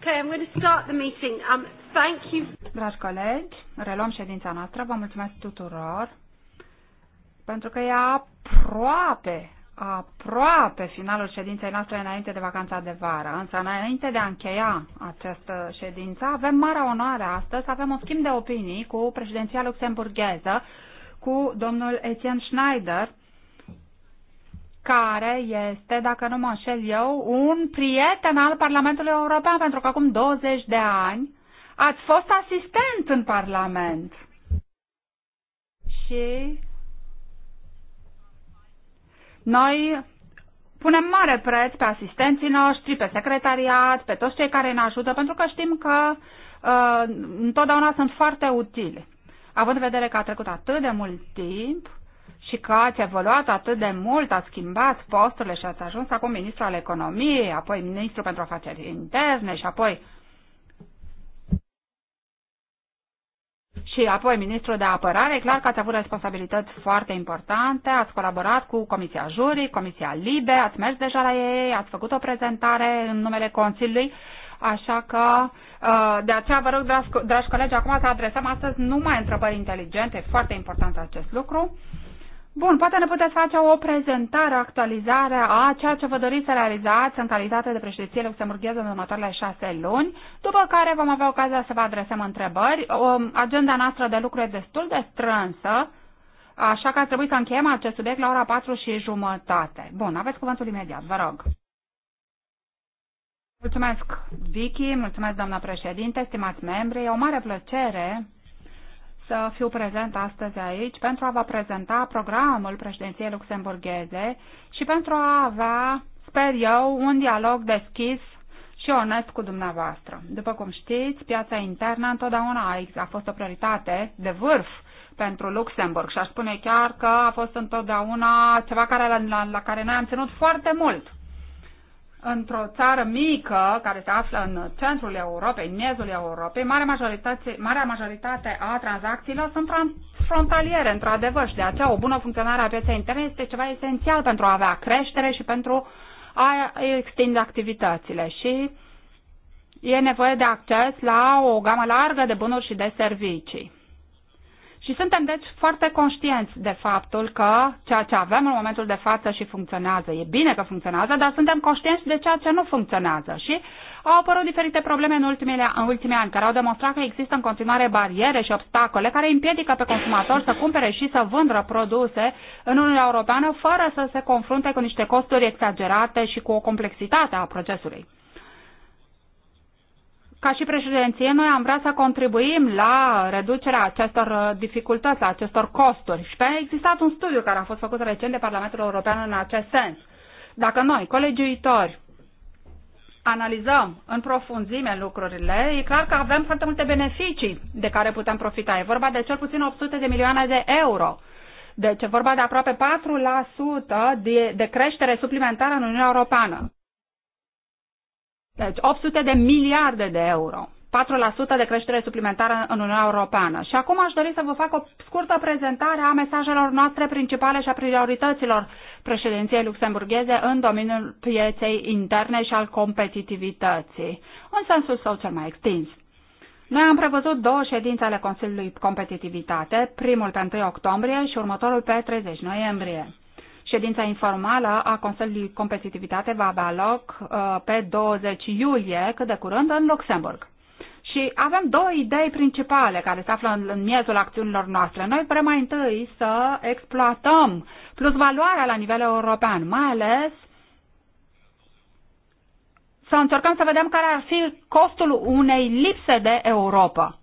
Okay, I'm going to start the meeting. Um, thank you. Dragi colegi, reluăm ședința noastră. Vă mulțumesc tuturor pentru că e aproape, aproape finalul ședinței noastre înainte de vacanța de vară. Însă înainte de a încheia această ședință, avem marea onoare astăzi să avem un schimb de opinii cu președinția luxemburgheză, cu domnul Etienne Schneider, care este, dacă nu mă înșel eu, un prieten al Parlamentului European, pentru că acum 20 de ani ați fost asistent în Parlament. Și noi punem mare preț pe asistenții noștri, pe secretariat, pe toți cei care ne ajută, pentru că știm că uh, întotdeauna sunt foarte utile. Având în vedere că a trecut atât de mult timp, și că ați evoluat atât de mult, ați schimbat posturile și ați ajuns acum ministru al economiei, apoi ministru pentru afaceri interne și apoi și apoi ministrul de apărare, clar că ați avut responsabilități foarte importante, ați colaborat cu Comisia Jurii, Comisia Libe, ați mers deja la ei, ați făcut o prezentare în numele Consiliului, așa că uh, de aceea vă rog, dragi, dragi colegi, acum să adresăm astăzi numai întrebări inteligente, foarte important acest lucru. Bun, poate ne puteți face o prezentare, o actualizare a ceea ce vă doriți să realizați în calitate de președinție luxemburgheză în următoarele șase luni, după care vom avea ocazia să vă adresăm întrebări. Um, agenda noastră de lucru e destul de strânsă, așa că ar trebui să încheiem acest subiect la ora 4 și jumătate. Bun, aveți cuvântul imediat, vă rog. Mulțumesc, Vicky, mulțumesc, doamna președinte, stimați membri. E o mare plăcere să fiu prezent astăzi aici pentru a vă prezenta programul președinției luxemburgheze și pentru a avea, sper eu, un dialog deschis și onest cu dumneavoastră. După cum știți, piața internă întotdeauna a fost o prioritate de vârf pentru Luxemburg și aș spune chiar că a fost întotdeauna ceva care, la, la care noi am ținut foarte mult într-o țară mică care se află în centrul Europei, în miezul Europei, marea majoritate, marea majoritate a tranzacțiilor sunt frontaliere, într-adevăr, și de aceea o bună funcționare a pieței interne este ceva esențial pentru a avea creștere și pentru a extinde activitățile. Și e nevoie de acces la o gamă largă de bunuri și de servicii. Și suntem deci foarte conștienți de faptul că ceea ce avem în momentul de față și funcționează, e bine că funcționează, dar suntem conștienți de ceea ce nu funcționează. Și au apărut diferite probleme în, ultimele, în ultimii ani, care au demonstrat că există în continuare bariere și obstacole care împiedică pe consumator să cumpere și să vândă produse în Uniunea Europeană fără să se confrunte cu niște costuri exagerate și cu o complexitate a procesului. Ca și președinție, noi am vrea să contribuim la reducerea acestor uh, dificultăți, a acestor costuri. Și a existat un studiu care a fost făcut recent de Parlamentul European în acest sens. Dacă noi, colegiuitori, analizăm în profunzime lucrurile, e clar că avem foarte multe beneficii de care putem profita. E vorba de cel puțin 800 de milioane de euro. Deci e vorba de aproape 4% de, de creștere suplimentară în Uniunea Europeană. Deci 800 de miliarde de euro. 4% de creștere suplimentară în Uniunea Europeană. Și acum aș dori să vă fac o scurtă prezentare a mesajelor noastre principale și a priorităților președinției luxemburgheze în domeniul pieței interne și al competitivității, în sensul său cel mai extins. Noi am prevăzut două ședințe ale Consiliului Competitivitate, primul pe 1 octombrie și următorul pe 30 noiembrie. Ședința informală a Consiliului Competitivitate va avea loc uh, pe 20 iulie, cât de curând, în Luxemburg. Și avem două idei principale care se află în, în miezul acțiunilor noastre. Noi vrem mai întâi să exploatăm plus valoarea la nivel european, mai ales să încercăm să vedem care ar fi costul unei lipse de Europa.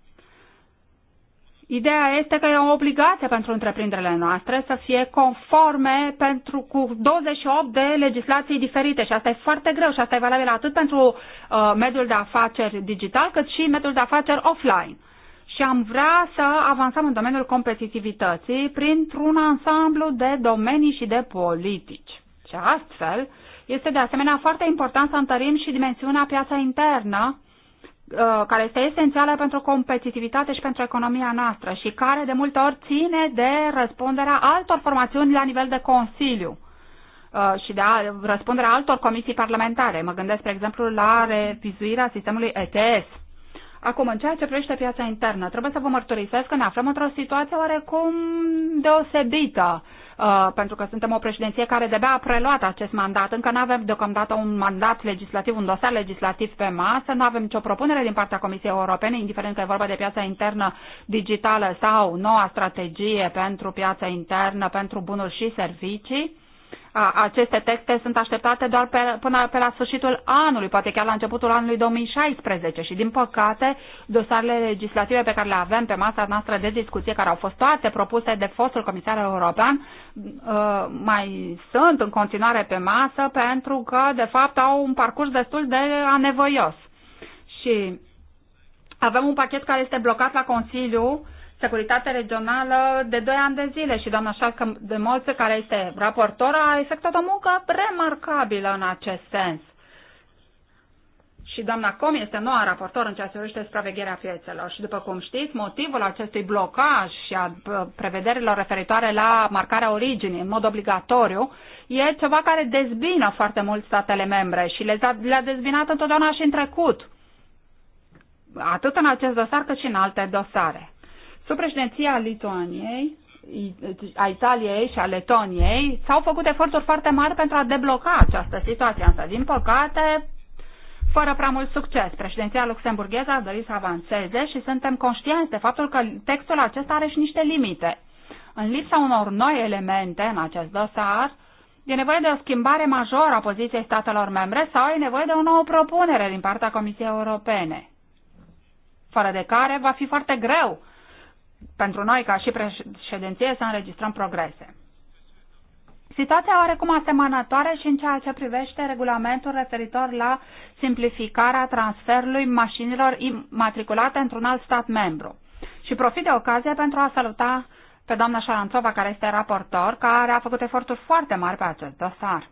Ideea este că e o obligație pentru întreprinderile noastre să fie conforme pentru, cu 28 de legislații diferite și asta e foarte greu și asta e valabil atât pentru uh, mediul de afaceri digital cât și mediul de afaceri offline. Și am vrea să avansăm în domeniul competitivității printr-un ansamblu de domenii și de politici. Și astfel este de asemenea foarte important să întărim și dimensiunea piața internă Uh, care este esențială pentru competitivitate și pentru economia noastră și care de multe ori ține de răspunderea altor formațiuni la nivel de Consiliu uh, și de a, răspunderea altor comisii parlamentare. Mă gândesc, spre exemplu, la revizuirea sistemului ETS. Acum, în ceea ce privește piața internă, trebuie să vă mărturisesc că ne aflăm într-o situație oarecum deosebită. Uh, Uh, pentru că suntem o președinție care de a preluat acest mandat. Încă nu avem deocamdată un mandat legislativ, un dosar legislativ pe masă, nu avem nicio propunere din partea Comisiei Europene, indiferent că e vorba de piața internă digitală sau noua strategie pentru piața internă, pentru bunuri și servicii aceste texte sunt așteptate doar pe, până pe la sfârșitul anului, poate chiar la începutul anului 2016 și din păcate dosarele legislative pe care le avem pe masa noastră de discuție, care au fost toate propuse de fostul comisar european, uh, mai sunt în continuare pe masă pentru că de fapt au un parcurs destul de anevoios. Și avem un pachet care este blocat la Consiliu securitate regională de 2 ani de zile și doamna Șarcă de Molță, care este raportor, a efectuat o muncă remarcabilă în acest sens. Și doamna Com este noua raportor în ceea ce privește supravegherea piețelor. Și după cum știți, motivul acestui blocaj și a prevederilor referitoare la marcarea originii în mod obligatoriu e ceva care dezbină foarte mult statele membre și le-a dezbinat întotdeauna și în trecut, atât în acest dosar cât și în alte dosare. Sub președinția Lituaniei, a Italiei și a Letoniei s-au făcut eforturi foarte mari pentru a debloca această situație, însă, din păcate, fără prea mult succes. Președinția luxemburgheză a dorit să avanseze și suntem conștienți de faptul că textul acesta are și niște limite. În lipsa unor noi elemente în acest dosar, e nevoie de o schimbare majoră a poziției statelor membre sau e nevoie de o nouă propunere din partea Comisiei Europene, fără de care va fi foarte greu pentru noi ca și președinție să înregistrăm progrese. Situația oarecum asemănătoare și în ceea ce privește regulamentul referitor la simplificarea transferului mașinilor imatriculate într-un alt stat membru. Și profit de ocazie pentru a saluta pe doamna Șaranțova, care este raportor, care a făcut eforturi foarte mari pe acest dosar.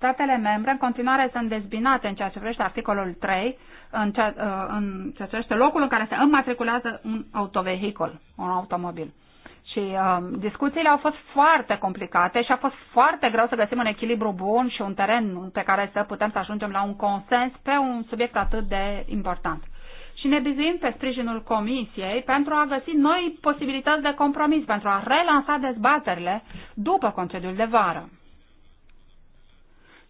Statele membre în continuare sunt dezbinate în ceea ce privește articolul 3, în ceea, uh, în ceea ce privește locul în care se înmatriculează un autovehicul, un automobil. Și um, discuțiile au fost foarte complicate și a fost foarte greu să găsim un echilibru bun și un teren pe care să putem să ajungem la un consens pe un subiect atât de important. Și ne bizuim pe sprijinul Comisiei pentru a găsi noi posibilități de compromis, pentru a relansa dezbaterile după concediul de vară.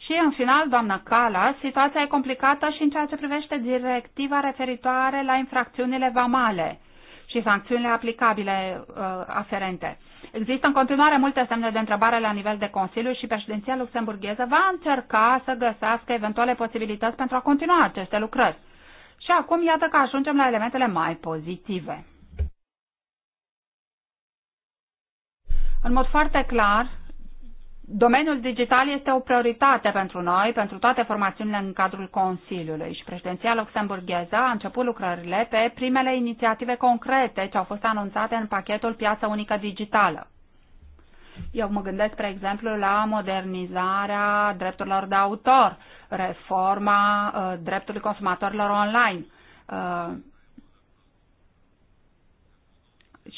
Și în final, doamna Cala, situația e complicată și în ceea ce privește directiva referitoare la infracțiunile vamale și sancțiunile aplicabile uh, aferente. Există în continuare multe semne de întrebare la nivel de Consiliu și președinția luxemburgheză va încerca să găsească eventuale posibilități pentru a continua aceste lucrări. Și acum iată că ajungem la elementele mai pozitive. În mod foarte clar, Domeniul digital este o prioritate pentru noi, pentru toate formațiunile în cadrul Consiliului și președinția luxemburgheză a început lucrările pe primele inițiative concrete ce au fost anunțate în pachetul Piața Unică Digitală. Eu mă gândesc, spre exemplu, la modernizarea drepturilor de autor, reforma uh, dreptului consumatorilor online, uh,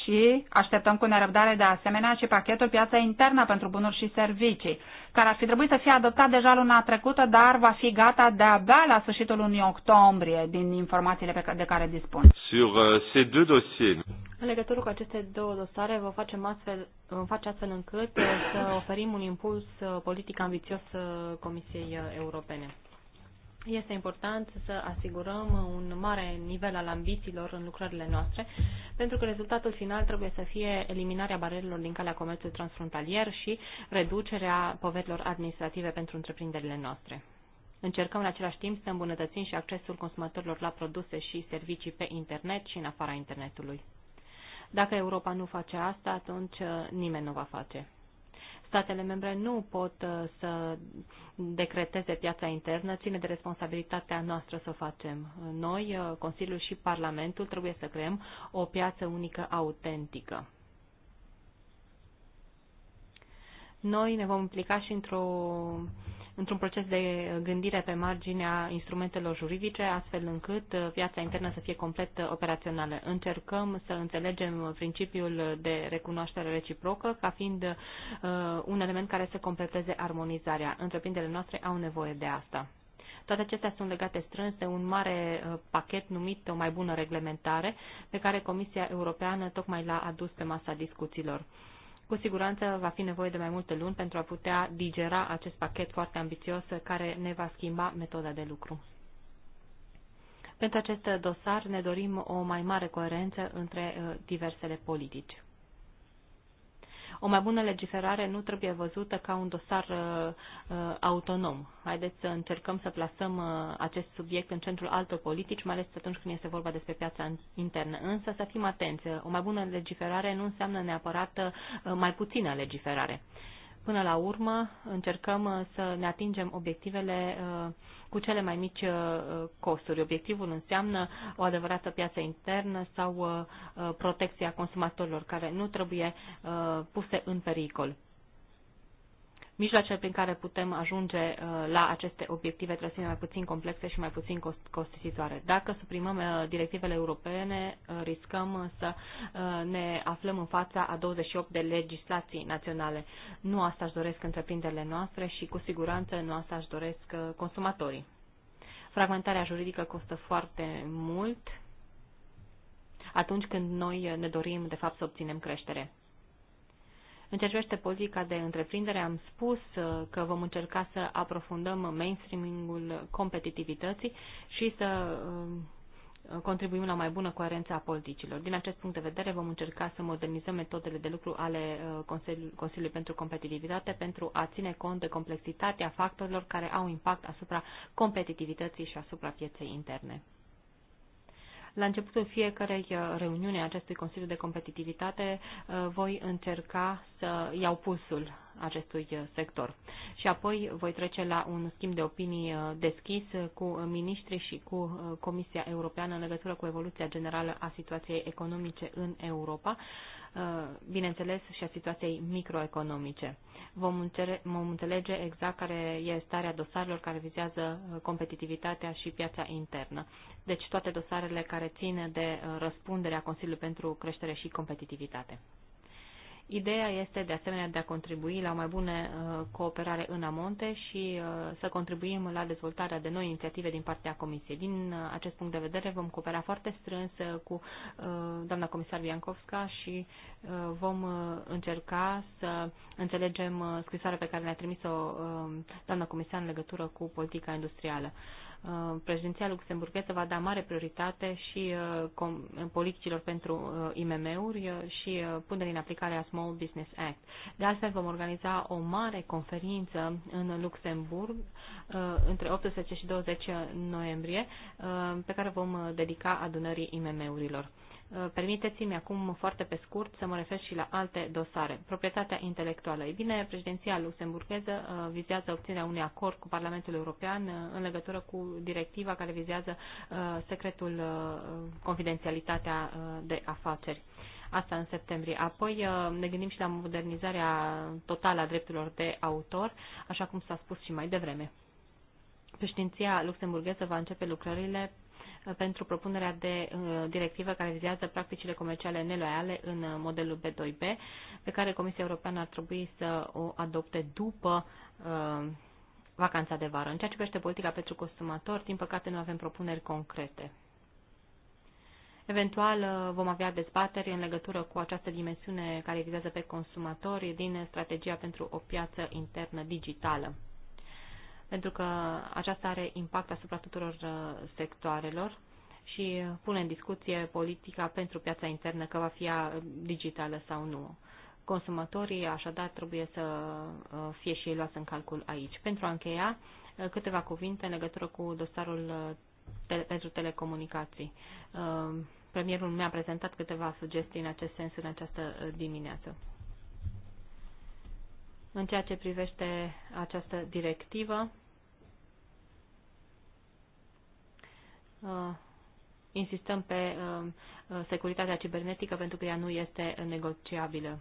și așteptăm cu nerăbdare de asemenea și pachetul piața internă pentru bunuri și servicii, care ar fi trebuit să fie adoptat deja luna trecută, dar va fi gata de-abia la sfârșitul lunii octombrie, din informațiile pe care, de care dispun. Sur, uh, ces deux dossiers. În legătură cu aceste două dosare, vă facem astfel, vom face astfel încât uh, să oferim un impuls uh, politic ambițios uh, Comisiei Europene. Este important să asigurăm un mare nivel al ambițiilor în lucrările noastre, pentru că rezultatul final trebuie să fie eliminarea barierelor din calea comerțului transfrontalier și reducerea poverilor administrative pentru întreprinderile noastre. Încercăm în același timp să îmbunătățim și accesul consumatorilor la produse și servicii pe internet și în afara internetului. Dacă Europa nu face asta, atunci uh, nimeni nu va face statele membre nu pot uh, să decreteze piața internă, ține de responsabilitatea noastră să o facem. Noi, uh, Consiliul și Parlamentul, trebuie să creăm o piață unică autentică. Noi ne vom implica și într-o într-un proces de gândire pe marginea instrumentelor juridice, astfel încât piața uh, internă să fie complet operațională. Încercăm să înțelegem principiul de recunoaștere reciprocă ca fiind uh, un element care să completeze armonizarea. Întreprinderile noastre au nevoie de asta. Toate acestea sunt legate strâns de un mare uh, pachet numit o mai bună reglementare, pe care Comisia Europeană tocmai l-a adus pe masa discuțiilor. Cu siguranță va fi nevoie de mai multe luni pentru a putea digera acest pachet foarte ambițios care ne va schimba metoda de lucru. Pentru acest dosar ne dorim o mai mare coerență între uh, diversele politici. O mai bună legiferare nu trebuie văzută ca un dosar uh, uh, autonom. Haideți să încercăm să plasăm uh, acest subiect în centrul altor politici, mai ales atunci când este vorba despre piața internă. Însă să fim atenți, uh, o mai bună legiferare nu înseamnă neapărat uh, mai puțină legiferare. Uh, Până la urmă, încercăm uh, să ne atingem obiectivele uh, cu cele mai mici uh, costuri. Obiectivul înseamnă o adevărată piață internă sau protecția consumatorilor, care nu trebuie puse în pericol mijloace prin care putem ajunge uh, la aceste obiective trebuie să fie mai puțin complexe și mai puțin costisitoare. Dacă suprimăm uh, directivele europene, uh, riscăm să ne aflăm în fața a 28 de legislații naționale. Nu asta își doresc întreprinderile noastre și cu siguranță nu asta își doresc consumatorii. Fragmentarea juridică costă foarte mult atunci când noi ne dorim, de fapt, să obținem creștere. În ceea ce privește politica de întreprindere, am spus uh, că vom încerca să aprofundăm mainstreamingul competitivității și să uh, contribuim la mai bună coerență a politicilor. Din acest punct de vedere, vom încerca să modernizăm metodele de lucru ale uh, Consiliului pentru Competitivitate pentru a ține cont de complexitatea factorilor care au impact asupra competitivității și asupra pieței interne. La începutul fiecarei uh, reuniuni a acestui Consiliu de Competitivitate uh, voi încerca să iau pulsul acestui uh, sector. Și apoi voi trece la un schimb de opinii uh, deschis uh, cu miniștri și cu Comisia Europeană în legătură cu evoluția generală a situației economice în Europa, bineînțeles și a situației microeconomice. Vom înțelege exact care e starea dosarelor care vizează competitivitatea și piața internă. Deci toate dosarele care țin de răspunderea Consiliului pentru Creștere și Competitivitate. Ideea este de asemenea de a contribui la o mai bună uh, cooperare în amonte și uh, să contribuim la dezvoltarea de noi inițiative din partea Comisiei. Din uh, acest punct de vedere vom coopera foarte strâns cu doamna comisar Biancovska și vom încerca să înțelegem scrisoarea pe care ne-a trimis-o um, doamna comisar în legătură cu politica industrială. Uh, președinția luxemburgheză va da mare prioritate și uh, politicilor pentru uh, IMM-uri și punerii în aplicare a Small Business Act. De altfel, vom organiza o mare conferință în Luxemburg între 18 și 20 noiembrie, pe care vom dedica adunării IMM-urilor. Uh, permiteți-mi acum foarte pe scurt să mă refer și la alte dosare. Proprietatea intelectuală. Ei bine, președinția luxemburgheză uh, vizează obținerea unui acord cu Parlamentul European uh, în legătură cu directiva care vizează secretul, confidențialitatea de afaceri. Asta în septembrie. Apoi ne gândim și la modernizarea totală a drepturilor de autor, așa cum s-a spus și mai devreme. Președinția luxemburgheză va începe lucrările pentru propunerea de uh, directivă care vizează practicile comerciale neloiale în uh, modelul B2B, pe care Comisia Europeană ar trebui să o adopte după uh, vacanța de vară. În ceea ce privește politica pentru consumator, din păcate nu avem propuneri concrete. Eventual vom avea dezbateri în legătură cu această dimensiune care vizează pe consumatori din strategia pentru o piață internă digitală pentru că aceasta are impact asupra tuturor uh, sectoarelor și pune în discuție politica pentru piața internă, că va fi uh, digitală sau nu. Consumatorii, așadar, trebuie să uh, fie și ei luați în calcul aici. Pentru a încheia, câteva cuvinte în legătură cu dosarul tele pentru telecomunicații. Premierul mi-a prezentat câteva sugestii în acest sens în această dimineață în ceea ce privește această directivă. Uh, insistăm pe uh, uh, securitatea cibernetică pentru că ea nu este negociabilă.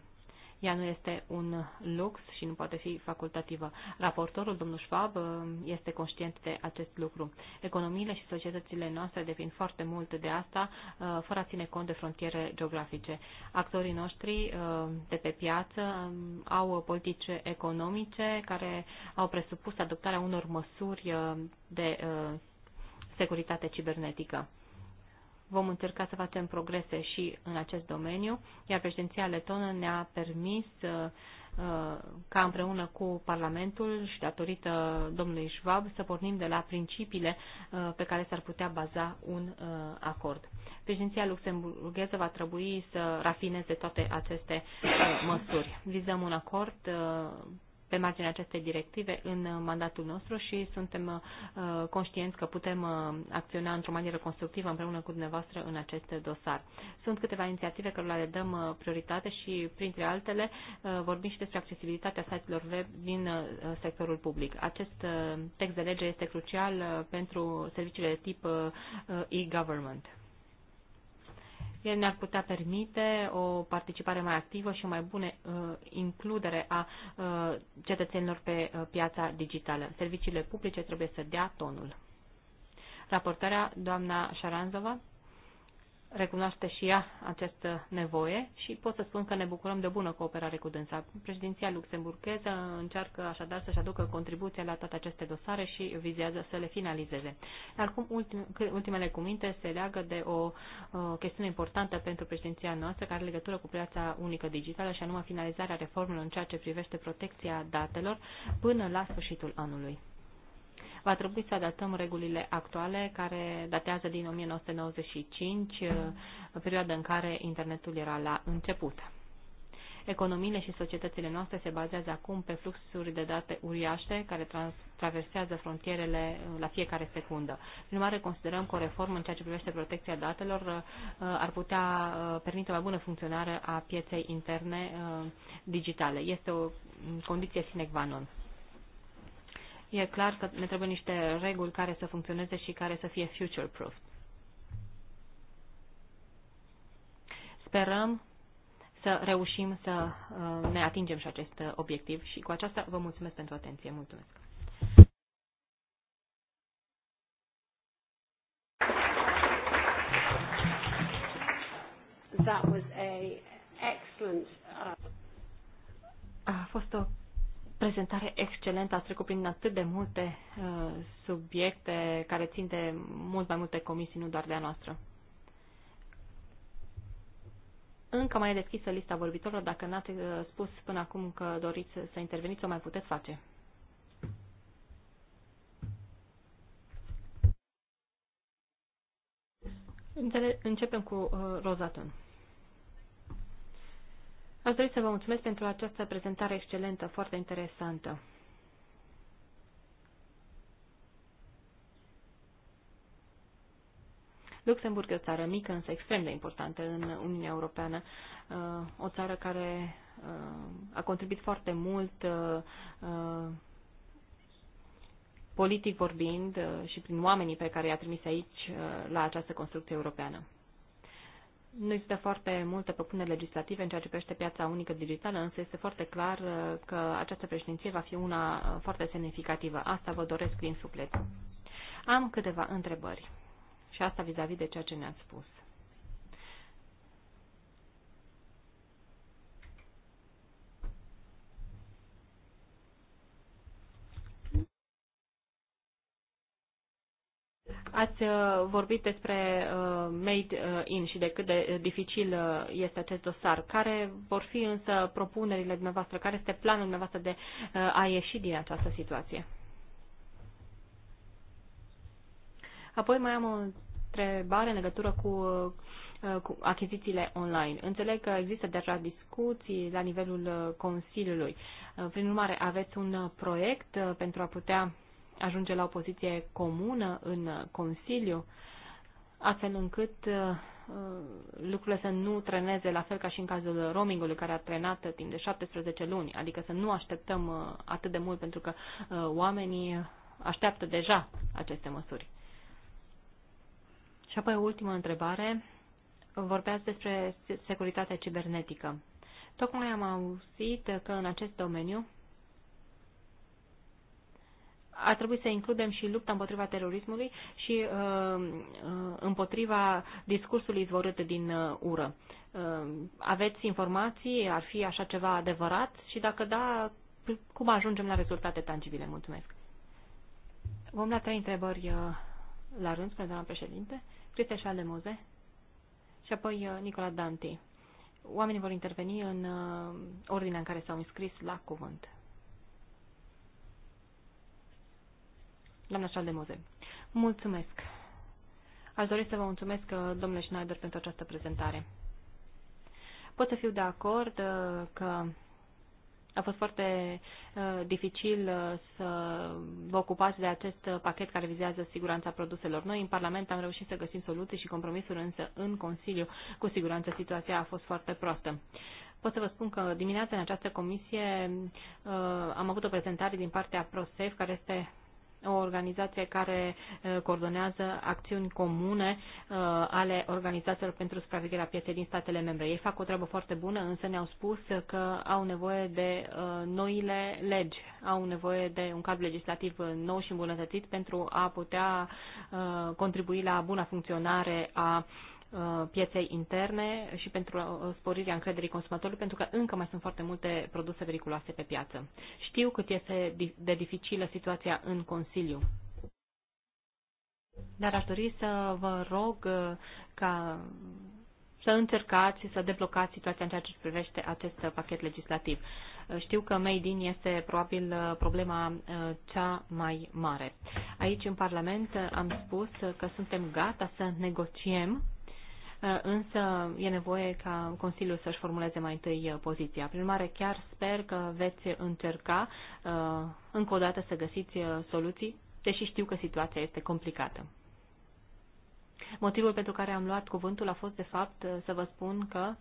Ea nu este un lux și nu poate fi facultativă. Raportorul, domnul Schwab, este conștient de acest lucru. Economiile și societățile noastre depind foarte mult de asta, uh, fără a ține cont de frontiere geografice. Actorii noștri uh, de pe piață um, au politici economice care au presupus adoptarea unor măsuri uh, de securitate cibernetică. Vom încerca să facem progrese și în acest domeniu, iar președinția letonă ne-a permis uh, uh, ca împreună cu Parlamentul și datorită domnului Schwab să pornim de la principiile uh, pe care s-ar putea baza un acord. Președinția luxemburgheză va trebui să rafineze toate aceste măsuri. Vizăm un acord pe marginea acestei directive în uh, mandatul nostru și suntem uh, conștienți că putem uh, acționa într-o manieră constructivă împreună cu dumneavoastră în acest dosar. Sunt câteva inițiative cărora le dăm prioritate și, printre altele, vorbim și despre accesibilitatea site-urilor web din sectorul public. Acest text de lege este crucial pentru serviciile tip e-government. El ne-ar putea permite o participare mai activă și o mai bună uh, includere a uh, cetățenilor pe uh, piața digitală. Serviciile publice trebuie să dea tonul. Raportarea doamna Șaranzova recunoaște și ea această nevoie și pot să spun că ne bucurăm de bună cooperare cu dânsa. Președinția luxemburgheză încearcă așadar să-și aducă contribuția la toate aceste dosare și vizează să le finalizeze. cum ultimele cuvinte se leagă de o chestiune importantă pentru președinția noastră care are legătură cu piața unică digitală și anume finalizarea reformelor în ceea ce privește protecția datelor până la sfârșitul anului. Va trebui să adaptăm regulile actuale care datează din 1995, uh, perioada în care internetul era la început. Economiile și societățile noastre se bazează acum pe fluxuri de date uriașe care trans traversează frontierele uh, la fiecare secundă. Prin urmare, considerăm că o reformă în ceea ce privește protecția datelor uh, ar putea permite mai bună funcționare a pieței interne digitale. Este o condiție sine qua non. E clar că ne trebuie niște reguli care să funcționeze și care să fie future-proof. Sperăm să reușim să uh, ne atingem și acest uh, obiectiv și cu aceasta vă mulțumesc pentru atenție. Mulțumesc! That was a excellent, uh... A fost o prezentare excelentă. Ați trecut prin atât de multe uh, subiecte care țin de mult mai multe comisii, nu doar de a noastră. Încă mai e deschisă lista vorbitorilor. Dacă n-ați uh, spus până acum că doriți să interveniți, o mai puteți face. Începem cu uh, Rozatun. Aș dori să vă mulțumesc pentru această prezentare excelentă, foarte interesantă. Luxemburg e o țară mică, însă extrem de importantă în Uniunea Europeană, uh, o țară care uh, a contribuit foarte mult uh, politic vorbind și prin oamenii pe care i-a trimis aici la această construcție europeană. Nu există foarte multe propuneri legislative în ceea ce privește piața unică digitală, însă este foarte clar uh, că această președinție va fi una uh, foarte semnificativă. Asta vă doresc din suflet. Am câteva întrebări și asta vis-a-vis -vis de ceea ce ne-ați spus. Ați uh, vorbit despre uh, made uh, in și de cât de dificil este acest dosar. Care vor fi însă propunerile dumneavoastră? Care este planul dumneavoastră de a ieși din această situație? Apoi mai am o întrebare în legătură cu cu achizițiile online. Înțeleg că există deja discuții la nivelul Consiliului. Prin urmare, aveți un proiect pentru a putea ajunge la o poziție comună în Consiliu, astfel încât uh, lucrurile să nu treneze la fel ca și în cazul roamingului care a trenat timp de 17 luni, adică să nu așteptăm uh, atât de mult pentru că uh, oamenii așteaptă deja aceste măsuri. Și apoi o ultimă întrebare. Vorbeați despre securitatea cibernetică. Tocmai am auzit că în acest domeniu ar trebui să includem și lupta împotriva terorismului și uh, uh, împotriva discursului izvorât din uh, ură. Aveți informații? Ar fi așa ceva adevărat? Și dacă da, cum ajungem la rezultate tangibile? Mulțumesc. Vom la trei întrebări la rând, spune doamna președinte. Cristian Moze și apoi Nicola Danti. Oamenii vor interveni în ordinea în care s-au înscris la cuvânt. Doamna Șaldemoze, mulțumesc. Aș dori să vă mulțumesc, uh, domnule Schneider, pentru această prezentare. Pot să fiu de acord uh, că a fost foarte uh, dificil să vă ocupați de acest pachet care vizează siguranța produselor. Noi în Parlament am reușit să găsim soluții și compromisuri, însă în Consiliu cu siguranță situația a fost foarte proastă. Pot să vă spun că dimineața în această comisie uh, am avut o prezentare din partea ProSafe, care este o organizație care uh, coordonează acțiuni comune uh, ale organizațiilor pentru supravegherea pieței din statele membre. Ei fac o treabă foarte bună, însă ne-au spus că au nevoie de uh, noile legi, au nevoie de un cadru legislativ nou și îmbunătățit pentru a putea contribui la buna funcționare a Uh, pieței interne și pentru uh, sporirea încrederii consumatorului, pentru că încă mai sunt foarte multe produse periculoase pe piață. Știu cât este de dificilă situația în Consiliu. Dar aș dori să vă rog uh, ca să încercați să deblocați situația în ceea ce privește acest pachet legislativ. Știu că Made in este probabil problema cea mai mare. Aici, în Parlament, am spus că suntem gata să negociem Eh, însă e nevoie ca Consiliul să-și formuleze mai întâi eh, poziția. Prin urmare, chiar sper că veți încerca eh, încă o dată să găsiți soluții, deși știu că situația este complicată. Motivul pentru care am luat cuvântul a fost, de fapt, să vă spun că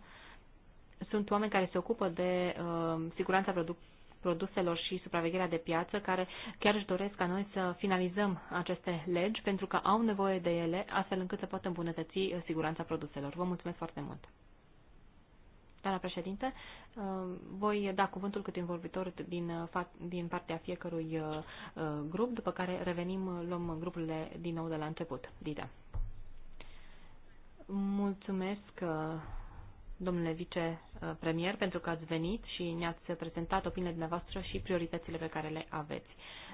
sunt oameni care se ocupă de uh, siguranța produc- produselor și supravegherea de piață, care chiar își doresc ca noi să finalizăm aceste legi pentru că au nevoie de ele, astfel încât să poată îmbunătăți uh, siguranța produselor. Vă mulțumesc foarte mult! Doamna președinte, uh, voi da cuvântul câte un vorbitor din, uh, din partea fiecărui grup, după care revenim, luăm grupurile din nou de la început. Dida. Mulțumesc, domnule vicepremier, pentru că ați venit și ne-ați prezentat opiniile dumneavoastră și prioritățile pe care le aveți.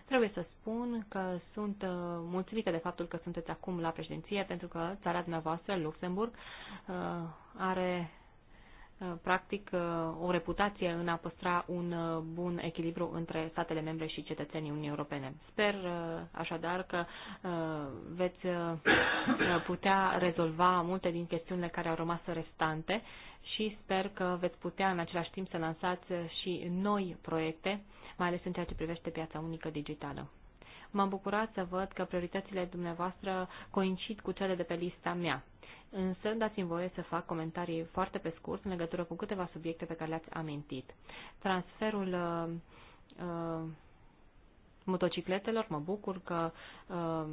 Trebuie să spun că sunt uh, mulțumită de faptul că sunteți acum la președinție, pentru că țara dumneavoastră, Luxemburg, uh, are Uh, practic uh, o reputație în a păstra un uh, bun echilibru între statele membre și cetățenii Uniunii Europene. Sper așadar că veți putea rezolva multe din chestiunile care au rămas restante și sper că veți putea în același timp să lansați și noi proiecte, mai ales în ceea ce privește piața unică digitală. M-am bucurat să văd că prioritățile dumneavoastră coincid cu cele de pe lista mea însă dați-mi voie să fac comentarii foarte pe scurt în legătură cu câteva subiecte pe care le-ați amintit. Transferul uh, uh, motocicletelor, mă bucur că uh,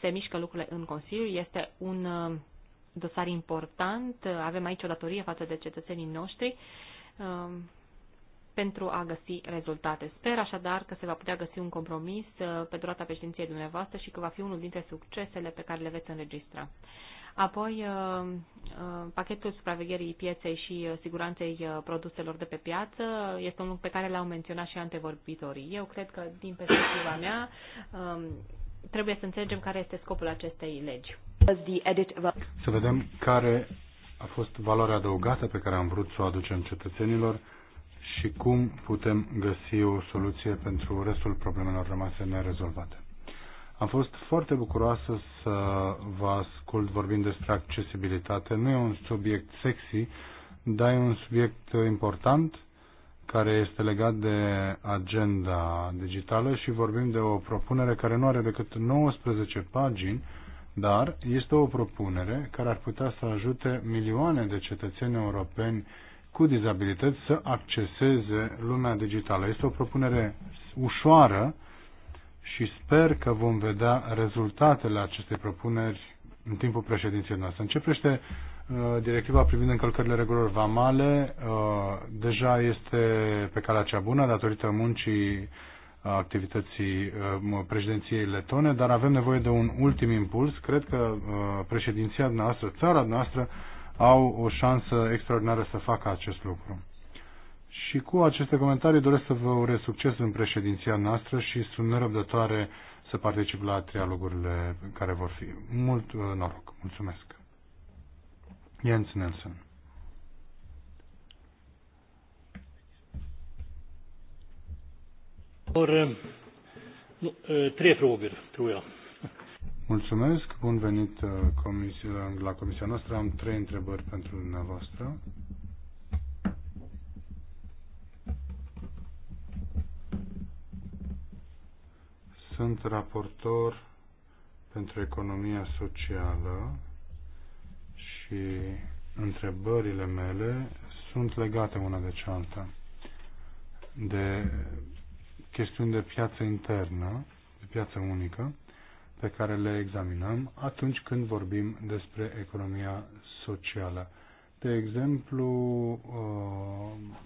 se mișcă lucrurile în Consiliu, este un uh, dosar important, avem aici o datorie față de cetățenii noștri. Uh, pentru a găsi rezultate. Sper așadar că se va putea găsi un compromis uh, pe durata președinției dumneavoastră și că va fi unul dintre succesele pe care le veți înregistra. Apoi, uh, uh, pachetul supravegherii pieței și uh, siguranței produselor de pe piață este un lucru pe care l-au menționat și antevorbitorii. Eu cred că, din perspectiva mea, um, trebuie să înțelegem care este scopul acestei legi. Să vedem care a fost valoarea adăugată pe care am vrut să o aducem cetățenilor și cum putem găsi o soluție pentru restul problemelor rămase nerezolvate. Am fost foarte bucuroasă să vă ascult vorbind despre accesibilitate. Nu e un subiect sexy, dar e un subiect important care este legat de agenda digitală și vorbim de o propunere care nu are decât 19 pagini, dar este o propunere care ar putea să ajute milioane de cetățeni europeni cu dizabilități să acceseze lumea digitală. Este o propunere ușoară și sper că vom vedea rezultatele acestei propuneri în timpul președinției noastre. Începește uh, directiva privind încălcările regulilor vamale uh, deja este pe calea cea bună datorită muncii uh, activității președinției letone, dar avem nevoie de un ultim impuls. Cred că președinția noastră, țara noastră, au o șansă extraordinară să facă acest lucru. Și cu aceste comentarii doresc să vă urez succes în președinția noastră și sunt nerăbdătoare să particip la trialogurile care vor fi. Mult uh, noroc! Mulțumesc! Jens Nelson Or, uh, nu, uh, trei frågor, tror jag. Mulțumesc, bun venit comisia, la comisia noastră. Am trei întrebări pentru dumneavoastră. Sunt raportor pentru economia socială și întrebările mele sunt legate una de cealaltă de chestiuni de piață internă, de piață unică, pe care le examinăm atunci când vorbim despre economia socială. De exemplu, uh,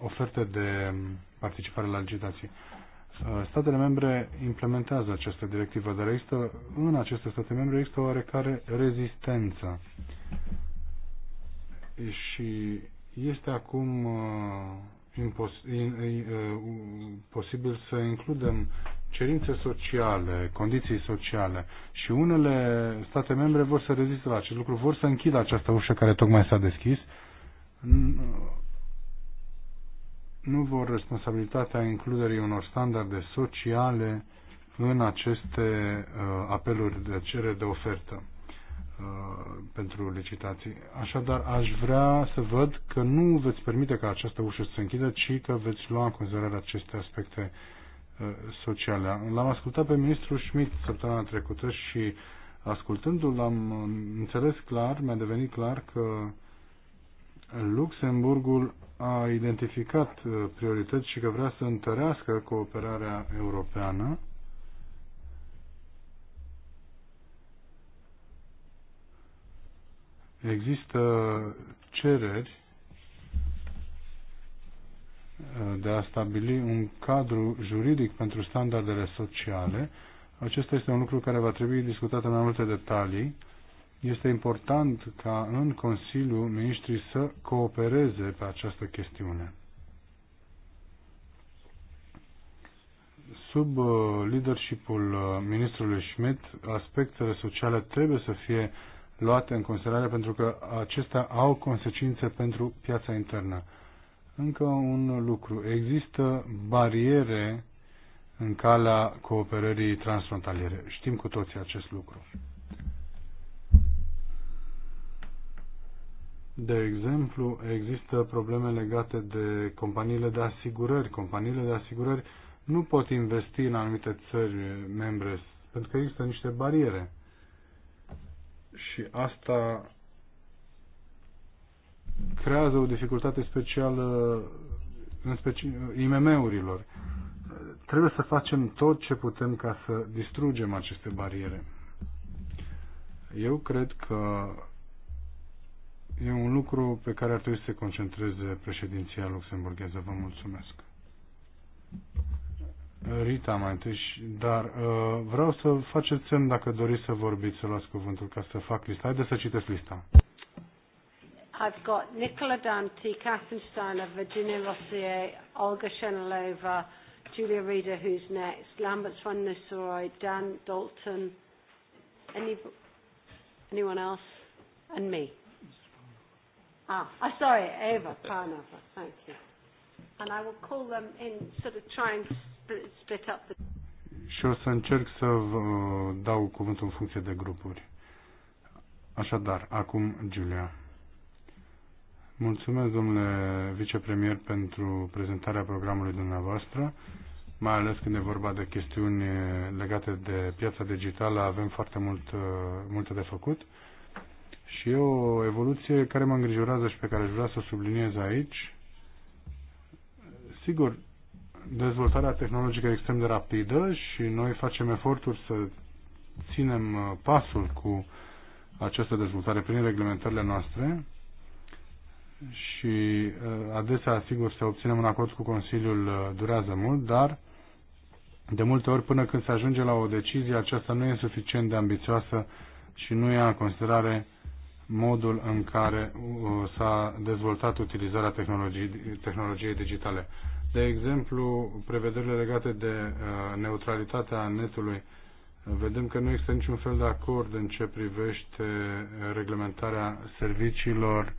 oferte de participare la licitații. Statele membre implementează această directivă, dar există, în aceste state membre există oarecare rezistență. Și este acum uh, impos, in, uh, posibil să includem cerințe sociale, condiții sociale și unele state membre vor să reziste la acest lucru, vor să închidă această ușă care tocmai s-a deschis nu vor responsabilitatea includerii unor standarde sociale în aceste uh, apeluri de cerere de ofertă uh, pentru licitații. Așadar, aș vrea să văd că nu veți permite ca această ușă să se închidă, ci că veți lua în considerare aceste aspecte uh, sociale. L-am ascultat pe ministrul Schmidt săptămâna trecută și ascultându-l am uh, înțeles clar, mi-a devenit clar că uh, Luxemburgul a identificat uh, priorități și că vrea să întărească cooperarea europeană există cereri uh, de a stabili un cadru juridic pentru standardele sociale. Acesta este un lucru care va trebui discutat în mai multe detalii este important ca în Consiliu ministrii să coopereze pe această chestiune. Sub uh, leadershipul uh, ministrului Schmidt, aspectele sociale trebuie să fie luate în considerare pentru că acestea au consecințe pentru piața internă. Încă un lucru. Există bariere în calea cooperării transfrontaliere. Știm cu toții acest lucru. De exemplu, există probleme legate de companiile de asigurări. Companiile de asigurări nu pot investi în anumite țări membre pentru că există niște bariere. Și asta creează o dificultate specială în speci- IMM-urilor. Trebuie să facem tot ce putem ca să distrugem aceste bariere. Eu cred că E un lucru pe care ar trebui să se concentreze președinția luxemburgheză. Vă mulțumesc. Rita mai întâi, dar uh, vreau să faceți semn dacă doriți să vorbiți, să luați cuvântul ca să fac lista. Haideți să citeți lista. I've got Nicola Dante, Catherine Steiner, Virginia Rossier, Olga Shenalova, Julia Reader, who's next, Lambert von Nistelrooy, Dan Dalton, any, anyone else, and me. Ah, oh, sorry, Eva Parnova. Thank you. And I will call them in, sort of try and split, split up the... Și o să încerc să vă dau cuvântul în funcție de grupuri. Așadar, acum Giulia. Mulțumesc, domnule vicepremier, pentru prezentarea programului dumneavoastră, mai ales când e vorba de chestiuni legate de piața digitală, avem foarte mult, multe de făcut. Și e o evoluție care mă îngrijorează și pe care aș vrea să o subliniez aici. Sigur, dezvoltarea tehnologică e extrem de rapidă și noi facem eforturi să ținem uh, pasul cu această dezvoltare prin reglementările noastre și uh, adesea, sigur, să obținem un acord cu Consiliul uh, durează mult, dar de multe ori până când se ajunge la o decizie, aceasta nu e suficient de ambițioasă și nu ia în considerare modul în care uh, s-a dezvoltat utilizarea tehnologiei, tehnologiei digitale. De exemplu, prevederile legate de uh, neutralitatea netului, vedem că nu există niciun fel de acord în ce privește uh, reglementarea serviciilor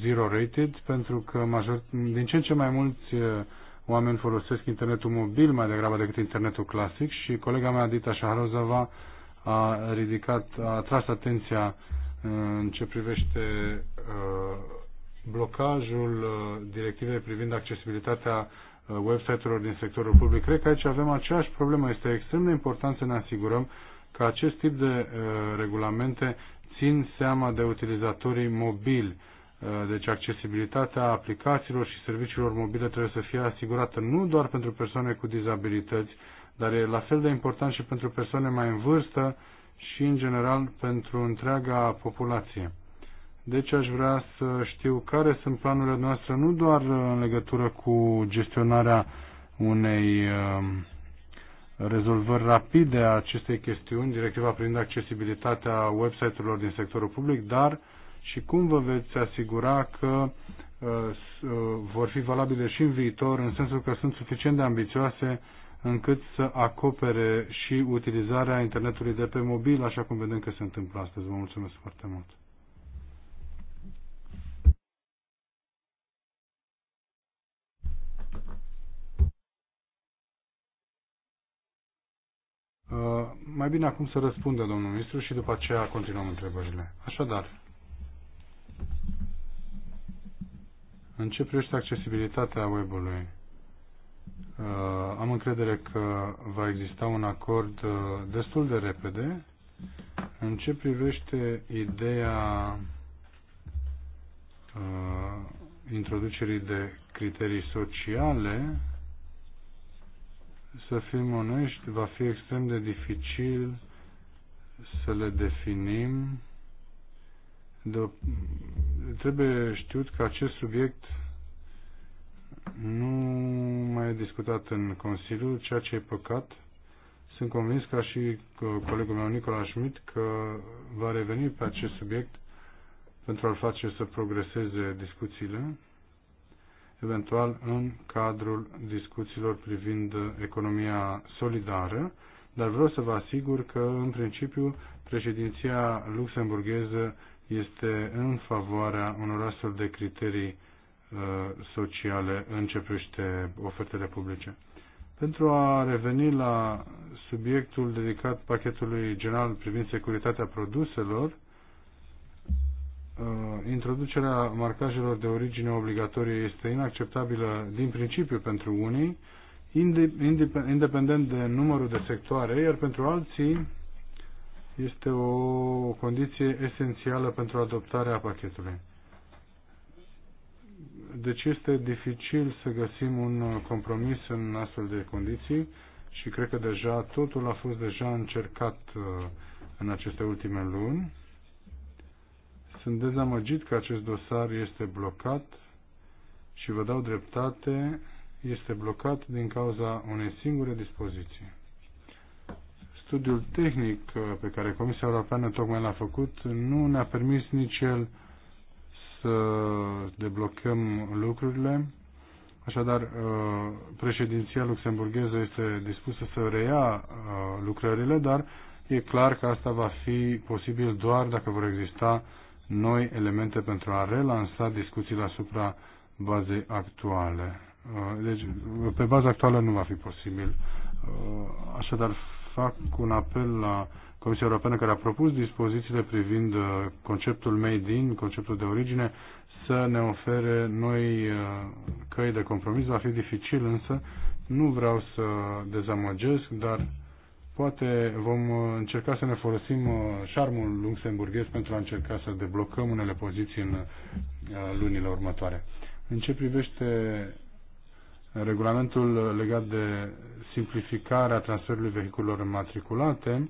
zero-rated, pentru că major, din ce în ce mai mulți oameni folosesc internetul mobil mai degrabă decât internetul clasic și colega mea, Dita Șaharozova, a ridicat, a atras atenția uh, în ce privește uh, blocajul uh, directivei privind accesibilitatea website-urilor din sectorul public. Cred că aici avem aceeași problemă. Este extrem de important să ne asigurăm că acest tip de regulamente țin seama de utilizatorii mobili. Deci accesibilitatea aplicațiilor și serviciilor mobile trebuie să fie asigurată nu doar pentru persoane cu dizabilități, dar e la fel de important și pentru persoane mai în vârstă și, în general, pentru întreaga populație. Deci aș vrea să știu care sunt planurile noastre, nu doar în legătură cu gestionarea unei um, rezolvări rapide a acestei chestiuni, directiva privind accesibilitatea website-urilor din sectorul public, dar și cum vă veți asigura că uh, uh, vor fi valabile și în viitor, în sensul că sunt suficient de ambițioase încât să acopere și utilizarea internetului de pe mobil, așa cum vedem că se întâmplă astăzi. Vă mulțumesc foarte mult! Uh, mai bine acum să răspundă domnul ministru și după aceea continuăm întrebările. Așadar, în ce privește accesibilitatea web-ului? Uh, am încredere că va exista un acord uh, destul de repede. În ce privește ideea uh, introducerii de criterii sociale, să fim onești, va fi extrem de dificil să le definim. De, trebuie știut că acest subiect nu mai e discutat în Consiliu, ceea ce e păcat. Sunt convins, ca și uh, colegul meu Nicola Schmidt, că va reveni pe acest subiect pentru a-l face să progreseze discuțiile, eventual în cadrul discuțiilor privind economia solidară, dar vreau să vă asigur că, în principiu, președinția luxemburgheză este în favoarea unor astfel de criterii Uh, sociale în ce privește ofertele publice. Pentru a reveni la subiectul dedicat pachetului general privind securitatea produselor, uh, introducerea marcajelor de origine obligatorie este inacceptabilă din principiu pentru unii, independent de numărul de sectoare, iar pentru alții este o condiție esențială pentru adoptarea pachetului. Deci este dificil să găsim un compromis în astfel de condiții și cred că deja totul a fost deja încercat uh, în aceste ultime luni. Sunt dezamăgit că acest dosar este blocat și vă dau dreptate, este blocat din cauza unei singure dispoziții. Studiul tehnic uh, pe care Comisia Europeană tocmai l-a făcut nu ne-a permis nici el să deblocăm lucrurile. Așadar, uh, președinția luxemburgheză este dispusă să reia uh, lucrările, dar e clar că asta va fi posibil doar dacă vor exista noi elemente pentru a relansa discuțiile asupra bazei actuale. Uh, deci, pe baza actuală nu va fi posibil. Așadar, fac un apel la Comisia Europeană care a propus dispozițiile privind uh, conceptul made in, conceptul de origine, să ne ofere noi uh, căi de compromis. Va fi dificil însă, nu vreau să dezamăgesc, dar poate vom uh, încerca să ne folosim șarmul luxemburghez pentru a încerca să deblocăm unele poziții în lunile următoare. În ce privește regulamentul legat de simplificarea transferului vehiculelor înmatriculate,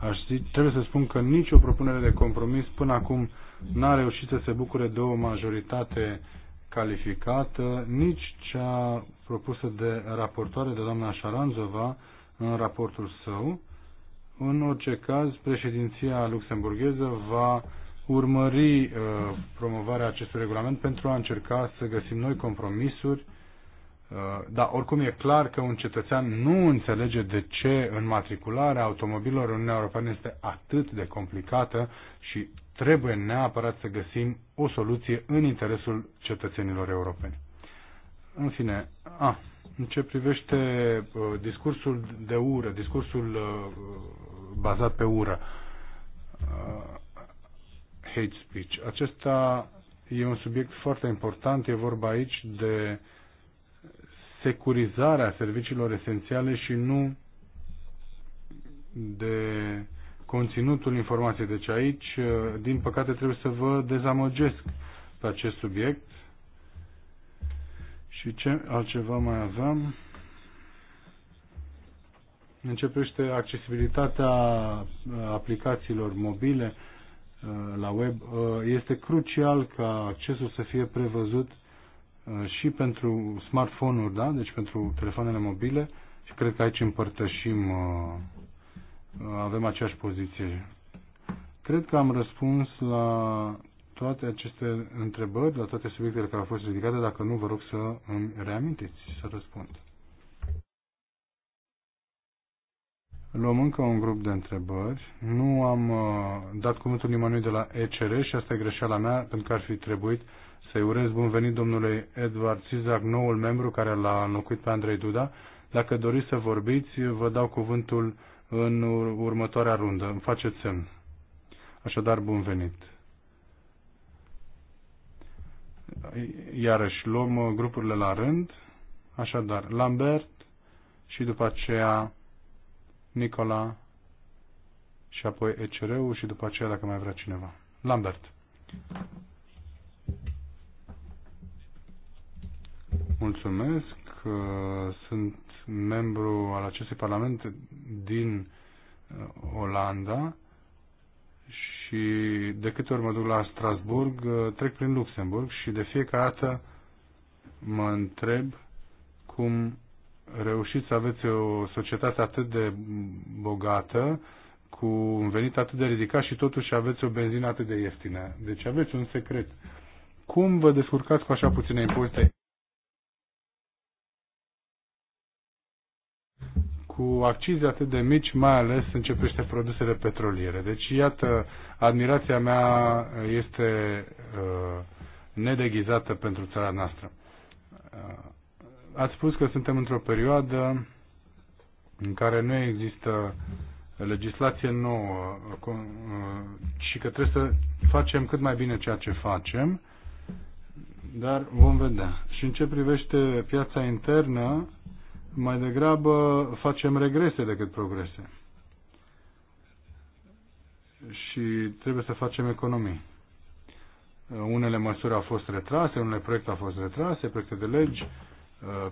Aș zi, trebuie să spun că nicio propunere de compromis până acum n-a reușit să se bucure de o majoritate calificată, nici cea propusă de raportoare de doamna Șaranzova în raportul său. În orice caz, președinția luxemburgheză va urmări uh, promovarea acestui regulament pentru a încerca să găsim noi compromisuri Uh, dar oricum e clar că un cetățean nu înțelege de ce înmatricularea automobilor în Uniunea Europeană este atât de complicată și trebuie neapărat să găsim o soluție în interesul cetățenilor europeni. În fine, a, ah, în ce privește uh, discursul de ură, discursul uh, bazat pe ură, uh, hate speech, acesta e un subiect foarte important, e vorba aici de uh, securizarea serviciilor esențiale și nu de conținutul informației. Deci aici, uh, din păcate, trebuie să vă dezamăgesc pe acest subiect. Și ce altceva mai aveam? Începește accesibilitatea uh, aplicațiilor mobile uh, la web. Este crucial ca accesul să fie prevăzut Uh, și pentru smartphone-uri, da? deci pentru telefoanele mobile și cred că aici împărtășim, uh, uh, avem aceeași poziție. Cred că am răspuns la toate aceste întrebări, la toate subiectele care au fost ridicate, dacă nu vă rog să îmi reamintiți să răspund. Luăm încă un grup de întrebări. Nu am uh, dat cuvântul nimănui de la ECR și asta e greșeala mea, pentru că ar fi trebuit uh, să-i urez bun venit domnului Edward Cizac, noul membru care l-a înlocuit pe Andrei Duda. Dacă doriți să vorbiți, vă dau cuvântul în următoarea rundă. Îmi faceți semn. Așadar, bun venit. Iarăși, luăm grupurile la rând. Așadar, Lambert și după aceea Nicola și apoi ECR-ul și după aceea dacă mai vrea cineva. Lambert. Mulțumesc. Sunt membru al acestui parlament din uh, Olanda și de câte ori mă duc la Strasburg, uh, trec prin Luxemburg și de fiecare dată mă întreb cum reușiți să aveți o societate atât de bogată, cu un venit atât de ridicat și totuși aveți o benzină atât de ieftină. Deci aveți un secret. Cum vă descurcați cu așa puține impozite? cu accize atât de mici, mai ales privește produsele petroliere. Deci, iată, admirația mea este uh, nedeghizată pentru țara noastră. Uh, ați spus că suntem într-o perioadă în care nu există legislație nouă uh, și că trebuie să facem cât mai bine ceea ce facem, dar vom vedea. Și în ce privește piața internă, mai degrabă facem regrese decât progrese. Și trebuie să facem economii. Unele măsuri au fost retrase, unele proiecte au fost retrase, proiecte de legi.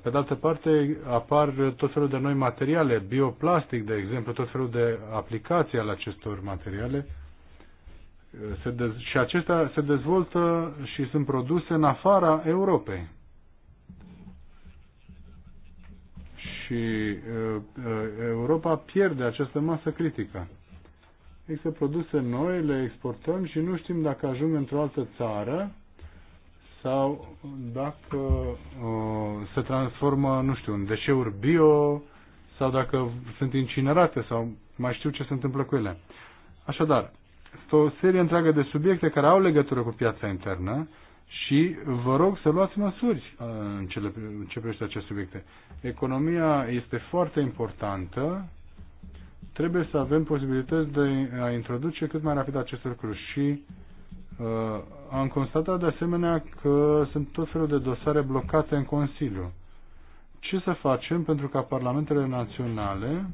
Pe de altă parte, apar tot felul de noi materiale, bioplastic, de exemplu, tot felul de aplicații ale acestor materiale, se dez- și acestea se dezvoltă și sunt produse în afara Europei. și uh, uh, Europa pierde această masă critică. Există produse noi, le exportăm și nu știm dacă ajung într-o altă țară sau dacă uh, se transformă, nu știu, în deșeuri bio sau dacă sunt incinerate sau mai știu ce se întâmplă cu ele. Așadar, este o serie întreagă de subiecte care au legătură cu piața internă și vă rog să luați măsuri uh, în cele, ce privește aceste subiecte. Economia este foarte importantă. Trebuie să avem posibilități de a introduce cât mai rapid acest lucru. și uh, am constatat de asemenea că sunt tot felul de dosare blocate în Consiliu. Ce să facem pentru ca parlamentele naționale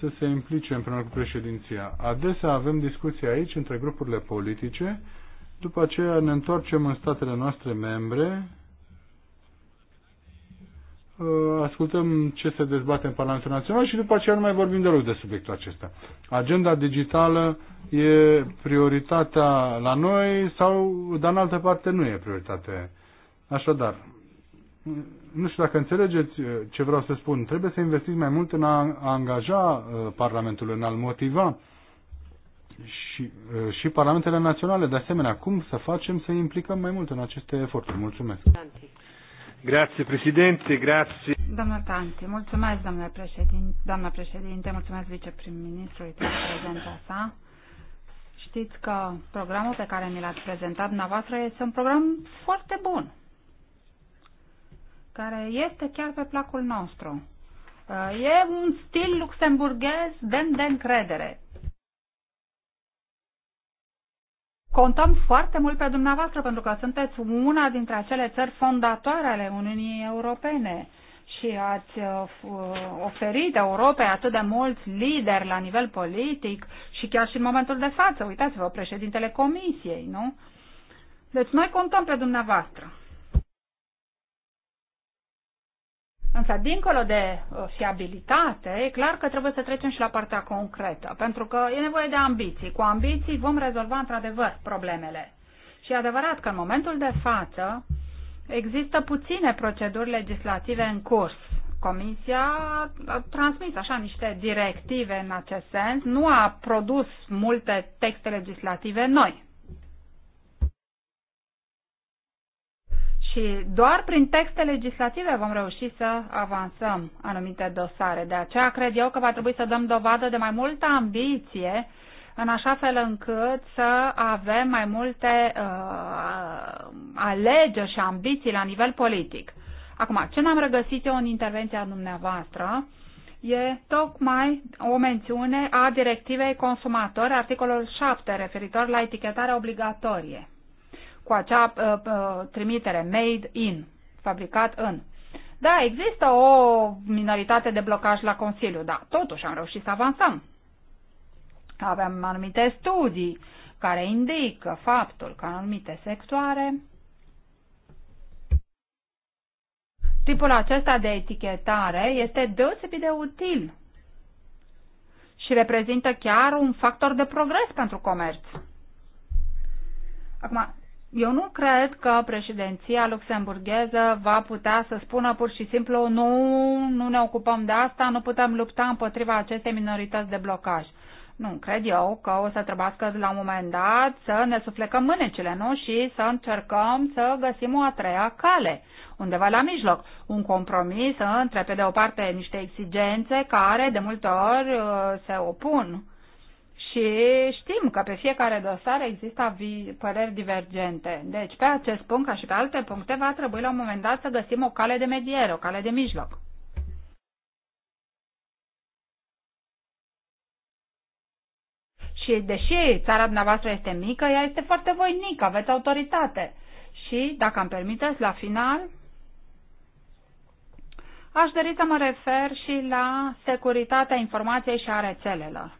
să se implice împreună cu președinția? Adesea avem discuții aici între grupurile politice după aceea ne întoarcem în statele noastre membre, uh, ascultăm ce se dezbate în Parlamentul Național și după aceea nu mai vorbim deloc de subiectul acesta. Agenda digitală e prioritatea la noi sau, dar în altă parte, nu e prioritate. Așadar, nu știu dacă înțelegeți uh, ce vreau să spun. Trebuie să investiți mai mult în a angaja uh, Parlamentul, în a-l motiva și, și parlamentele naționale, de asemenea, cum să facem să implicăm mai mult în aceste eforturi. Mulțumesc. Grazie, președinte, grazie. Doamna Tanti, mulțumesc, doamna președinte, doamna președinte mulțumesc viceprim-ministrului pentru prezența sa. Știți că programul pe care mi l-ați prezentat dumneavoastră este un program foarte bun, care este chiar pe placul nostru. E un stil luxemburghez demn de încredere contăm foarte mult pe dumneavoastră pentru că sunteți una dintre acele țări fondatoare ale Uniunii Europene și ați uh, uh, oferit Europei atât de mulți lideri la nivel politic și chiar și în momentul de față, uitați-vă, președintele Comisiei, nu? Deci noi contăm pe dumneavoastră. Însă, dincolo de uh, fiabilitate, e clar că trebuie să trecem și la partea concretă, pentru că e nevoie de ambiții. Cu ambiții vom rezolva într-adevăr problemele. Și e adevărat că în momentul de față există puține proceduri legislative în curs. Comisia a transmis așa niște directive în acest sens, nu a produs multe texte legislative noi. Și doar prin texte legislative vom reuși să avansăm anumite dosare. De aceea cred eu că va trebui să dăm dovadă de mai multă ambiție în așa fel încât să avem mai multe uh, alegeri și ambiții la nivel politic. Acum, ce n-am regăsit eu în intervenția dumneavoastră e tocmai o mențiune a directivei consumatori, articolul 7, referitor la etichetarea obligatorie cu acea uh, uh, trimitere made in, fabricat în. Da, există o minoritate de blocaj la Consiliu, dar totuși am reușit să avansăm. Avem anumite studii care indică faptul că anumite sectoare tipul acesta de etichetare este deosebit de util și reprezintă chiar un factor de progres pentru comerț. Acum, eu nu cred că președinția luxemburgheză va putea să spună pur și simplu nu, nu ne ocupăm de asta, nu putem lupta împotriva acestei minorități de blocaj. Nu, cred eu că o să trebuiască la un moment dat să ne suflecăm mânecile, nu? Și să încercăm să găsim o a treia cale, undeva la mijloc. Un compromis între, pe de o parte, niște exigențe care de multe ori uh, se opun și știm că pe fiecare dosar există păreri divergente. Deci, pe acest punct, ca și pe alte puncte, va trebui la un moment dat să găsim o cale de mediere, o cale de mijloc. Și deși țara dumneavoastră este mică, ea este foarte voinică, aveți autoritate. Și, dacă îmi permiteți, la final, aș dori să mă refer și la securitatea informației și a rețelelor.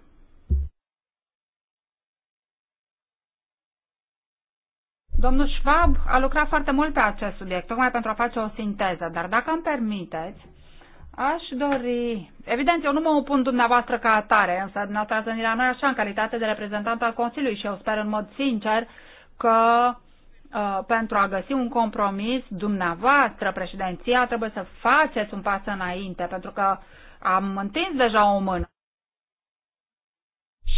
Domnul Schwab a lucrat foarte mult pe acest subiect, tocmai pentru a face o sinteză, dar dacă îmi permiteți, aș dori... Evident, eu nu mă opun dumneavoastră ca atare, însă dumneavoastră ați venit la noi așa în calitate de reprezentant al Consiliului și eu sper în mod sincer că uh, pentru a găsi un compromis, dumneavoastră, președinția, trebuie să faceți un pas înainte, pentru că am întins deja o mână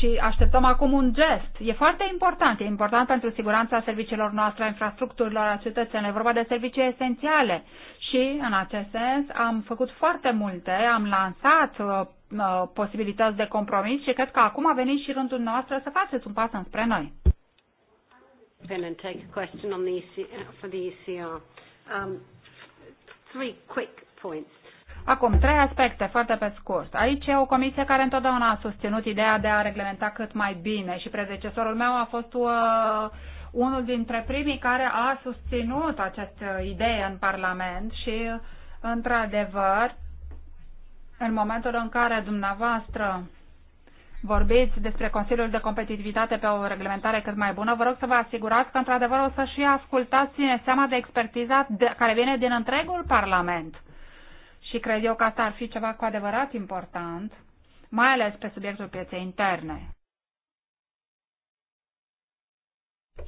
și așteptăm acum un gest. E foarte important, e important pentru siguranța serviciilor noastre, a infrastructurilor, a cetățenilor, e vorba de servicii esențiale. Și, în acest sens, am făcut foarte multe, am lansat uh, uh posibilități de compromis și cred că acum a venit și rândul nostru să faceți un pas înspre noi. And take a question on the ECR, uh, for the ECR. Um, three quick points. Acum, trei aspecte, foarte pe scurt. Aici e o comisie care întotdeauna a susținut ideea de a reglementa cât mai bine și predecesorul meu a fost uh, unul dintre primii care a susținut această uh, idee în Parlament și, într-adevăr, în momentul în care dumneavoastră vorbiți despre Consiliul de Competitivitate pe o reglementare cât mai bună, vă rog să vă asigurați că, într-adevăr, o să și ascultați seama de expertiza de, care vine din întregul Parlament și cred eu că asta ar fi ceva cu adevărat important, mai ales pe subiectul pieței interne.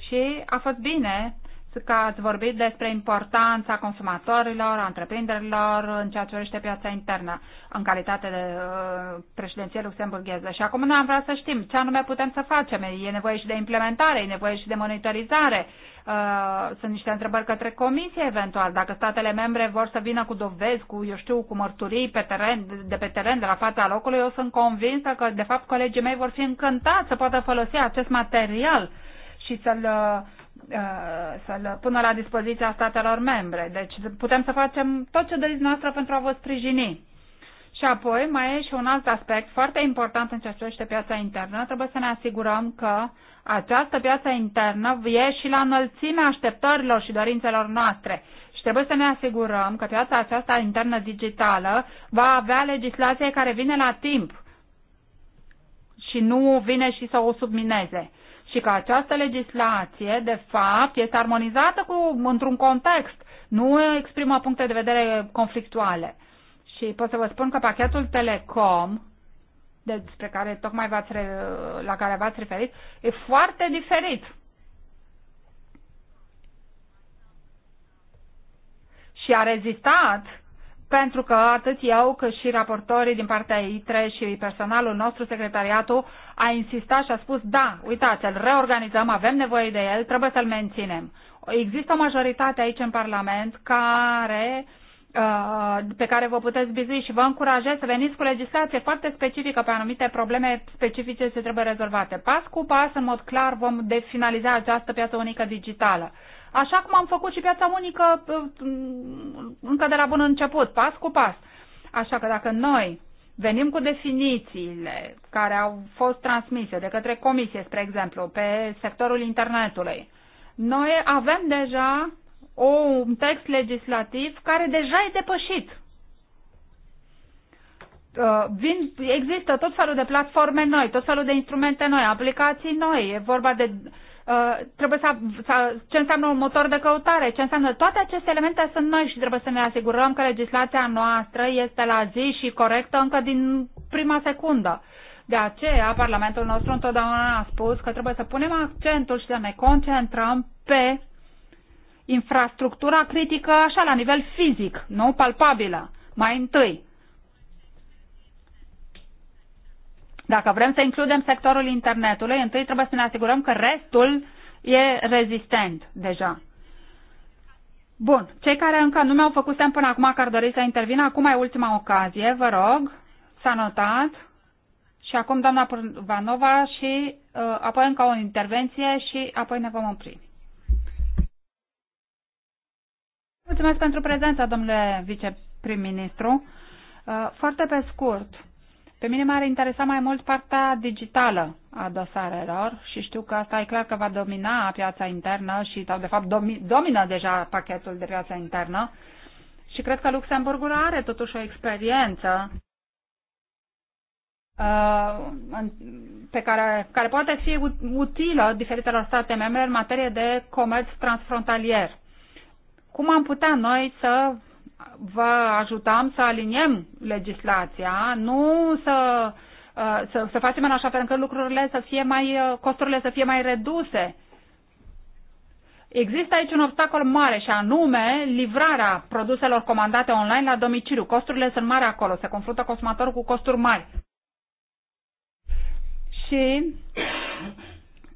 Și a fost bine că ați vorbit despre importanța consumatorilor, întreprinderilor în ceea ce privește piața internă în calitate de uh, președinție luxemburgheză. Și acum noi am vrea să știm ce anume putem să facem. E nevoie și de implementare, e nevoie și de monitorizare. Uh, sunt niște întrebări către comisie eventual. Dacă statele membre vor să vină cu dovezi, cu, eu știu, cu mărturii pe teren, de pe teren, de la fața locului, eu sunt convinsă că, de fapt, colegii mei vor fi încântați să poată folosi acest material și să-l uh, Uh, să-l pună la dispoziția statelor membre. Deci putem să facem tot ce doriți noastră pentru a vă sprijini. Și apoi mai e și un alt aspect foarte important în ceea ce privește piața internă. Trebuie să ne asigurăm că această piață internă e și la înălțimea așteptărilor și dorințelor noastre. Și trebuie să ne asigurăm că piața aceasta internă digitală va avea legislație care vine la timp și nu vine și să o submineze și că această legislație, de fapt, este armonizată cu, într-un context, nu exprimă puncte de vedere conflictuale. Și pot să vă spun că pachetul Telecom, despre care tocmai v-ați la care v-ați referit, e foarte diferit. Și a rezistat pentru că atât eu cât și raportorii din partea ITRE și personalul nostru, secretariatul, a insistat și a spus, da, uitați, îl reorganizăm, avem nevoie de el, trebuie să-l menținem. Există o majoritate aici în Parlament care uh, pe care vă puteți bizui și vă încurajez să veniți cu legislație foarte specifică pe anumite probleme specifice ce trebuie rezolvate. Pas cu pas, în mod clar, vom definaliza această piață unică digitală așa cum am făcut și piața unică uh, încă de la bun început, pas cu pas. Așa că dacă noi venim cu definițiile care au fost transmise de către comisie, spre exemplu, pe sectorul internetului, noi avem deja un text legislativ care deja e depășit Uh, vin, există tot felul de platforme noi, tot felul de instrumente noi, aplicații noi, e vorba de Uh, trebuie să, să, ce înseamnă un motor de căutare, ce înseamnă toate aceste elemente sunt noi și trebuie să ne asigurăm că legislația noastră este la zi și corectă încă din prima secundă. De aceea, Parlamentul nostru întotdeauna a spus că trebuie să punem accentul și să ne concentrăm pe infrastructura critică, așa, la nivel fizic, nu palpabilă, mai întâi. Dacă vrem să includem sectorul internetului, întâi trebuie să ne asigurăm că restul e rezistent deja. Bun. Cei care încă nu mi-au făcut semn până acum că ar dori să intervină, acum e ultima ocazie, vă rog, s-a notat. Și acum doamna Vanova și uh, apoi încă o intervenție și apoi ne vom opri. Mulțumesc pentru prezența, domnule viceprim-ministru. Uh, foarte pe scurt, pe mine m-ar interesa mai mult partea digitală a dosarelor și știu că asta e clar că va domina piața internă și, sau de fapt, domi, domină deja pachetul de piața internă și cred că Luxemburgul are totuși o experiență uh, pe care, care poate fi utilă diferitelor state membre în materie de comerț transfrontalier. Cum am putea noi să vă ajutăm să aliniem legislația, nu să, uh, să, să facem în așa fel încât lucrurile să fie mai, uh, costurile să fie mai reduse. Există aici un obstacol mare și anume livrarea produselor comandate online la domiciliu. Costurile sunt mari acolo, se confruntă consumatorul cu costuri mari. Și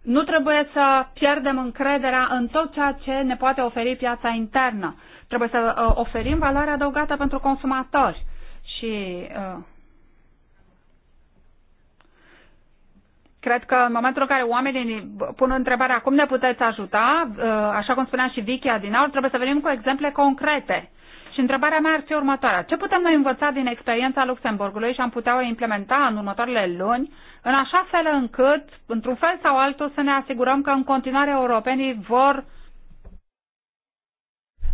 nu trebuie să pierdem încrederea în tot ceea ce ne poate oferi piața internă. Trebuie să uh, oferim valoare adăugată pentru consumatori. Și uh, cred că în momentul în care oamenii pun întrebarea cum ne puteți ajuta, uh, așa cum spunea și Vicky Adinaur, trebuie să venim cu exemple concrete. Și întrebarea mea ar fi următoarea. Ce putem noi învăța din experiența Luxemburgului și am putea o implementa în următoarele luni, în așa fel încât, într-un fel sau altul, să ne asigurăm că în continuare europenii vor,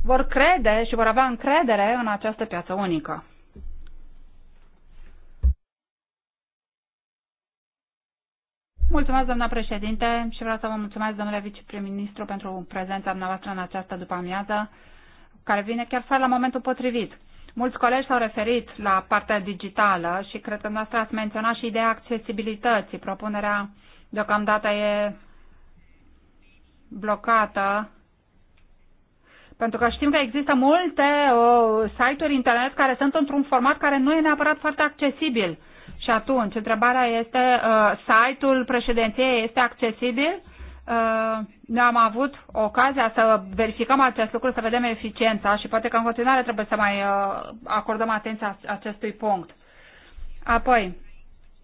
vor crede și vor avea încredere în această piață unică? Mulțumesc, doamna președinte, și vreau să vă mulțumesc, domnule viceprim-ministru, pentru prezența dumneavoastră în această după-amiază care vine chiar fără la momentul potrivit. Mulți colegi s-au referit la partea digitală și cred că noastră ați menționat și ideea accesibilității. Propunerea deocamdată e blocată pentru că știm că există multe site-uri internet care sunt într-un format care nu e neapărat foarte accesibil. Și atunci, întrebarea este, uh, site-ul președinției este accesibil? Uh, ne am avut ocazia să verificăm acest lucru, să vedem eficiența și poate că în continuare trebuie să mai uh, acordăm atenția acestui punct. Apoi,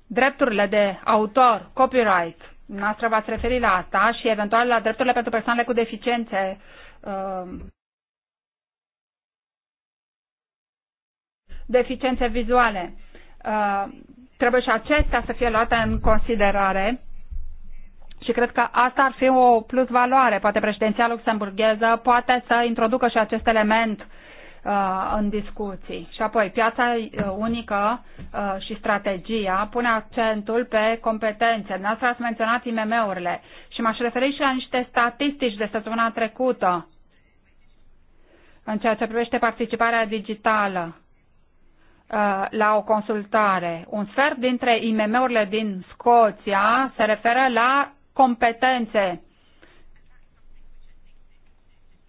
drepturile de autor, copyright, noastră v-ați referit la asta și eventual la drepturile pentru persoanele cu deficiențe. Uh, deficiențe vizuale. Trebuie și acestea să fie luate în considerare și cred că asta ar fi o plus valoare. Poate președinția luxemburgheză poate să introducă și acest element uh, în discuții. Și apoi, piața uh, unică uh, și strategia pune accentul pe competențe. Noastră ați menționat IMM-urile și m-aș referi și la niște statistici de săptămâna trecută în ceea ce privește participarea digitală la o consultare. Un sfert dintre IMM-urile din Scoția se referă la competențe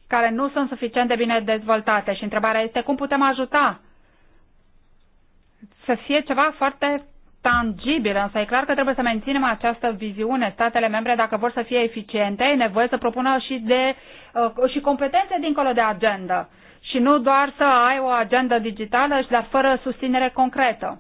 care nu sunt suficient de bine dezvoltate și întrebarea este cum putem ajuta să fie ceva foarte tangibil, însă e clar că trebuie să menținem această viziune. Statele membre, dacă vor să fie eficiente, e nevoie să propună și, de, uh, și competențe dincolo de agenda și nu doar să ai o agenda digitală, dar fără susținere concretă.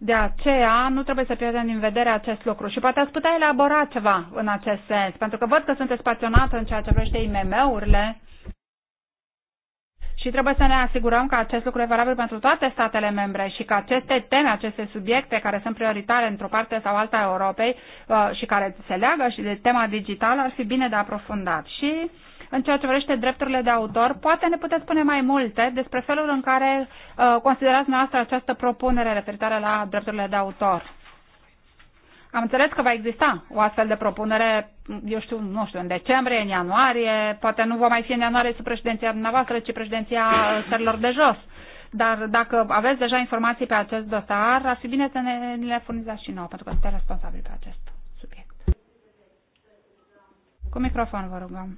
De aceea nu trebuie să pierdem din vedere acest lucru și poate ați putea elabora ceva în acest sens, pentru că văd că sunteți pasionată în ceea ce privește IMM-urile și trebuie să ne asigurăm că acest lucru e valabil pentru toate statele membre și că aceste teme, aceste subiecte care sunt prioritare într-o parte sau alta a Europei uh, și care se leagă și de tema digitală ar fi bine de aprofundat. Și în ceea ce vrește drepturile de autor, poate ne puteți spune mai multe despre felul în care uh, considerați noastră această propunere referitoare la drepturile de autor. Am înțeles că va exista o astfel de propunere, eu știu, nu știu, în decembrie, în ianuarie, poate nu va mai fi în ianuarie sub președinția dumneavoastră, ci președinția uh, țărilor de jos. Dar dacă aveți deja informații pe acest dosar, ar fi bine să ne, le furnizați și nouă, pentru că sunteți responsabili pe acest subiect. Cu microfon vă rugăm.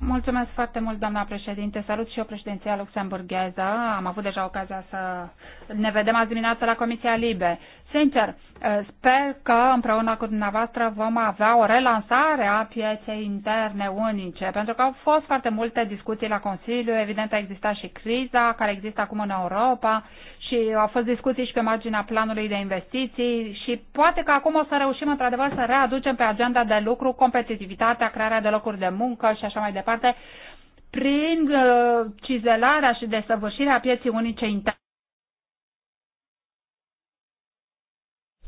Mulțumesc foarte mult, doamna președinte. Salut și eu președinția luxemburgheză. Am avut deja ocazia să ne vedem azi dimineață la Comisia Libe. Sincer, eh, sper că împreună cu dumneavoastră vom avea o relansare a pieței interne unice, pentru că au fost foarte multe discuții la Consiliu, evident a existat și criza care există acum în Europa și au fost discuții și pe marginea planului de investiții și poate că acum o să reușim într-adevăr să readucem pe agenda de lucru competitivitatea, crearea de locuri de muncă și așa mai departe, prin eh, cizelarea și desăvârșirea pieții unice interne.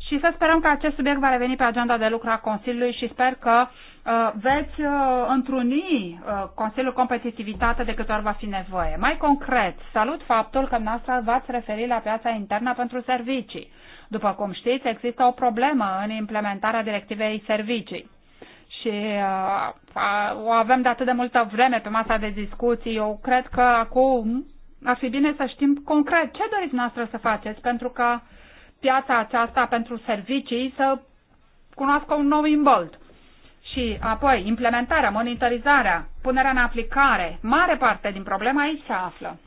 și să sperăm că acest subiect va reveni pe agenda de lucru a Consiliului și sper că uh, veți uh, întruni uh, Consiliul Competitivitate de câte ori va fi nevoie. Mai concret, salut faptul că noastră v-ați referit la piața internă pentru servicii. După cum știți, există o problemă în implementarea directivei servicii și uh, o avem de atât de multă vreme pe masa de discuții. Eu cred că acum ar fi bine să știm concret ce doriți noastră să faceți, pentru că uh, piața aceasta pentru servicii să cunoască un nou imbold. Și apoi, implementarea, monitorizarea, punerea în aplicare, mare parte din problema aici se află.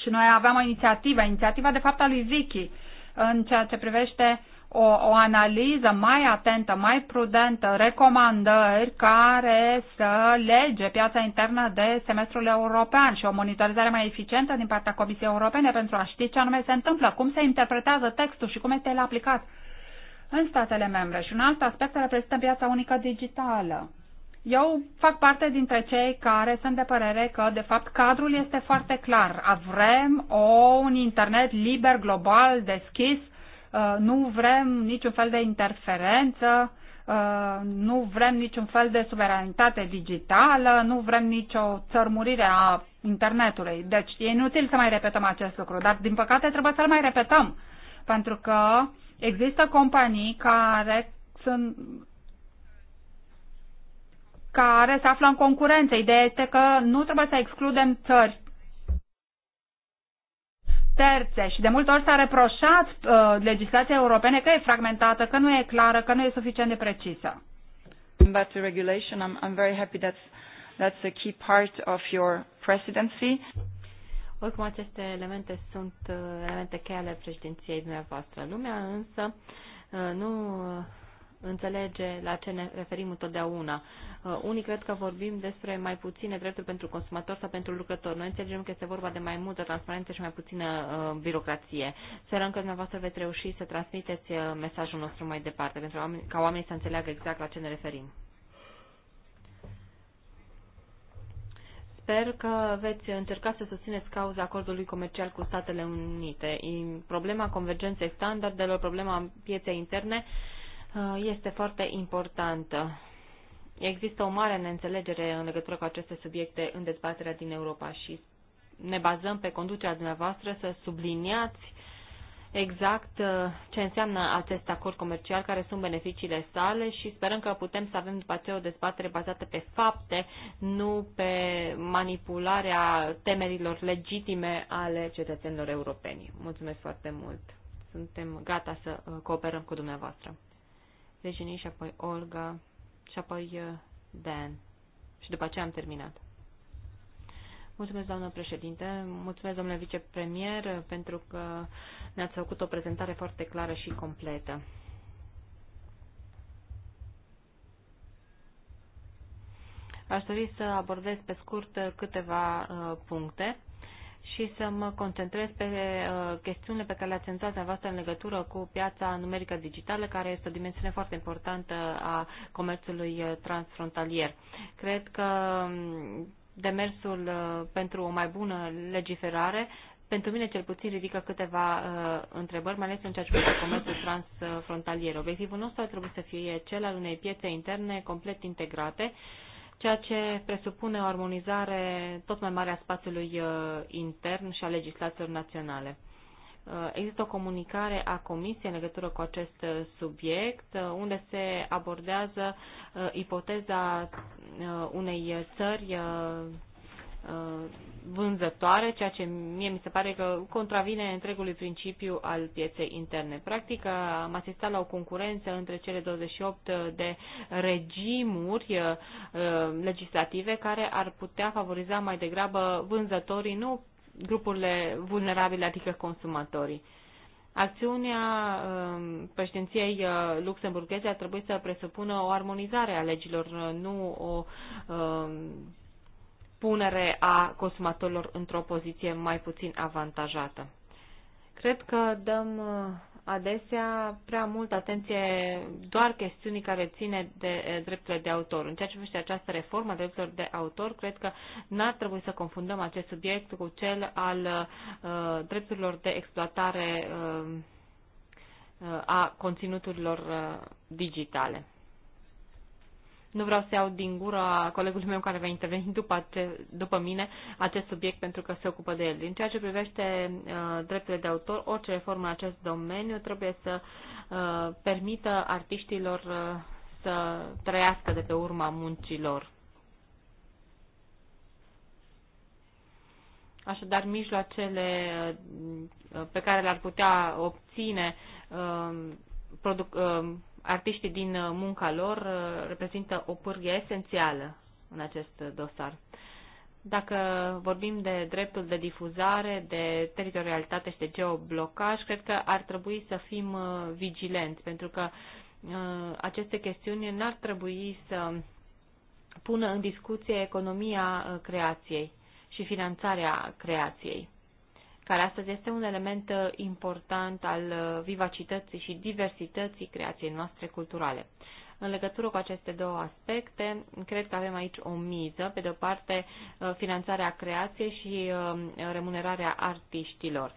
Și noi aveam o inițiativă, inițiativa de fapt a lui Vicky, în ceea ce privește o, o analiză mai atentă, mai prudentă, recomandări care să lege piața internă de semestrul european și o monitorizare mai eficientă din partea Comisiei Europene pentru a ști ce anume se întâmplă, cum se interpretează textul și cum este el aplicat în statele membre. Și un alt aspect reprezintă piața unică digitală. Eu fac parte dintre cei care sunt de părere că, de fapt, cadrul este foarte clar. Avrem o, un internet liber, global, deschis, Uh, nu vrem niciun fel de interferență, uh, nu vrem niciun fel de suveranitate digitală, nu vrem nicio țărmurire a internetului. Deci e inutil să mai repetăm acest lucru, dar din păcate trebuie să-l mai repetăm, pentru că există companii care sunt care se află în concurență. Ideea este că nu trebuie să excludem țări terțe și de multe ori s-a reproșat uh, legislația europene că e fragmentată, că nu e clară, că nu e suficient de precisă. Back to regulation, I'm, I'm very happy that's, that's a key part of your presidency. Oricum, aceste elemente sunt uh, elemente cheie ale președinției dumneavoastră. Lumea însă uh, nu înțelege la ce ne referim întotdeauna. Uh, unii cred că vorbim despre mai puține drepturi pentru consumator sau pentru lucrător. Noi înțelegem că este vorba de mai multă transparență și mai puțină uh, birocrație. Sperăm că dumneavoastră veți reuși să transmiteți uh, mesajul nostru mai departe, pentru ca oamenii să înțeleagă exact la ce ne referim. Sper că veți încerca să susțineți cauza acordului comercial cu Statele Unite. Problema convergenței standardelor, problema pieței interne, uh, Uh, este foarte importantă. Există o mare neînțelegere în legătură cu aceste subiecte în dezbaterea din Europa și ne bazăm pe conducerea dumneavoastră să subliniați exact uh, ce înseamnă acest acord comercial, care sunt beneficiile sale și sperăm că putem să avem după aceea o dezbatere bazată pe fapte, nu pe manipularea temerilor legitime ale cetățenilor europeni. Mulțumesc foarte mult! Suntem gata să uh, cooperăm cu dumneavoastră. Virginie și apoi Olga și apoi uh, Dan. Și după aceea am terminat. Mulțumesc, doamnă președinte, mulțumesc, domnule vicepremier, pentru că ne-ați făcut o prezentare foarte clară și completă. Aș dori să abordez pe scurt câteva uh, puncte și să mă concentrez pe uh, chestiunile pe care le-ați întrebat voastră în legătură cu piața numerică digitală, care este o dimensiune foarte importantă a comerțului uh, transfrontalier. Cred că um, demersul uh, pentru o mai bună legiferare pentru mine cel puțin ridică câteva uh, întrebări, mai ales în ceea ce privește comerțul transfrontalier. Obiectivul nostru ar trebui să fie cel al unei piețe interne complet integrate uh, ceea ce presupune o armonizare tot mai mare a spațiului uh, intern și a legislațiilor naționale. Uh, există o comunicare a Comisiei în legătură cu acest uh, subiect, unde se abordează ipoteza unei țări vânzătoare, ceea ce mie mi se pare că contravine întregului principiu al pieței interne. Practic, am asistat la o concurență între cele 28 de regimuri uh, legislative care ar putea favoriza mai degrabă vânzătorii, nu grupurile vulnerabile, adică consumatorii. Acțiunea um, președinției uh, luxemburgheze ar trebui să presupună o armonizare a legilor, uh, nu o um, punere a consumatorilor într-o poziție mai puțin avantajată. Cred că dăm uh, adesea prea mult atenție doar chestiunii care ține de uh, drepturile de autor. În ceea ce privește această reformă a drepturilor de autor, cred că n-ar trebui să confundăm acest subiect cu cel al uh, drepturilor de exploatare uh, uh a conținuturilor uh, digitale. Nu vreau să iau din gura colegului meu care va interveni după, ace- după mine acest subiect pentru că se ocupă de el. În ceea ce privește uh, drepturile de autor, orice reformă în acest domeniu trebuie să uh, permită artiștilor uh, să trăiască de pe urma muncilor. Așadar, mijloacele uh, pe care le-ar putea obține uh, produc, uh, artiștii din uh, munca lor uh, reprezintă o pârghie esențială în acest uh, dosar. Dacă vorbim de dreptul de difuzare, de teritorialitate și de geoblocaj, cred că ar trebui să fim vigilenți, pentru că aceste chestiuni n-ar trebui să pună în discuție economia creației și finanțarea creației care astăzi este un element uh, important al uh, vivacității și diversității creației noastre culturale. În legătură cu aceste două aspecte, cred că avem aici o miză, pe de o parte uh, finanțarea creației și um, remunerarea artiștilor.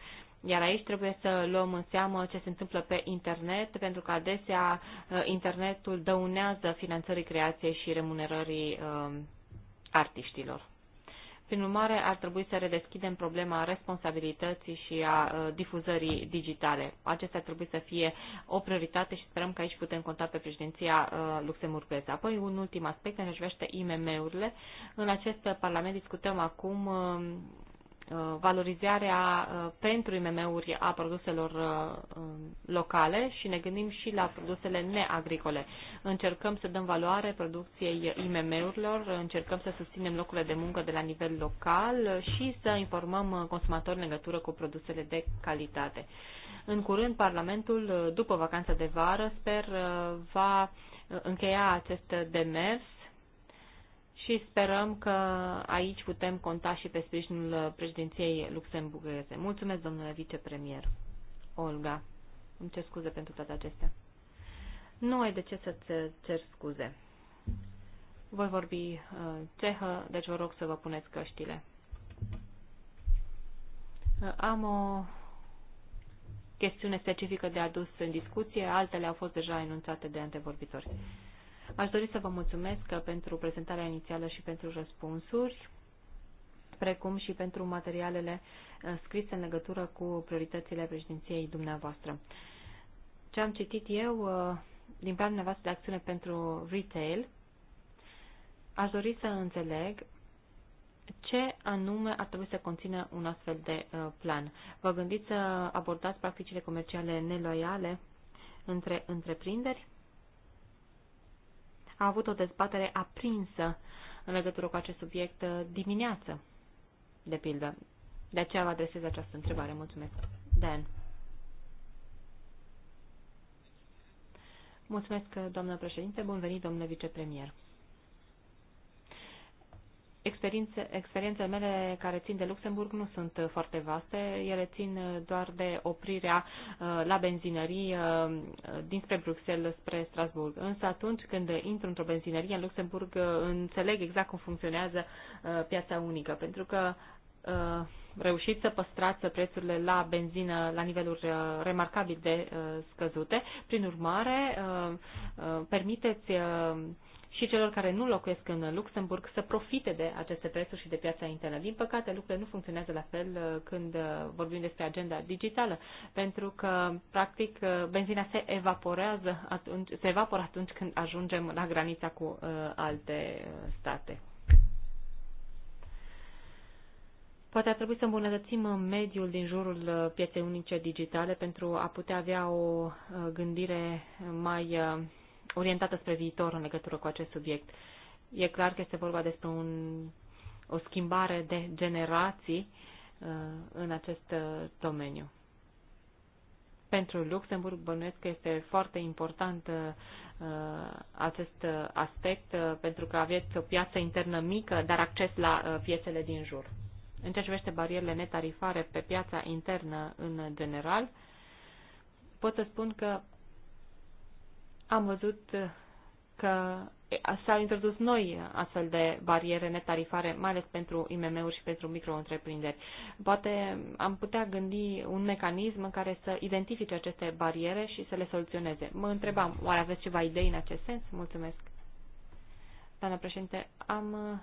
Iar aici trebuie să luăm în seamă ce se întâmplă pe internet, pentru că adesea internetul dăunează finanțării creației și remunerării um, artiștilor. Prin urmare, ar trebui să redeschidem problema responsabilității și a uh, difuzării digitale. Acestea trebuie să fie o prioritate și sperăm că aici putem conta pe președinția uh, luxemburgheză. Apoi, un ultim aspect în privește IMM-urile. În acest Parlament discutăm acum uh, Uh, valorizarea uh, pentru IMM-uri a produselor uh, um, locale și ne gândim și la produsele neagricole. Încercăm să dăm valoare producției IMM-urilor, încercăm să susținem locurile de muncă de la nivel local și să informăm consumatorii în legătură cu produsele de calitate. În curând, Parlamentul, după vacanța de vară, sper, va încheia acest demers și sperăm că aici putem conta și pe sprijinul președinției luxemburgheze. Mulțumesc, domnule vicepremier. Olga, îmi cer scuze pentru toate acestea. Nu ai de ce să-ți cer scuze. Voi vorbi uh, cehă, deci vă rog să vă puneți căștile. Uh, am o chestiune specifică de adus în discuție, altele au fost deja enunțate de antevorbitori. Aș dori să vă mulțumesc pentru prezentarea inițială și pentru răspunsuri, precum și pentru materialele uh, scrise în legătură cu prioritățile președinției dumneavoastră. Ce am citit eu uh, din planul dumneavoastră de acțiune pentru retail, aș dori să înțeleg ce anume ar trebui să conțină un astfel de uh, plan. Vă gândiți să abordați practicile comerciale neloiale între întreprinderi? a avut o dezbatere aprinsă în legătură cu acest subiect uh, dimineață, de pildă. De aceea vă adresez această întrebare. Mulțumesc. Dan. Mulțumesc, uh, doamnă președinte. Bun venit, domnule vicepremier. Experiențe, experiențele mele care țin de Luxemburg nu sunt uh, foarte vaste, ele țin uh, doar de oprirea uh, la benzinării dinspre Bruxelles spre Strasburg. Însă atunci când intru într-o benzinărie în Luxemburg, înțeleg exact cum funcționează piața unică, pentru că reușit să păstrați prețurile la benzină la niveluri remarcabil de scăzute. Prin urmare, permiteți și celor care nu locuiesc în Luxemburg să profite de aceste prețuri și de piața internă. Din păcate, lucrurile nu funcționează la fel uh, când uh, vorbim despre agenda digitală, pentru că, practic, uh, benzina se evaporează atunci, se evaporă atunci când ajungem la granița cu uh, alte state. Poate ar trebui să îmbunătățim mediul din jurul pieței unice digitale pentru a putea avea o gândire mai uh, orientată spre viitor în legătură cu acest subiect. E clar că este vorba despre un, o schimbare de generații uh, în acest uh, domeniu. Pentru Luxemburg bănuiesc că este foarte important uh, acest aspect pentru că aveți o piață internă mică, dar acces la piețele din jur. În ceea ce privește barierele netarifare pe piața internă în general, pot să spun că am văzut uh, că s-au introdus noi astfel de bariere netarifare, mai ales pentru IMM-uri și pentru micro-întreprinderi. Poate am putea gândi un mecanism în care să identifice aceste bariere și să le soluționeze. Mă întrebam, oare aveți ceva idei în acest sens? Mulțumesc. Doamna președinte, am uh,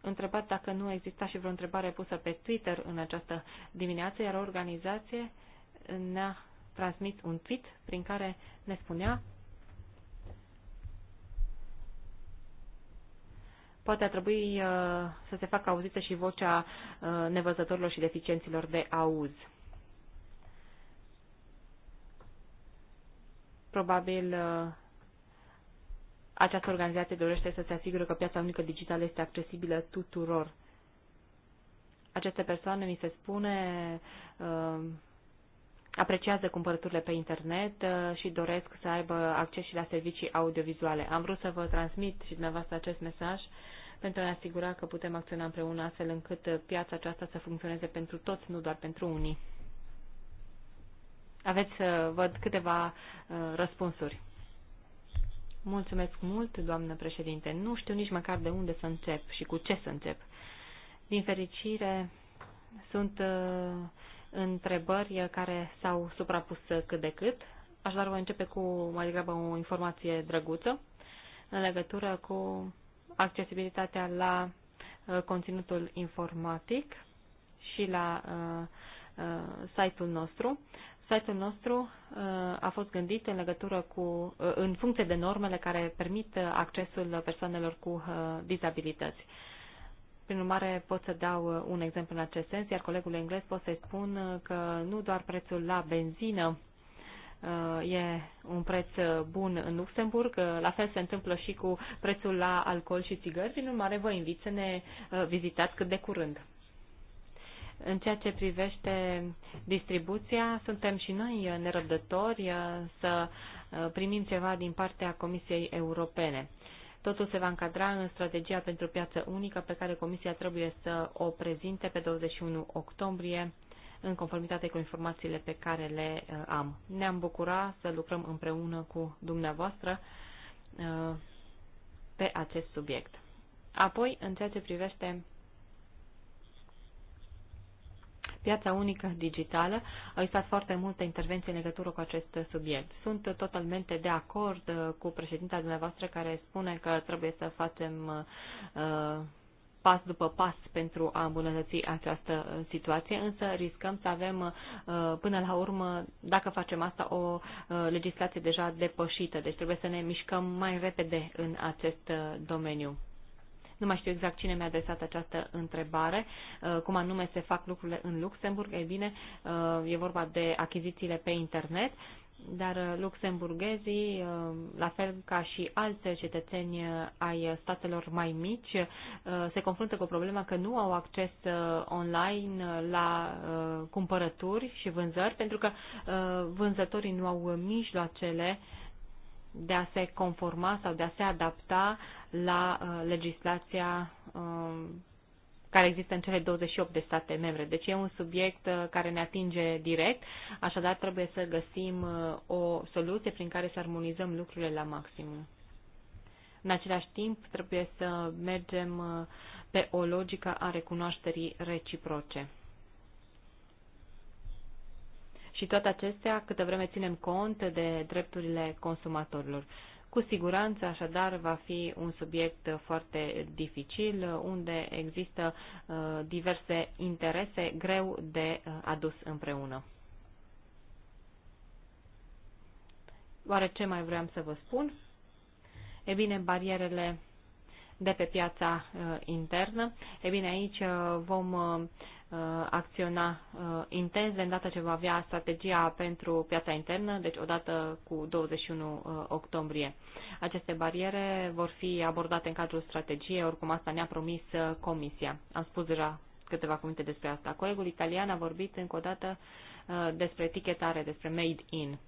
întrebat dacă nu exista și vreo întrebare pusă pe Twitter în această dimineață, iar o organizație ne-a transmis un tweet prin care ne spunea poate ar trebui uh, să se facă auzită și vocea uh, nevăzătorilor și deficienților de auz. Probabil uh, această organizație dorește să se asigure că piața unică digitală este accesibilă tuturor. Aceste persoane, mi se spune, uh, apreciază cumpărăturile pe internet uh, și doresc să aibă acces și la servicii audiovizuale. Am vrut să vă transmit și dumneavoastră acest mesaj pentru a ne asigura că putem acționa împreună astfel încât uh, piața aceasta să funcționeze pentru toți, nu doar pentru unii. Aveți, uh, văd, câteva răspunsuri. Mulțumesc mult, doamnă președinte. Nu știu nici măcar de unde să încep și cu ce să încep. Din fericire, sunt uh, întrebări care s-au suprapus cât de cât. dar voi începe cu mai degrabă o informație drăguță în legătură cu accesibilitatea la uh, conținutul informatic și la uh, uh, site-ul nostru. Site-ul nostru a fost gândit în legătură cu, în funcție de normele care permit accesul persoanelor cu dizabilități. Prin urmare, pot să dau uh, un exemplu în acest sens, iar colegul englez pot să-i spun uh, că nu doar prețul la benzină uh, e un preț bun în Luxemburg. La fel se întâmplă și cu prețul la alcool și țigări. Prin urmare, vă invit să ne vizitați cât de curând. În ceea ce privește distribuția, suntem și noi nerăbdători să primim ceva din partea Comisiei Europene. Totul se va încadra în strategia pentru piață unică pe care Comisia trebuie să o prezinte pe 21 octombrie în conformitate cu informațiile pe care le uh, am. Ne-am bucura să lucrăm împreună cu dumneavoastră uh, pe acest subiect. Apoi, în ceea ce privește piața unică digitală. Au existat foarte multe intervenții în legătură cu acest subiect. Sunt totalmente de acord uh, cu președinta dumneavoastră care spune că trebuie să facem uh, pas după pas pentru a îmbunătăți această uh, situație, însă riscăm să avem până la urmă, dacă facem asta, o legislație deja depășită. Deci trebuie să ne mișcăm mai repede în acest domeniu. Nu mai știu exact cine mi-a adresat această întrebare, uh, cum anume se fac lucrurile în Luxemburg. Ei bine, uh, e vorba de achizițiile pe internet dar uh, luxemburghezii, la fel ca și alți cetățeni ai statelor mai mici, se confruntă cu problema că nu au acces online la cumpărături și vânzări, pentru că vânzătorii nu au mijloacele de a se conforma sau de a se adapta la uh, legislația um, care există în cele 28 de state membre. Deci e un subiect uh, care ne atinge direct, așadar trebuie să găsim uh, o soluție prin care să armonizăm lucrurile la maximum. În același timp, trebuie să mergem uh, pe o logică a recunoașterii reciproce. Și toate acestea, câtă vreme ținem cont de drepturile consumatorilor. Cu siguranță, așadar, va fi un subiect foarte dificil, unde există uh, diverse interese greu de uh, adus împreună. Oare ce mai vreau să vă spun? E bine, barierele de pe piața uh, internă. E bine, aici uh, vom uh, Uh, acționa uh, intens de îndată ce va avea strategia pentru piața internă, deci odată cu 21 uh, octombrie. Aceste bariere vor fi abordate în cadrul strategiei, oricum asta ne-a promis Comisia. Am spus deja câteva cuvinte despre asta. Colegul italian a vorbit încă o dată despre etichetare, despre made in.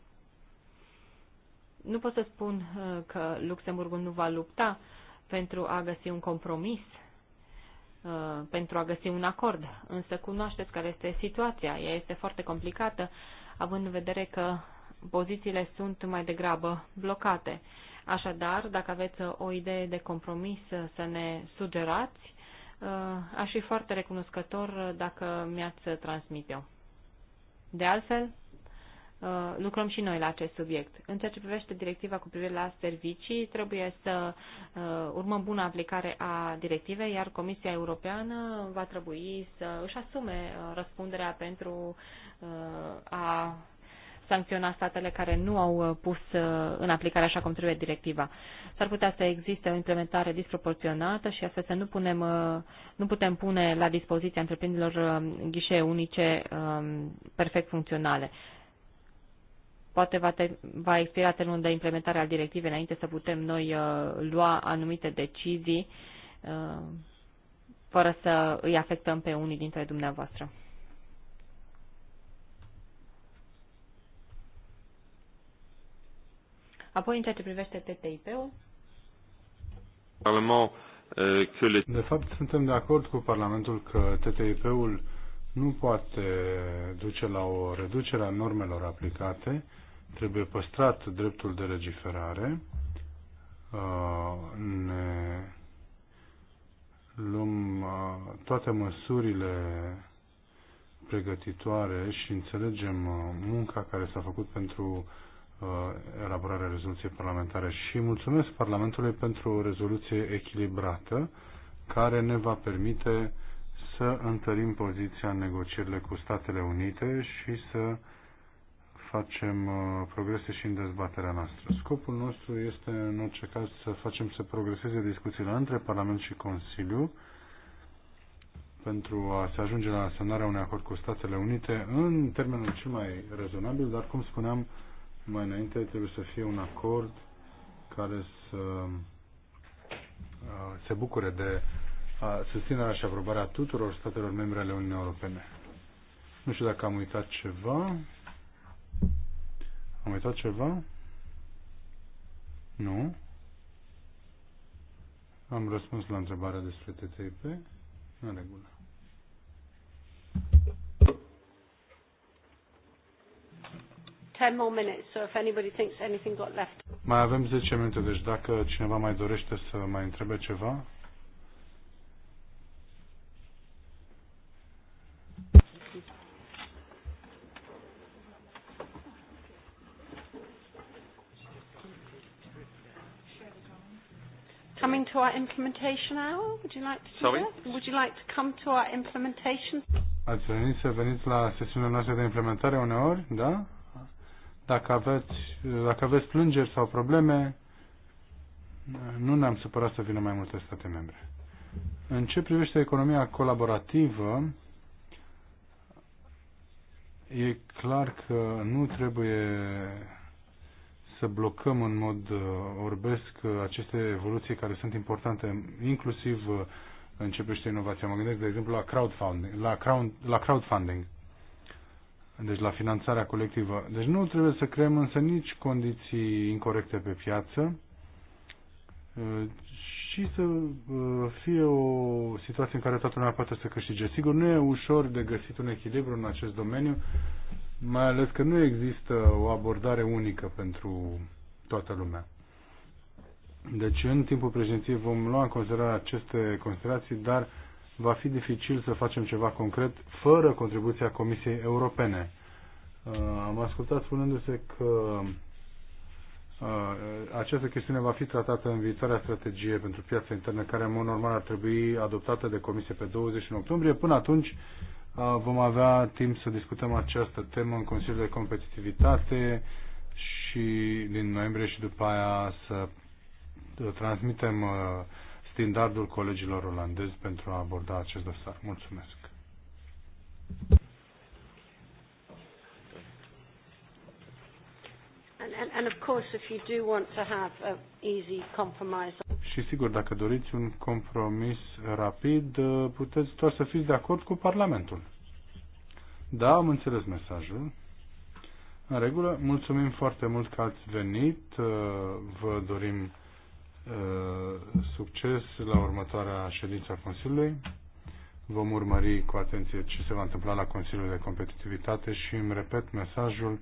Nu pot să spun că Luxemburgul nu va lupta pentru a găsi un compromis Uh, pentru a găsi un acord. Însă cunoașteți care este situația. Ea este foarte complicată, având în vedere că pozițiile sunt mai degrabă blocate. Așadar, dacă aveți o idee de compromis să ne sugerați, uh, aș fi foarte recunoscător dacă mi-ați transmite-o. De altfel, Uh, lucrăm și noi la acest subiect. În ceea ce privește directiva cu privire la servicii, trebuie să uh, urmăm bună aplicare a directivei, iar Comisia Europeană va trebui să își asume uh, răspunderea pentru a sancționa statele care nu au pus în aplicare așa cum trebuie directiva. S-ar putea să existe o implementare disproporționată și astfel să nu, punem, nu putem pune la dispoziția întreprinderilor ghișe unice um, perfect funcționale poate va, ter- va expira termenul de implementare al directivei înainte să putem noi uh, lua anumite decizii uh, fără să îi afectăm pe unii dintre dumneavoastră. Apoi, în ceea ce privește TTIP-ul. Uh, de fapt, suntem de acord cu Parlamentul că TTIP-ul nu poate duce la o reducere a normelor aplicate Trebuie păstrat dreptul de legiferare. Uh, ne luăm uh, toate măsurile pregătitoare și înțelegem uh, munca care s-a făcut pentru elaborarea rezoluției parlamentare și mulțumesc Parlamentului pentru o rezoluție echilibrată care ne va permite să întărim poziția în negocierile cu Statele Unite și să facem uh, progrese și în dezbaterea noastră. Scopul nostru este, în orice caz, să facem să progreseze discuțiile între Parlament și Consiliu pentru a se ajunge la semnarea unui acord cu Statele Unite în termenul cel mai rezonabil, dar, cum spuneam mai înainte, trebuie să fie un acord care să uh, se bucure de uh, susținerea și aprobarea tuturor statelor membre ale Uniunii Europene. Nu știu dacă am uitat ceva. Am uitat ceva? Nu. Am răspuns la întrebarea despre TTIP. În regulă. Ten more minutes, so if anybody thinks anything got left. Mai avem 10 minute, deci dacă cineva mai dorește să mai întrebe ceva, implementation hour? Would you like to Sorry? That? Would you like to come to our implementation? Ați venit să veniți la sesiunea noastră de implementare uneori, da? Dacă aveți, dacă aveți plângeri sau probleme, nu ne-am supărat să vină mai multe state membre. În ce privește economia colaborativă, e clar că nu trebuie să blocăm în mod uh, orbesc uh, aceste evoluții care sunt importante, inclusiv uh, începește inovația. Mă gândesc, de exemplu, la crowdfunding. La, crowd, la crowdfunding. Deci la finanțarea colectivă. Deci nu trebuie să creăm însă nici condiții incorrecte pe piață și să fie o situație în care toată lumea poate să câștige. Sigur, nu e ușor de găsit un echilibru în acest domeniu mai ales că nu există o abordare unică pentru toată lumea. Deci în timpul președinției vom lua în considerare aceste considerații, dar va fi dificil să facem ceva concret fără contribuția Comisiei Europene. Uh, am ascultat spunându-se că uh, această chestiune va fi tratată în viitoarea strategie pentru piața internă, care în mod normal ar trebui adoptată de Comisie pe în octombrie. Până atunci, Vom avea timp să discutăm această temă în Consiliul de Competitivitate și din noiembrie și după aia să transmitem uh, standardul colegilor olandezi pentru a aborda acest dosar. Mulțumesc! And, and, and of course, if you do want to have an easy compromise. Și sigur, dacă doriți un compromis rapid, uh, puteți doar să fiți de acord cu Parlamentul. Da, am înțeles mesajul. În regulă, mulțumim foarte mult că ați venit. Uh, vă dorim uh, succes la următoarea ședință a Consiliului. Vom urmări cu atenție ce se va întâmpla la Consiliul de Competitivitate și îmi repet mesajul.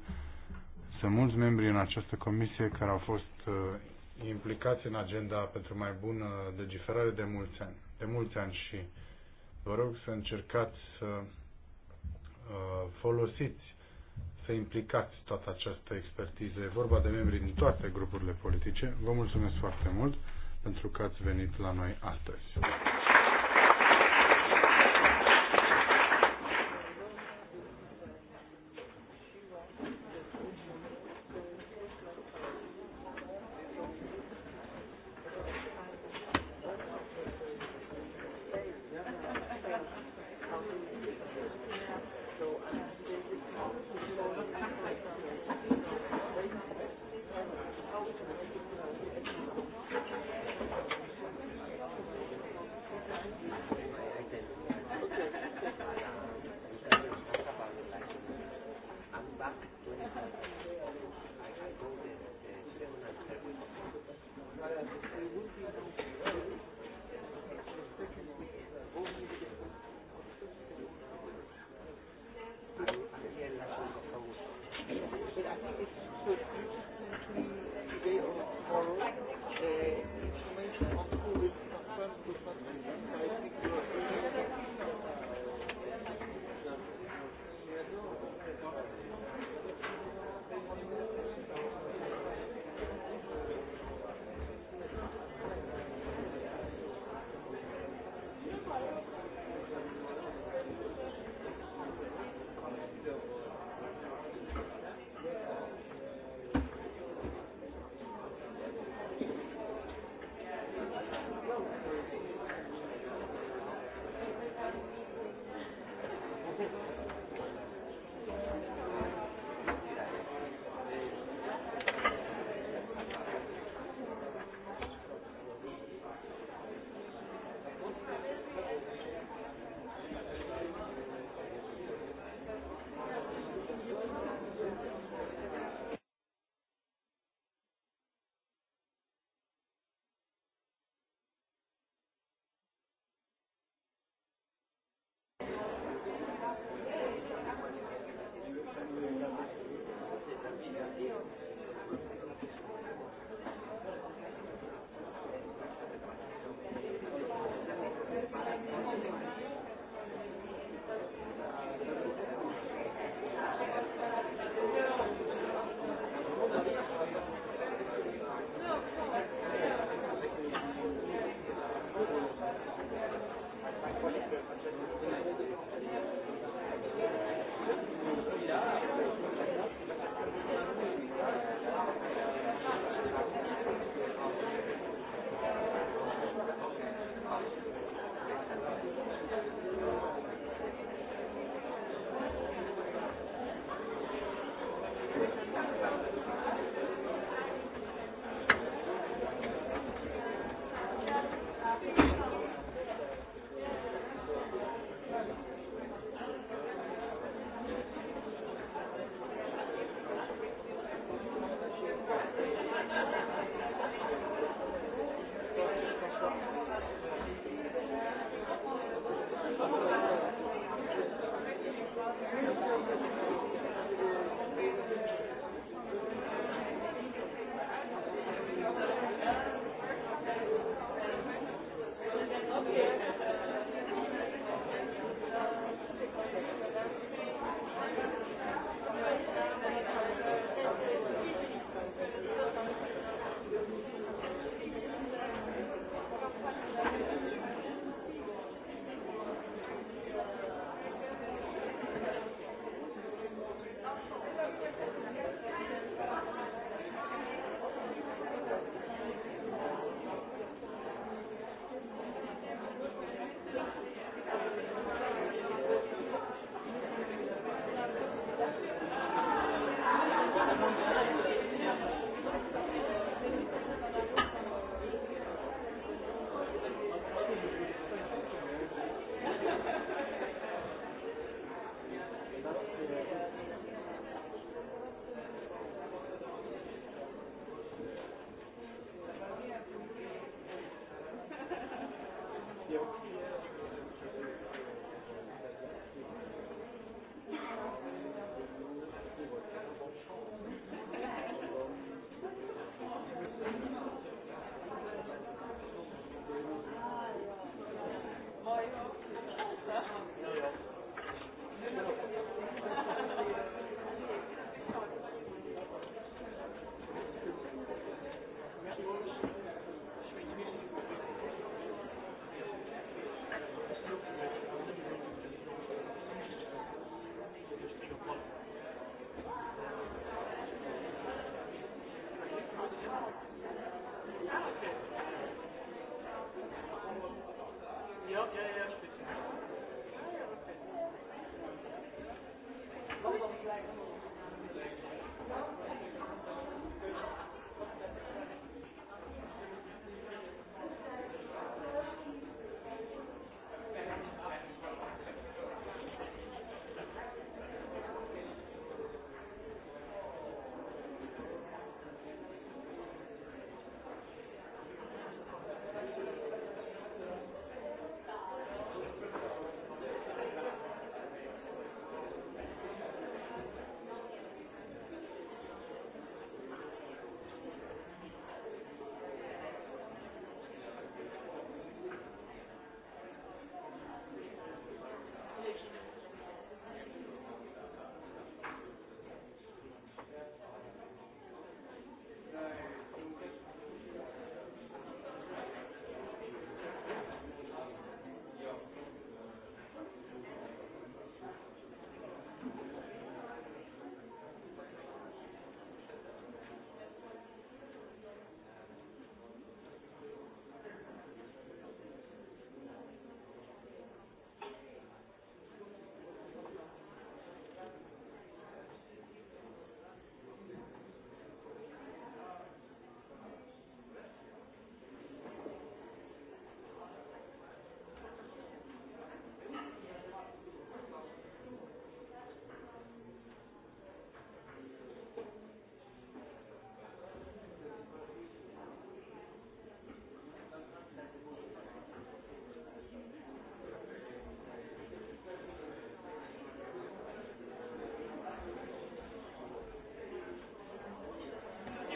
Sunt mulți membri în această comisie care au fost implicați în agenda pentru mai bună legiferare de mulți ani. De mulți ani și vă rog să încercați să uh, folosiți, să implicați toată această expertiză. E vorba de membri din toate grupurile politice. Vă mulțumesc foarte mult pentru că ați venit la noi astăzi.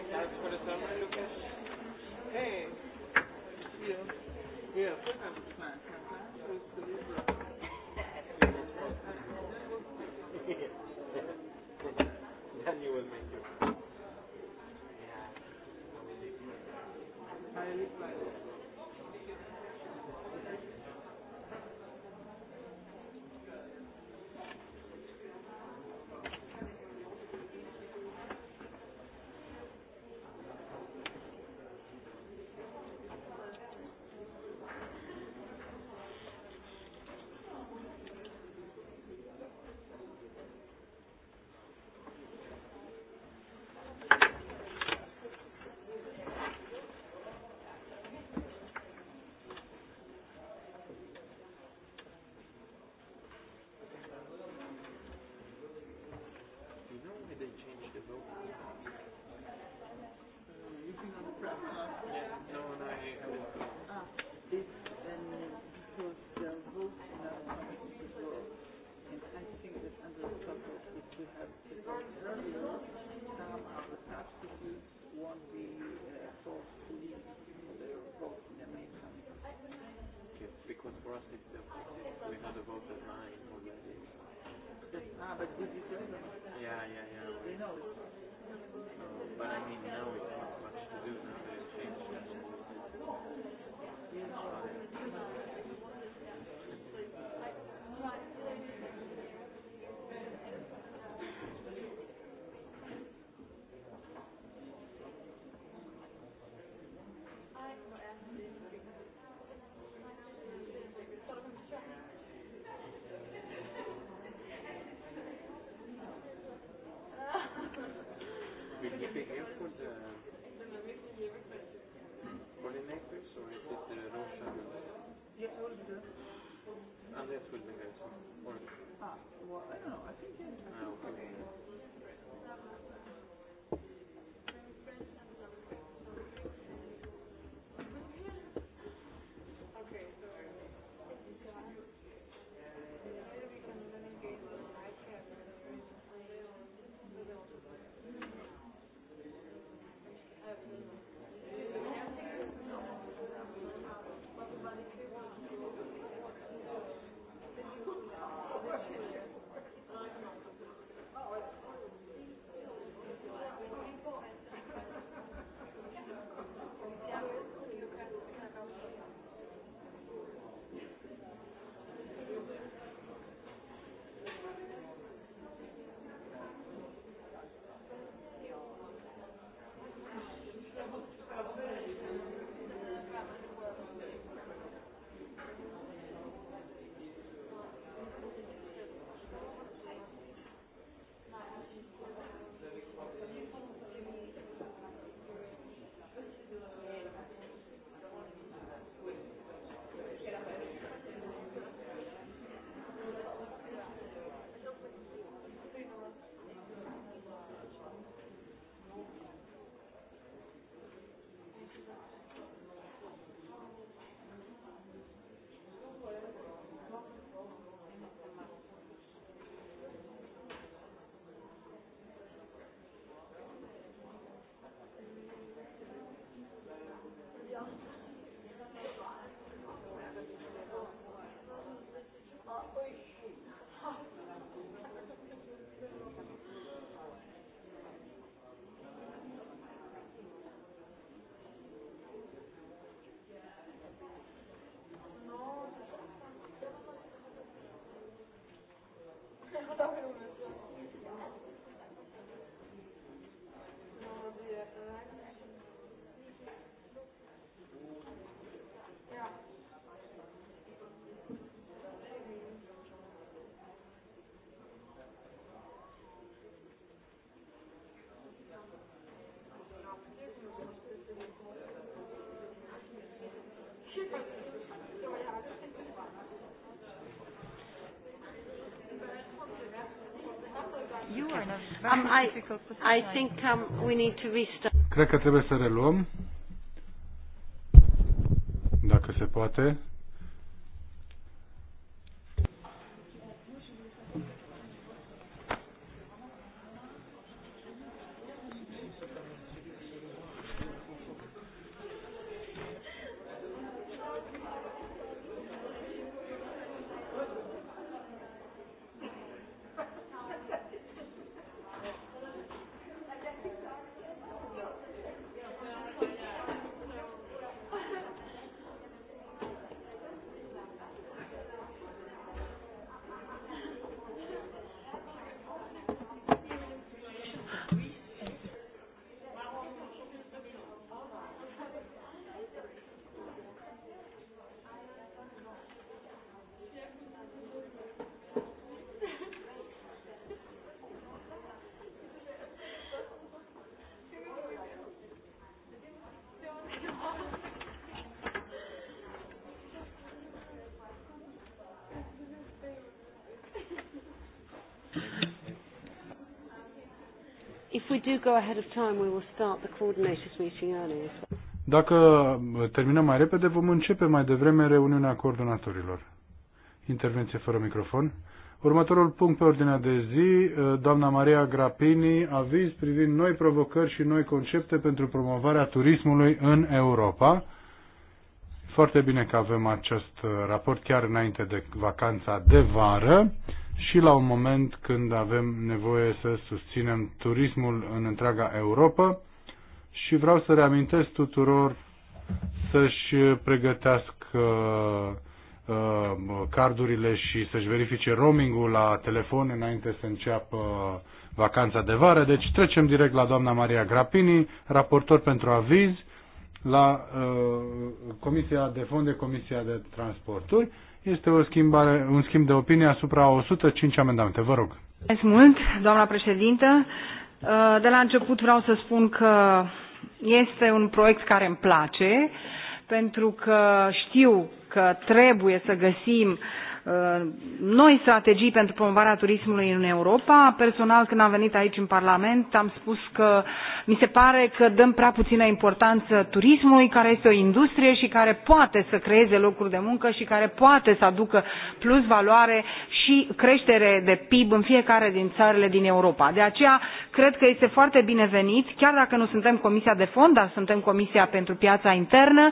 Lucas. Yeah. they changed the vote. Yeah, no, and I then because the vote now is And I think that under the if we have the vote earlier, some substitutes won't be forced to leave their in the main because for us, it's the, uh, we vote already. Ah, but this is Yeah, yeah, yeah. For the makers or is it the low shadow? Yeah, I will Ah, well, I don't know. I think, yeah, okay. okay. Um, I, I think um, we need to restart. Cred că trebuie să reluăm, dacă se poate. If we do go ahead of time, we will start the coordinators meeting early. Dacă uh, terminăm mai repede, vom începe mai devreme reuniunea coordonatorilor. Intervenție fără microfon. Următorul punct pe ordinea de zi, uh, doamna Maria Grapini, aviz privind noi provocări și noi concepte pentru promovarea turismului în Europa. Foarte bine că avem acest uh, raport chiar înainte de vacanța de vară și la un moment când avem nevoie să susținem turismul în întreaga Europa și vreau să reamintesc tuturor să-și pregătească uh, uh, cardurile și să-și verifice roamingul la telefon înainte să înceapă vacanța de vară. Deci trecem direct la doamna Maria Grapini, raportor pentru aviz la uh, Comisia de Fond de Comisia de Transporturi este o schimbare, un schimb de opinie asupra 105 amendamente. Vă rog. Mulțumesc mult, doamna președintă. Uh, de la început vreau să spun că este un proiect care îmi place, pentru că știu că trebuie să găsim uh, Uh, noi strategii pentru promovarea turismului în Europa. Personal, când am venit aici în Parlament, am spus că mi se pare că dăm prea puțină importanță turismului, care este o industrie și care poate să creeze locuri de muncă și care poate să aducă plus valoare și creștere de PIB în fiecare din țările din Europa. De aceea, cred că este foarte binevenit, chiar dacă nu suntem Comisia de Fond, dar suntem Comisia pentru Piața Internă,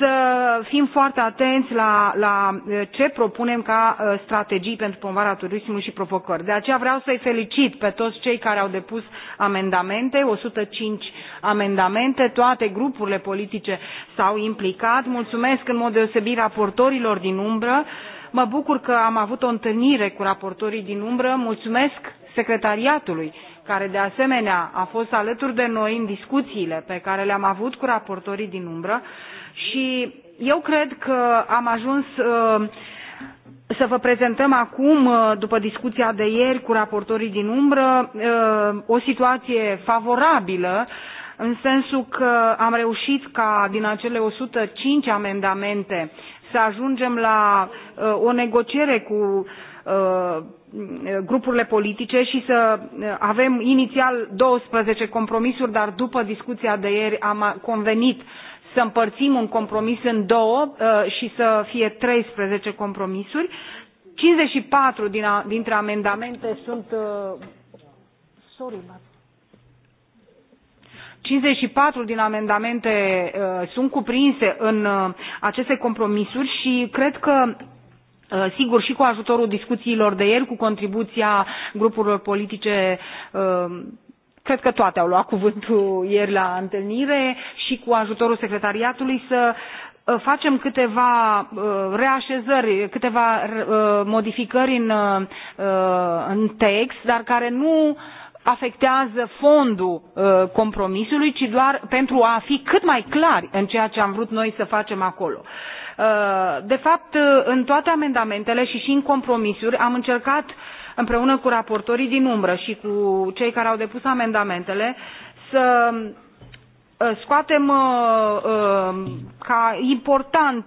să fim foarte atenți la, la eh, ce propunem ca eh, strategii pentru promovarea turismului și provocări. De aceea vreau să-i felicit pe toți cei care au depus amendamente, 105 amendamente, toate grupurile politice s-au implicat. Mulțumesc în mod deosebit raportorilor din umbră. Mă bucur că am avut o întâlnire cu raportorii din umbră. Mulțumesc secretariatului care de asemenea a fost alături de noi în discuțiile pe care le-am avut cu raportorii din umbră. Și eu cred că am ajuns uh, să vă prezentăm acum, uh, după discuția de ieri cu raportorii din umbră, uh, o situație favorabilă în sensul că am reușit ca din acele 105 amendamente să ajungem la o negociere cu grupurile politice și să avem inițial 12 compromisuri, dar după discuția de ieri am convenit să împărțim un compromis în două uh, și să fie 13 compromisuri. 54 din a, dintre amendamente sunt... Uh, sorry, but 54 din amendamente uh, sunt cuprinse în uh, aceste compromisuri și cred că uh, sigur și cu ajutorul discuțiilor de ieri cu contribuția grupurilor politice cred că toate au luat cuvântul ieri la întâlnire și cu ajutorul secretariatului să uh, facem câteva uh, reașezări, câteva uh, modificări în, în text, dar care nu afectează fondul compromisului, ci doar pentru a fi cât mai clari în ceea ce am vrut noi să facem acolo. De fapt, în toate amendamentele și și în compromisuri am încercat uh, împreună cu raportorii din umbră și cu cei care au depus amendamentele să ă, scoatem ă, ă, ca important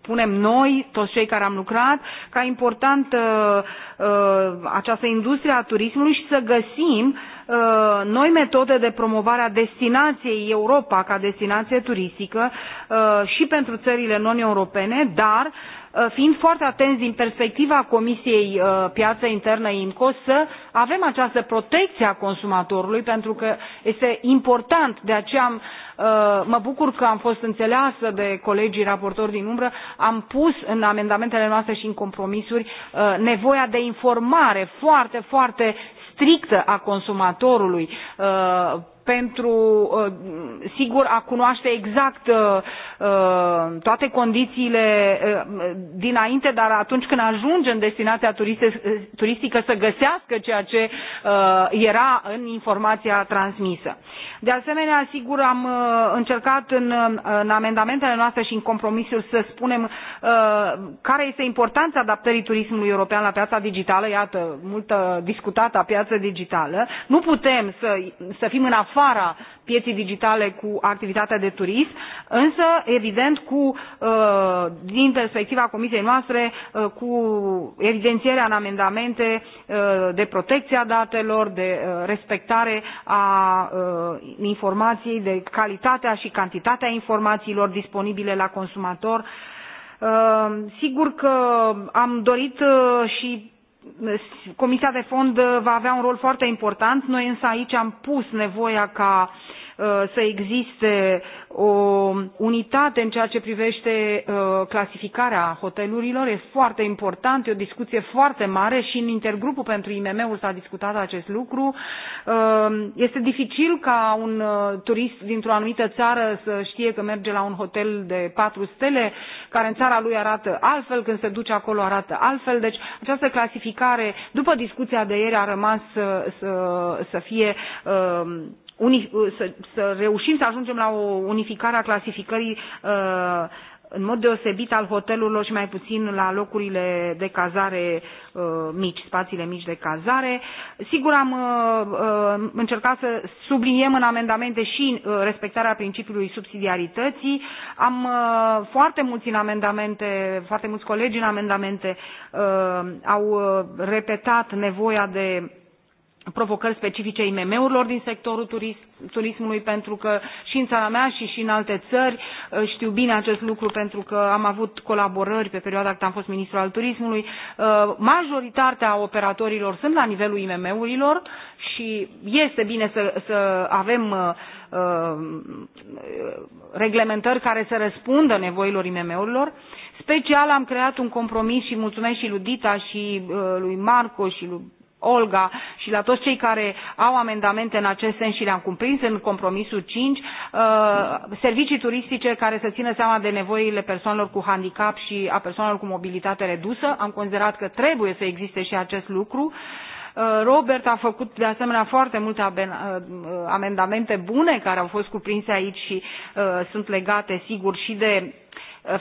punem noi, toți cei care am lucrat, ca important uh, uh, această industrie a turismului și să găsim uh, noi metode de promovare a destinației Europa ca destinație turistică și pentru țările non-europene, dar uh, Uh, fiind foarte atenți din perspectiva Comisiei uh, Piața Internă IMCO să avem această protecție a consumatorului pentru că este important, de aceea uh, mă bucur că am fost înțeleasă de colegii raportori din umbră, am pus în amendamentele noastre și în compromisuri nevoia de informare foarte, foarte strictă a consumatorului pentru, uh, sigur, a cunoaște exact uh, uh, toate condițiile dinainte, dar atunci când ajunge în destinația turistică să găsească ceea ce era în informația transmisă. De asemenea, sigur, am încercat în, în amendamentele noastre și în compromisul să spunem care este importanța adaptării turismului european la piața digitală. Iată, multă discutată a piață digitală. Nu putem să, să fim în afară afara pieții digitale cu activitatea de turism, însă, evident, cu, uh, din perspectiva Comisiei noastre, uh, cu evidențierea în amendamente uh, de protecția datelor, de respectare a informației, de calitatea și cantitatea informațiilor disponibile la consumator, Sigur că am dorit și Comisia de Fond va avea un rol foarte important. Noi însă aici am pus nevoia ca Uh, să existe o unitate în ceea ce privește uh, clasificarea hotelurilor. E foarte important, e o discuție foarte mare și în intergrupul pentru IMM-uri s-a discutat acest lucru. Uh, este dificil ca un turist dintr-o anumită țară să știe că merge la un hotel de patru stele, care în țara lui arată altfel, când se duce acolo arată altfel. Deci această clasificare, după discuția de ieri, a rămas să, să, să fie uh, uni, să, să reușim să ajungem la o unificare a clasificării uh, în mod deosebit al hotelurilor și mai puțin la locurile de cazare uh, mici, spațiile mici de cazare. Sigur am uh, uh, încercat să subliniem în amendamente și uh, respectarea principiului subsidiarității. Am uh, foarte mulți în amendamente, foarte mulți colegi în amendamente uh, au repetat nevoia de provocări specifice imm urilor din sectorul turism, turismului pentru că și în țara mea și, și în alte țări uh, știu bine acest lucru pentru că am avut colaborări pe perioada când am fost ministru al turismului. Uh, majoritatea operatorilor sunt la nivelul imm urilor și este bine să, să avem uh, reglementări care să răspundă nevoilor imm urilor special am creat un compromis și mulțumesc și lui dita și lui marco și lui Olga și la toți cei care au amendamente în acest sens și le-am cuprins în compromisul 5, uh, servicii turistice care să țină seama de nevoile persoanelor cu handicap și a persoanelor cu mobilitate redusă. Am considerat că trebuie să existe și acest lucru. Uh, Robert a făcut de asemenea foarte multe uh, amendamente bune care au fost cuprinse aici și sunt legate sigur și de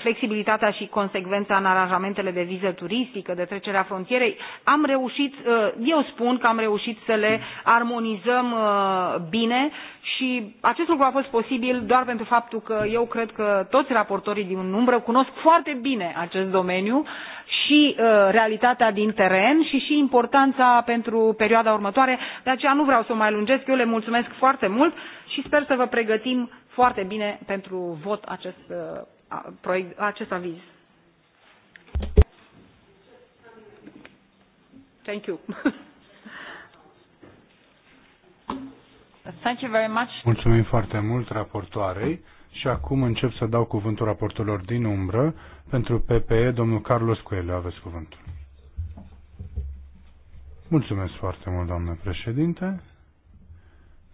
flexibilitatea și consecvența în aranjamentele de viză turistică, de trecerea frontierei, am reușit, uh, eu spun că am reușit să le armonizăm uh, bine și acest lucru a fost posibil doar pentru faptul că eu cred că toți raportorii din umbră cunosc foarte bine acest domeniu și uh, realitatea din teren și și importanța pentru perioada următoare. De aceea nu vreau să o mai lungesc, eu le mulțumesc foarte mult și sper să vă pregătim foarte bine pentru vot acest proiect, acest aviz. Thank you. Thank you very much. Mulțumim foarte mult raportoarei și acum încep să dau cuvântul raportorilor din umbră. Pentru PPE, domnul Carlos Coelho, aveți cuvântul. Mulțumesc foarte mult, doamnă președinte.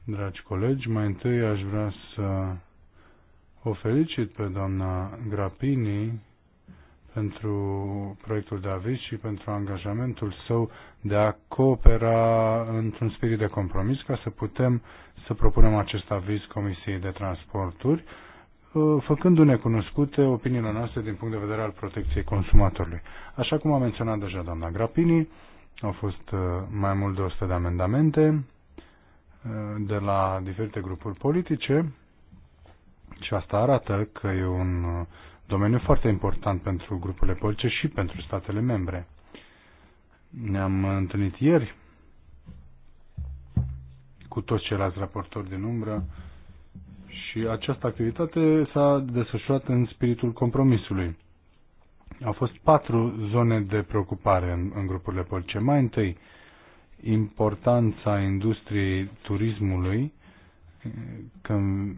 Dragi colegi, mai întâi aș vrea să o felicit pe doamna Grapini pentru proiectul de aviz și pentru angajamentul său de a coopera într-un spirit de compromis ca să putem să propunem acest aviz Comisiei de Transporturi, ă, făcându-ne cunoscute opiniile noastre din punct de vedere al protecției consumatorului. Așa cum a menționat deja doamna Grapini, au fost ă, mai mult de 100 de amendamente ă, de la diferite grupuri politice, și asta arată că e un uh, domeniu foarte important pentru grupurile politice și pentru statele membre. Ne-am întâlnit ieri cu toți ceilalți raportori din umbră și această activitate s-a desfășurat în spiritul compromisului. Au fost patru zone de preocupare în, în grupurile politice. Mai întâi, importanța industriei turismului când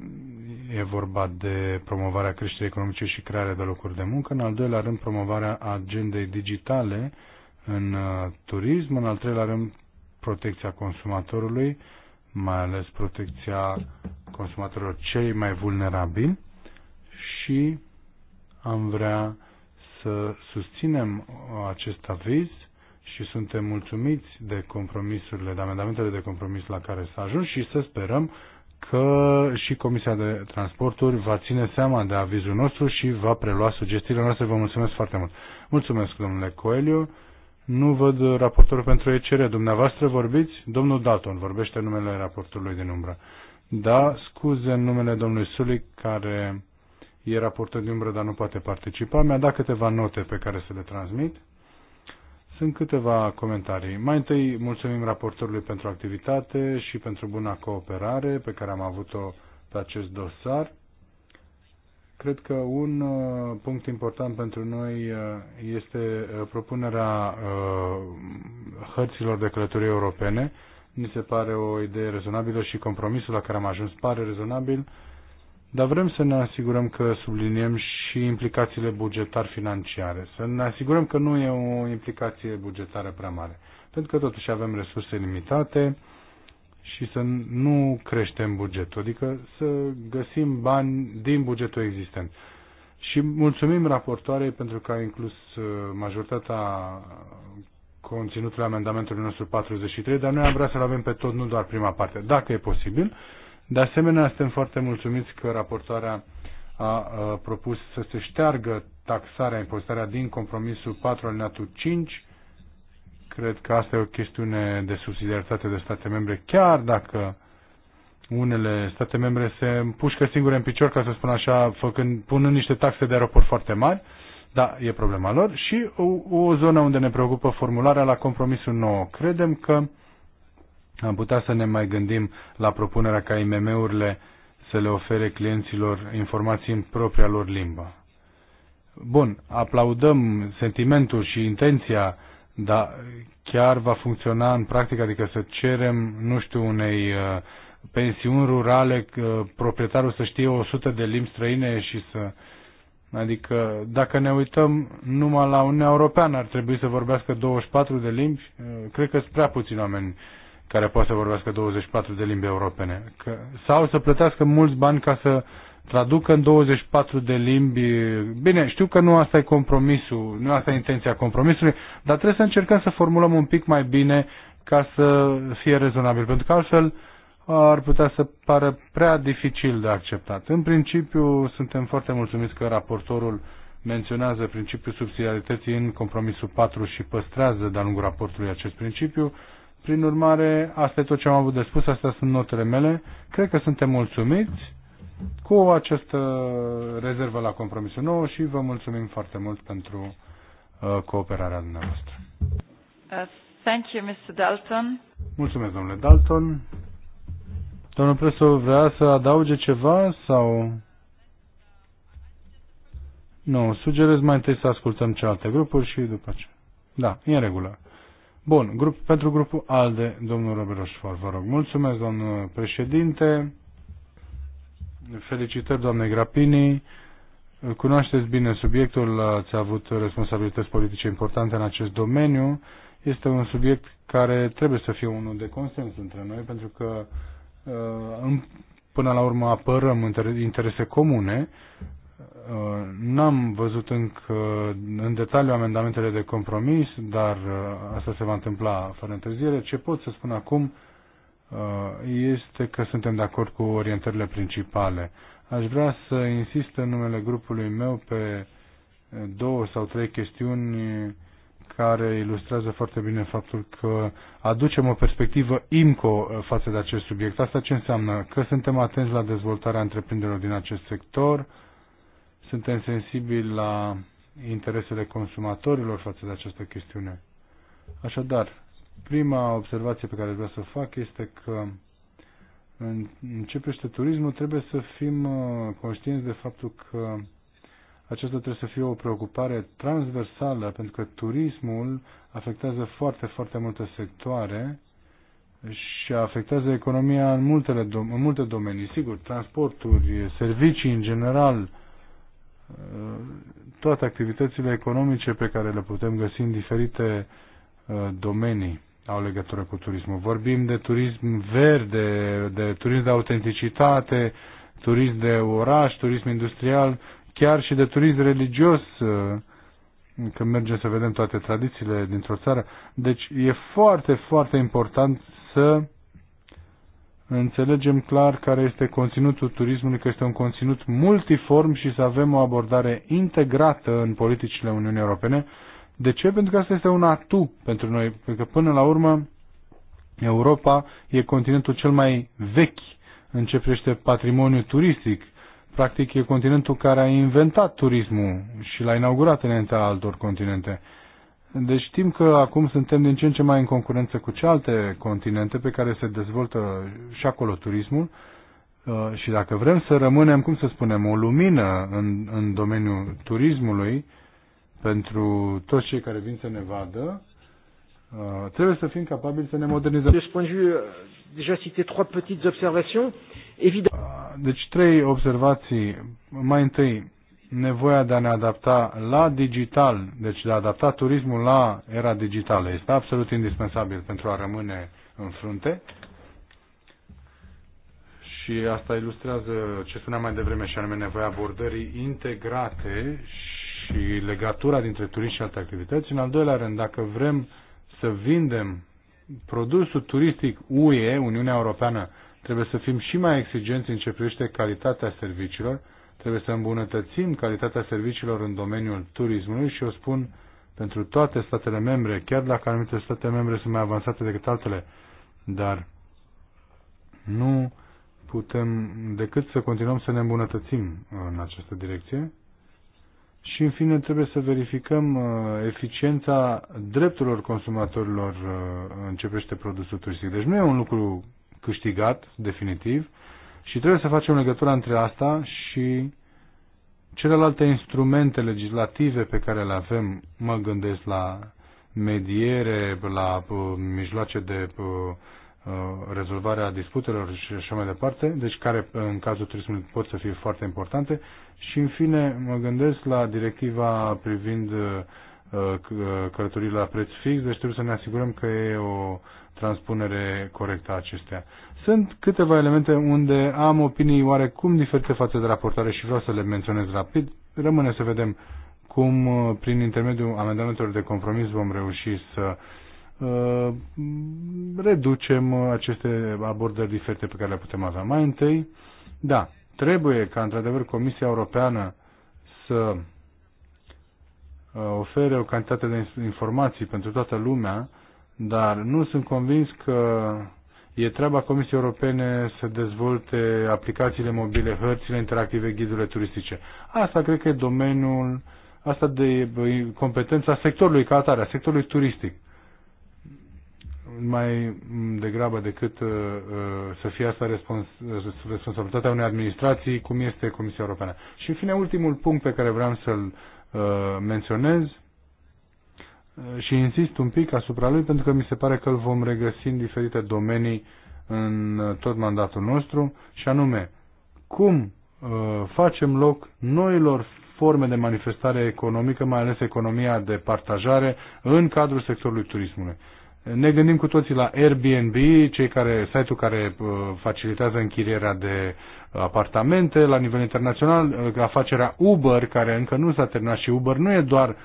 e vorba de promovarea creșterii economice și crearea de locuri de muncă, în al doilea rând promovarea agendei digitale în uh, turism, în al treilea rând protecția consumatorului, mai ales protecția consumatorilor cei mai vulnerabili și am vrea să susținem acest aviz și suntem mulțumiți de compromisurile, de amendamentele de compromis la care s-a ajuns și să sperăm că și Comisia de Transporturi va ține seama de avizul nostru și va prelua sugestiile noastre. Vă mulțumesc foarte mult. Mulțumesc, domnule Coeliu. Nu văd raportorul pentru ECR. Dumneavoastră vorbiți? Domnul Dalton vorbește numele raportului din umbră. Da, scuze în numele domnului Sulic, care e raportor din umbră, dar nu poate participa. Mi-a dat câteva note pe care să le transmit. Sunt câteva comentarii. Mai întâi mulțumim raportorului pentru activitate și pentru buna cooperare pe care am avut-o pe acest dosar. Cred că un uh, punct important pentru noi uh, este uh, propunerea hărților de călătorie europene. Ni se pare o idee rezonabilă și compromisul la care am ajuns pare rezonabil dar vrem să ne asigurăm că subliniem și implicațiile bugetar-financiare, să ne asigurăm că nu e o implicație bugetară prea mare, pentru că totuși avem resurse limitate și să nu creștem bugetul, adică să găsim bani din bugetul existent. Și mulțumim raportoarei pentru că a inclus uh, majoritatea conținutului amendamentului nostru 43, dar noi am vrea să-l avem pe tot, nu doar prima parte, dacă e posibil de asemenea, suntem foarte mulțumiți că raportoarea a propus să se șteargă taxarea, impozitarea din compromisul 4 alineatul 5. Cred că asta e o chestiune de subsidiaritate de state membre, chiar dacă unele state membre se împușcă singure în picior, ca să spun așa, făcând, punând niște taxe de aeroport foarte mari, dar e problema lor. Și o, o zonă unde ne preocupă formularea la compromisul 9. Credem că am putea să ne mai gândim la propunerea ca IMM-urile să le ofere clienților informații în propria lor limbă. Bun, aplaudăm sentimentul și intenția, dar chiar va funcționa în practică, adică să cerem, nu știu, unei uh, pensiuni rurale, proprietarul să știe 100 de limbi străine și să... Adică, dacă ne uităm numai la Uniunea Europeană, ar trebui să vorbească 24 de limbi, uh, cred că sunt prea puțini oameni care poate să vorbească 24 de limbi europene. Că, sau să plătească mulți bani ca să traducă în 24 de limbi. Bine, știu că nu asta e compromisul, nu asta e intenția compromisului, dar trebuie să încercăm să formulăm un pic mai bine ca să fie rezonabil, pentru că altfel uh, ar putea să pară prea dificil de acceptat. În principiu, suntem foarte mulțumiți că raportorul menționează principiul subsidiarității în compromisul 4 și păstrează de-a lungul raportului acest principiu. Prin urmare, asta e tot ce am avut de spus, astea sunt notele mele. Cred că suntem mulțumiți cu această rezervă la compromisul nou și vă mulțumim foarte mult pentru uh, cooperarea dumneavoastră. Uh, thank you, Mr. Dalton. Mulțumesc, domnule Dalton. Domnul Preso vrea să adauge ceva sau... Nu, sugerez mai întâi să ascultăm celelalte grupuri și după aceea. Da, e în regulă. Bun, grup, pentru grupul ALDE, domnul Robert Roșfor, vă rog. Mulțumesc, domnul președinte. Felicitări, doamne Grapini. Cunoașteți bine subiectul, ați avut responsabilități politice importante în acest domeniu. Este un subiect care trebuie să fie unul de consens între noi, pentru că uh, până la urmă apărăm interese comune, Uh, n-am văzut încă în detaliu amendamentele de compromis, dar uh, asta se va întâmpla fără întârziere. Ce pot să spun acum uh, este că suntem de acord cu orientările principale. Aș vrea să insist în numele grupului meu pe două sau trei chestiuni care ilustrează foarte bine faptul că aducem o perspectivă IMCO față de acest subiect. Asta ce înseamnă? Că suntem atenți la dezvoltarea întreprinderilor din acest sector, suntem sensibili la interesele consumatorilor față de această chestiune. Așadar, prima observație pe care vreau să o fac este că în ce privește turismul trebuie să fim uh, conștienți de faptul că aceasta trebuie să fie o preocupare transversală pentru că turismul afectează foarte, foarte multe sectoare și afectează economia în, multele, în multe domenii. Sigur, transporturi, servicii în general, Uh, toate activitățile economice pe care le putem găsi în diferite uh, domenii au legătură cu turismul. Vorbim de turism verde, de turism de autenticitate, turism de oraș, turism industrial, chiar și de turism religios, uh, când mergem să vedem toate tradițiile dintr-o țară. Deci e foarte, foarte important să înțelegem clar care este conținutul turismului, că este un conținut multiform și să avem o abordare integrată în politicile Uniunii Europene. De ce? Pentru că asta este un atu pentru noi, pentru că până la urmă Europa e continentul cel mai vechi în ce privește patrimoniul turistic. Practic e continentul care a inventat turismul și l-a inaugurat înaintea altor continente. Deci știm că acum suntem din ce în ce mai în concurență cu cealaltă continente pe care se dezvoltă și acolo turismul uh, și dacă vrem să rămânem, cum să spunem, o lumină în, în domeniul turismului pentru toți cei care vin să ne vadă, uh, trebuie să fim capabili să ne modernizăm. De de vue, uh, deja cité trois petites observations. Evident. Deci trei observații. Mai întâi, nevoia de a ne adapta la digital, deci de a adapta turismul la era digitală. Este absolut indispensabil pentru a rămâne în frunte. Și asta ilustrează ce spuneam mai devreme și anume nevoia abordării integrate și legatura dintre turism și alte activități. În al doilea rând, dacă vrem să vindem produsul turistic UE, Uniunea Europeană, trebuie să fim și mai exigenți în ce privește calitatea serviciilor, Trebuie să îmbunătățim calitatea serviciilor în domeniul turismului și o spun pentru toate statele membre, chiar dacă anumite state membre sunt mai avansate decât altele, dar nu putem decât să continuăm să ne îmbunătățim în această direcție. Și, în fine, trebuie să verificăm uh, eficiența drepturilor consumatorilor uh, în ce privește produsul turistic. Deci nu e un lucru câștigat, definitiv, și trebuie să facem legătura între asta și celelalte instrumente legislative pe care le avem. Mă gândesc la mediere, la uh, mijloace de uh, uh, rezolvarea disputelor și așa mai departe, deci care în cazul turismului pot să fie foarte importante. Și în fine mă gândesc la directiva privind călătorii la preț fix, deci trebuie să ne asigurăm că e o transpunere corectă a acestea. Sunt câteva elemente unde am opinii oarecum diferite față de raportare și vreau să le menționez rapid. Rămâne să vedem cum uh, prin intermediul amendamentelor de compromis vom reuși să uh, reducem aceste abordări diferite pe care le putem avea. Mai întâi, da, trebuie ca într-adevăr Comisia Europeană să uh, ofere o cantitate de informații pentru toată lumea, dar nu sunt convins că E treaba Comisiei Europene să dezvolte aplicațiile mobile, hărțile interactive, ghidurile turistice. Asta cred că e domeniul, asta de competența sectorului ca atare, a sectorului turistic. Mai degrabă decât uh, uh să fie asta respons uh, responsabilitatea unei administrații, cum este Comisia Europeană. Și în fine, ultimul punct pe care vreau să-l uh, menționez și insist un pic asupra lui pentru că mi se pare că îl vom regăsi în diferite domenii în uh, tot mandatul nostru și anume cum uh, facem loc noilor forme de manifestare economică, mai ales economia de partajare în cadrul sectorului turismului. Ne gândim cu toții la Airbnb, cei care, site-ul care uh, facilitează închirierea de apartamente la nivel internațional, afacerea Uber, care încă nu s-a terminat și Uber nu e doar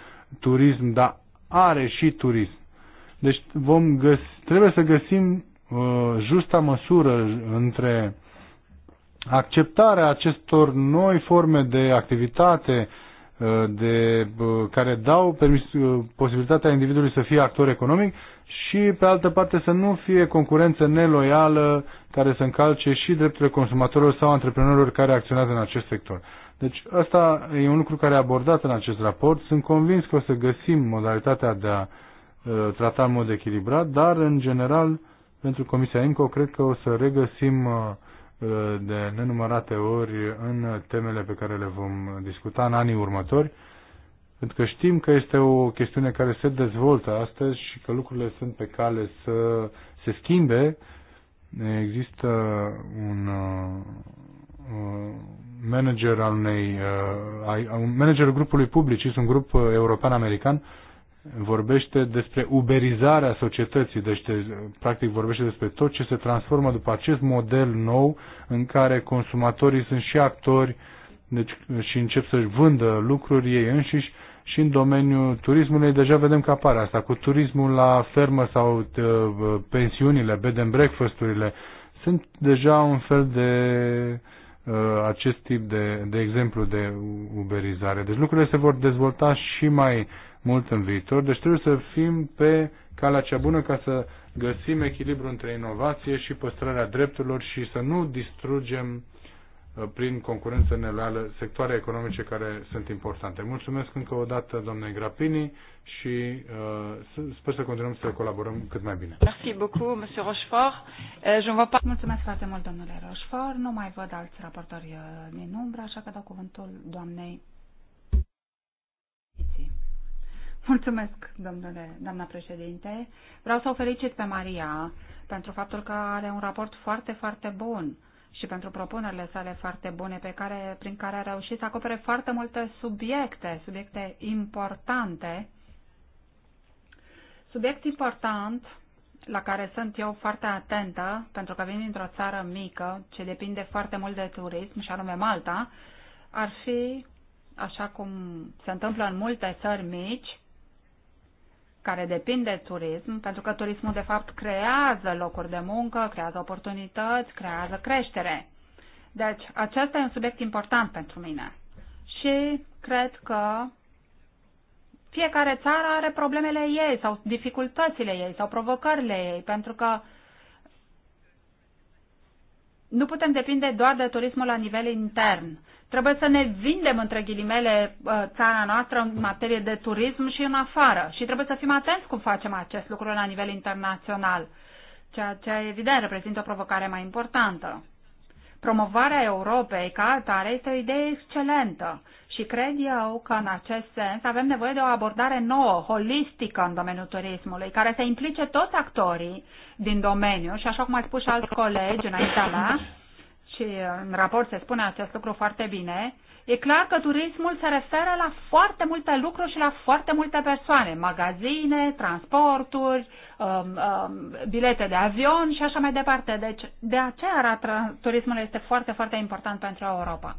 turism, dar are și turism. Deci vom găsi, trebuie să găsim uh, justa măsură între acceptarea acestor noi forme de activitate uh, de, uh, care dau permis, uh, posibilitatea individului să fie actor economic și, pe altă parte, să nu fie concurență neloială care să încalce și drepturile consumatorilor sau antreprenorilor care acționează în acest sector. Deci asta e un lucru care e abordat în acest raport. Sunt convins că o să găsim modalitatea de a uh, trata în mod echilibrat, dar în general pentru Comisia INCO cred că o să regăsim uh, uh de nenumărate ori în temele pe care le vom discuta în anii următori, pentru că știm că este o chestiune care se dezvoltă astăzi și că lucrurile sunt pe cale să se schimbe. Există un, uh, uh, manager al unei, uh, un managerul grupului este un grup uh, european-american, vorbește despre uberizarea societății, deci practic vorbește despre tot ce se transformă după acest model nou în care consumatorii sunt și actori deci, și încep să-și vândă lucruri ei înșiși și în domeniul turismului deja vedem că apare asta, cu turismul la fermă sau uh, pensiunile, bed and breakfast-urile, sunt deja un fel de Uh, acest tip de, de exemplu de uberizare. Deci lucrurile se vor dezvolta și mai mult în viitor, deci trebuie să fim pe calea cea bună ca să găsim echilibru între inovație și păstrarea drepturilor și să nu distrugem prin concurență neleală sectoare economice care sunt importante. Mulțumesc încă o dată domnule Grapini și uh, sper să continuăm să colaborăm cât mai bine. Merci beaucoup, monsieur Rochefort. Euh, je vă pas... Mulțumesc foarte mult, domnule Rochefort. Nu mai văd alți raportori uh, din umbră, așa că dau cuvântul doamnei Mulțumesc, domnule, doamna președinte. Vreau să o felicit pe Maria pentru faptul că are un raport foarte, foarte bun și pentru propunerile sale foarte bune, pe care, prin care a reușit să acopere foarte multe subiecte, subiecte importante. Subiect important la care sunt eu foarte atentă, pentru că vin dintr-o țară mică, ce depinde foarte mult de turism, și anume Malta, ar fi, așa cum se întâmplă în multe țări mici, care depind de turism, pentru că turismul de fapt creează locuri de muncă, creează oportunități, creează creștere. Deci, acesta e un subiect important pentru mine. Și cred că fiecare țară are problemele ei sau dificultățile ei sau provocările ei, pentru că uh, nu putem depinde doar de turismul la nivel intern. Trebuie să ne vindem, între ghilimele, uh, țara noastră în materie de turism și în afară. Și trebuie să fim atenți cum facem acest lucru la nivel internațional, ceea ce, evident, reprezintă o provocare mai importantă. Promovarea Europei ca atare este o idee excelentă și cred eu că în acest sens avem nevoie de o abordare nouă, holistică în domeniul turismului, care să implice toți actorii din domeniu și așa cum a spus și alți colegi înaintea mea, și în raport se spune acest lucru foarte bine, e clar că turismul se referă la foarte multe lucruri și la foarte multe persoane, magazine, transporturi, um, um, bilete de avion și așa mai departe. Deci de aceea turismul este foarte, foarte important pentru Europa.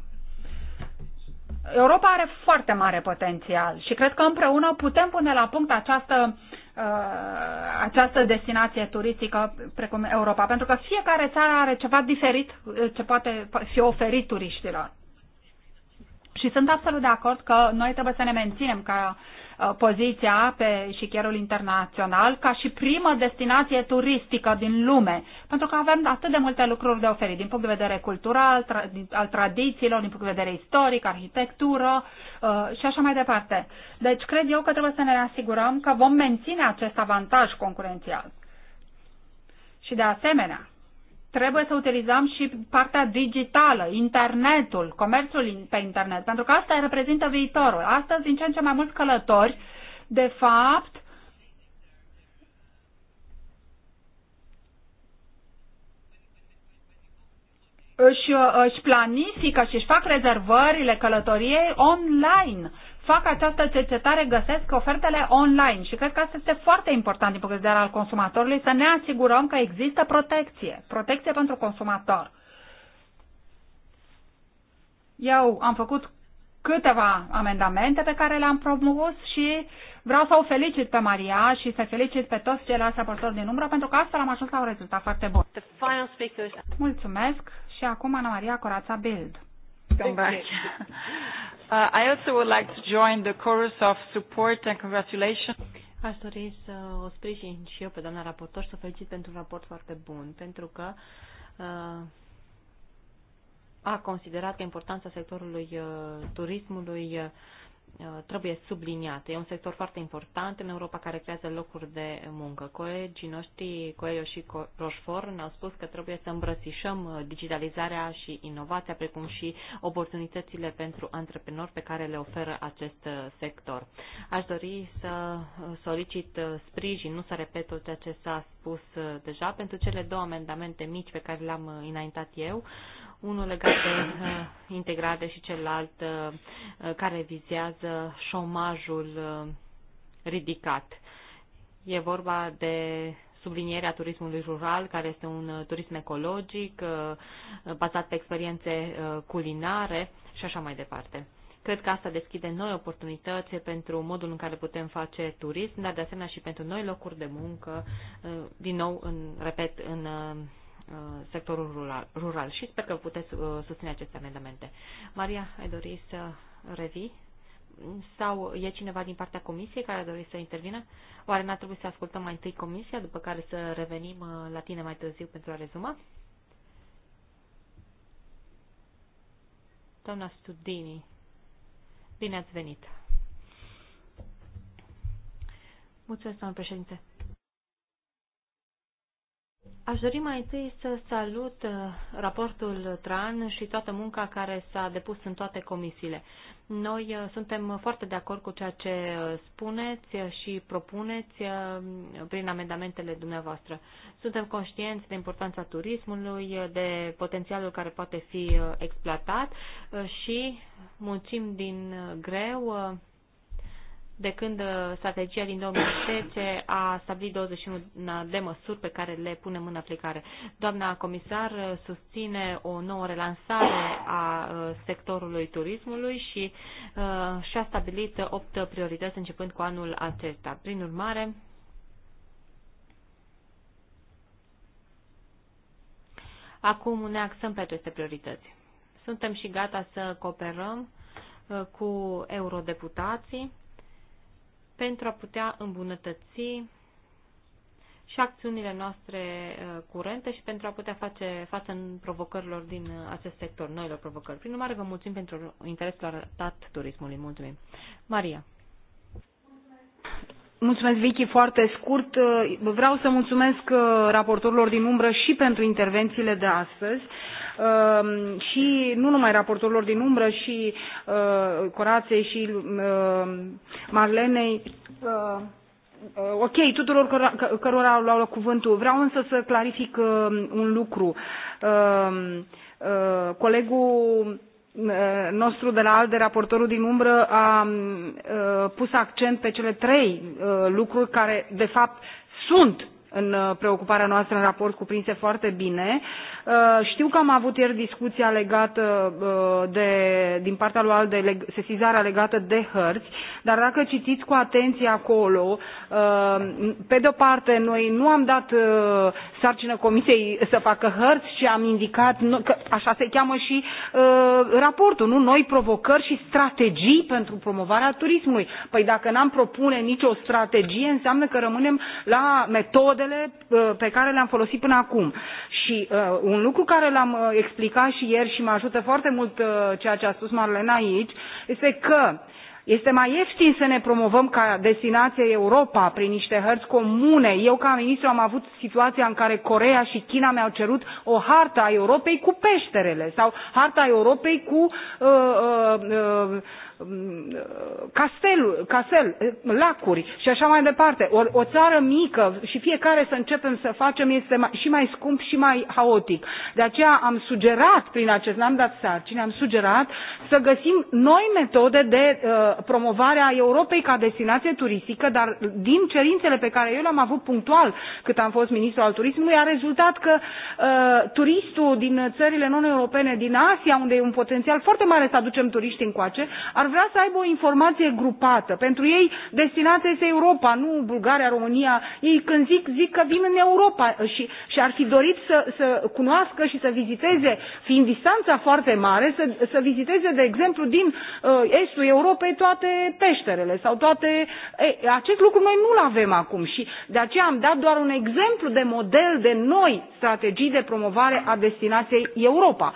Europa are foarte mare potențial și cred că împreună putem pune la punct această, uh, această destinație turistică precum Europa, pentru că fiecare țară are ceva diferit uh, ce poate fi oferit turiștilor. Și sunt absolut de acord că noi trebuie să ne menținem ca uh, Uh, poziția pe șichierul internațional ca și primă destinație turistică din lume, pentru că avem atât de multe lucruri de oferit din punct de vedere cultural, al tradițiilor, din punct de vedere istoric, arhitectură uh, și așa mai departe. Deci cred eu că trebuie să ne asigurăm că vom menține acest avantaj concurențial. Și de asemenea, trebuie să utilizăm și partea digitală, internetul, comerțul pe internet, pentru că asta reprezintă viitorul. Astăzi, din ce în ce mai mulți călători, de fapt, își, își planifică și își fac rezervările călătoriei online. Uh, fac această cercetare găsesc ofertele online și cred că asta este foarte important din punct de vedere al consumatorului să ne asigurăm că există protecție, protecție pentru consumator. Eu am făcut câteva amendamente pe care le-am propus și vreau să o felicit pe Maria și să felicit pe toți ceilalți aportori din umbră pentru că astfel am ajuns la un rezultat foarte bun. Mulțumesc și acum Ana Maria Corața Bild come back. Uh, I also would like to join the chorus of support and congratulations. Aș dori să o sprijin și eu pe doamna raportor și să felicit pentru un raport foarte bun, pentru că uh, a considerat că importanța sectorului uh, turismului uh, Uh, trebuie subliniat. E un sector foarte important în Europa care creează locuri de muncă. Colegii noștri, Coelho și Roșfor, ne-au spus că trebuie să îmbrățișăm uh, digitalizarea și inovația, precum și oportunitățile pentru antreprenori pe care le oferă acest uh, sector. Aș dori să solicit sprijin, nu să repet tot ce s-a spus deja, pentru cele două amendamente mici pe care le-am înaintat eu, unul legat de uh, integrate și celălalt uh, care vizează șomajul uh, ridicat. E vorba de sublinierea turismului rural, care este un turism ecologic, bazat pe experiențe culinare și așa mai departe. Cred că asta deschide noi oportunități pentru modul în care putem face turism, dar de asemenea și pentru noi locuri de muncă, din nou, în, repet, în Uh, sectorul rural, rural și sper că puteți uh, susține aceste amendamente. Maria, ai dori să revii? Sau e cineva din partea comisiei care a dori să intervină? Oare n-ar trebui să ascultăm mai întâi comisia, după care să revenim uh, la tine mai târziu pentru a rezuma? Doamna Studini, bine ați venit! Mulțumesc, doamnă președinte! Aș dori mai întâi să salut uh, raportul TRAN și toată munca care s-a depus în toate comisiile. Noi uh, suntem foarte de acord cu ceea ce uh, spuneți și propuneți prin amendamentele dumneavoastră. Suntem conștienți de importanța turismului, de potențialul care poate fi exploatat și muncim din greu de când uh, strategia din 2010 a stabilit 21 de măsuri pe care le punem în aplicare. Doamna comisar uh, susține o nouă relansare a uh, sectorului turismului și uh, și-a stabilit 8 priorități începând cu anul acesta. Prin urmare, acum ne axăm pe aceste priorități. Suntem și gata să cooperăm cu eurodeputații pentru a putea îmbunătăți și acțiunile noastre uh, curente și pentru a putea face față în provocărilor din uh, acest sector, noilor provocări. Prin urmare, vă mulțumim pentru interesul arătat turismului. Mulțumim. Maria. Mulțumesc, Vicky. Foarte scurt, uh, vreau să mulțumesc uh, raportorilor din umbră și pentru intervențiile de astăzi uh, și nu numai raportorilor din umbră și Corației și Marlenei ok, tuturor cărora, au luat cuvântul. Vreau însă să clarific un lucru. Colegul Uh, nostru de la ALDE, raportorul din umbră, a uh, pus accent pe cele trei uh, lucruri care, de fapt, sunt în preocuparea noastră în raport cuprinse foarte bine Uh, știu că am avut ieri discuția legată uh, de, din partea lui de sesizarea legată de hărți, dar dacă citiți cu atenție acolo, uh, pe de-o parte, noi nu am dat sarcină comisiei să facă hărți, ci am indicat, că așa se cheamă și raportul, nu? Noi provocări și strategii pentru promovarea turismului. Păi dacă n-am propune nicio strategie, înseamnă că rămânem la metodele pe care le-am folosit până acum. Și un un lucru care l-am uh, explicat și ieri și mă ajută foarte mult uh, ceea ce a spus Marlena aici, este că este mai ieftin să ne promovăm ca destinație Europa prin niște hărți comune. Eu, ca ministru, am avut situația în care Coreea și China mi-au cerut o hartă a Europei cu peșterele sau harta a Europei cu uh, uh, uh, Mm, castel, castel, lacuri și așa mai departe. O, o țară mică și fiecare să începem să facem este mai, și mai scump și mai haotic. De aceea am sugerat prin acest, n-am dat sarcini, am sugerat să găsim noi metode de uh, promovare a Europei ca destinație turistică, dar din cerințele pe care eu le-am avut punctual cât am fost ministru al turismului, a rezultat că uh, turistul din țările non-europene, din Asia, unde e un potențial foarte mare să aducem turiști încoace, ar vrea să aibă o informație grupată. Pentru ei destinația este Europa, nu Bulgaria, România. Ei când zic, zic că vin în Europa și, și ar fi dorit să, să cunoască și să viziteze, fiind distanța foarte mare, să, să viziteze, de exemplu, din uh, estul Europei toate peșterele sau toate... Ei, acest lucru noi nu-l avem acum și de aceea am dat doar un exemplu de model de noi strategii de promovare a destinației Europa.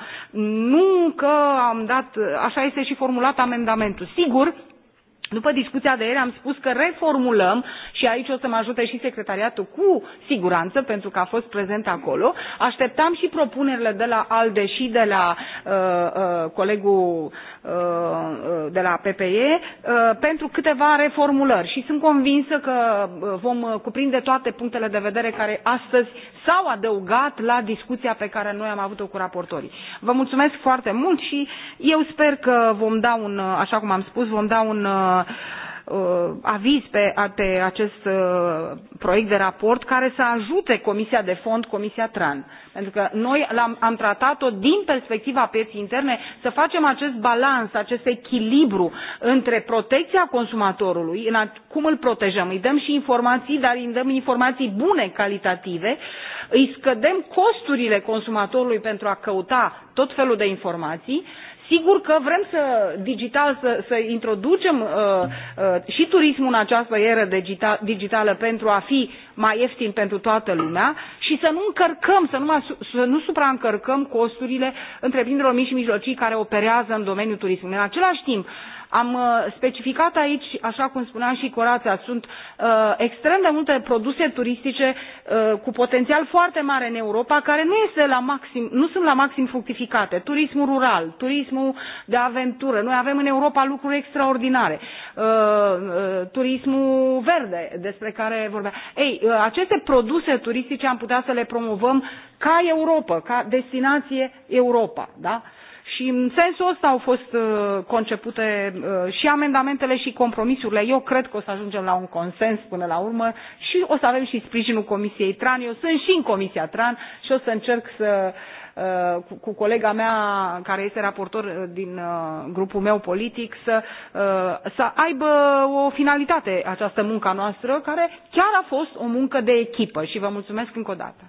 Nu că am dat... Așa este și formulat amendamentul Parlamentul. Sigur, după discuția de ieri am spus că reformulăm și aici o să mă ajute și secretariatul cu siguranță pentru că a fost prezent acolo. Așteptam și propunerile de la ALDE și de la uh, uh, colegul Uh, de la PPE uh, pentru câteva reformulări și sunt convinsă că uh, vom cuprinde toate punctele de vedere care astăzi s-au adăugat la discuția pe care noi am avut-o cu raportorii. Vă mulțumesc foarte mult și eu sper că vom da un, așa cum am spus, vom da un uh, Uh, aviz pe, pe acest uh, proiect de raport care să ajute Comisia de Fond, Comisia TRAN. Pentru că noi am, am tratat-o din perspectiva pieții interne să facem acest balans, acest echilibru între protecția consumatorului, în a, cum îl protejăm, îi dăm și informații, dar îi dăm informații bune, calitative, îi scădem costurile consumatorului pentru a căuta tot felul de informații, Sigur că vrem să digital să, să introducem uh, uh, și turismul în această eră digital, digitală pentru a fi mai ieftin pentru toată lumea și să nu încărcăm, să nu, să nu supraîncărcăm costurile întreprinderilor mici și mijlocii care operează în domeniul turismului. În același timp, uh, am uh, specificat aici așa cum spunea și corazza sunt uh, extrem de multe produse turistice uh, cu potențial foarte mare în europa care nu, este la maxim, nu sunt la maxim fructificate turismul rural turismul de aventură noi avem în europa lucruri extraordinare turismul verde despre care vorbea ei aceste produse turistice am putea să le promovăm ca europa ca destinație europa da? Și în sensul ăsta au fost uh, concepute uh, și amendamentele și compromisurile. Eu cred că o să ajungem la un consens până la urmă și o să avem și sprijinul Comisiei TRAN. Eu sunt și în Comisia TRAN și o să încerc să uh, cu, colega mea care este raportor din grupul meu politic să, să aibă o finalitate această muncă noastră care chiar a fost o muncă de echipă și vă mulțumesc încă o dată.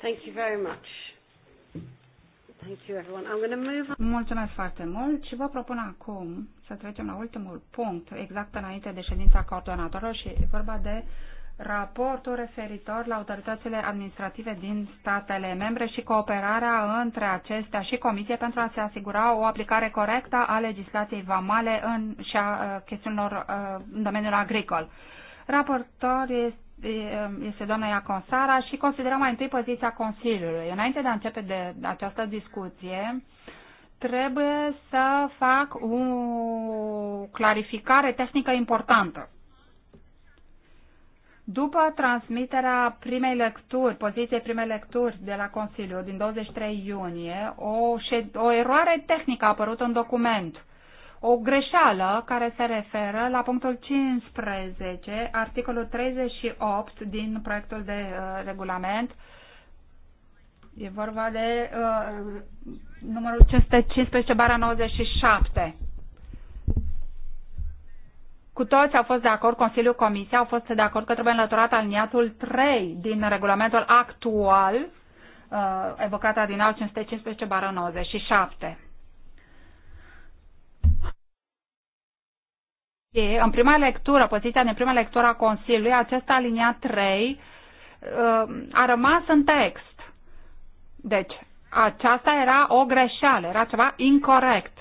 Thank you very much. Thank you everyone. I'm going to move on. Mulțumesc foarte mult și vă propun acum să trecem la ultimul punct, exact înainte de ședința coordonatorilor și e vorba de raportul referitor la autoritățile administrative din statele membre și cooperarea între acestea și Comisie pentru a se asigura o aplicare corectă a legislației vamale în, și a uh, chestiunilor uh, în domeniul agricol. Raportor este este doamna Iaconsara și considerăm mai întâi poziția Consiliului. Înainte de a începe de această discuție, trebuie să fac o clarificare tehnică importantă. După transmiterea primei lecturi, poziției primei lecturi de la Consiliu din 23 iunie, o, o eroare tehnică a apărut în document o greșeală care se referă la punctul 15, articolul 38 din proiectul de uh, regulament. E vorba de uh, numărul 515 bara 97. Cu toți au fost de acord, Consiliul Comisiei au fost de acord că trebuie înlăturat aliniatul 3 din regulamentul actual, uh, evocat din 515 bara 97. în prima lectură, poziția din prima lectură a Consiliului, acesta aliniat 3 uh, a rămas în text. Deci, aceasta era o greșeală, era ceva incorrect.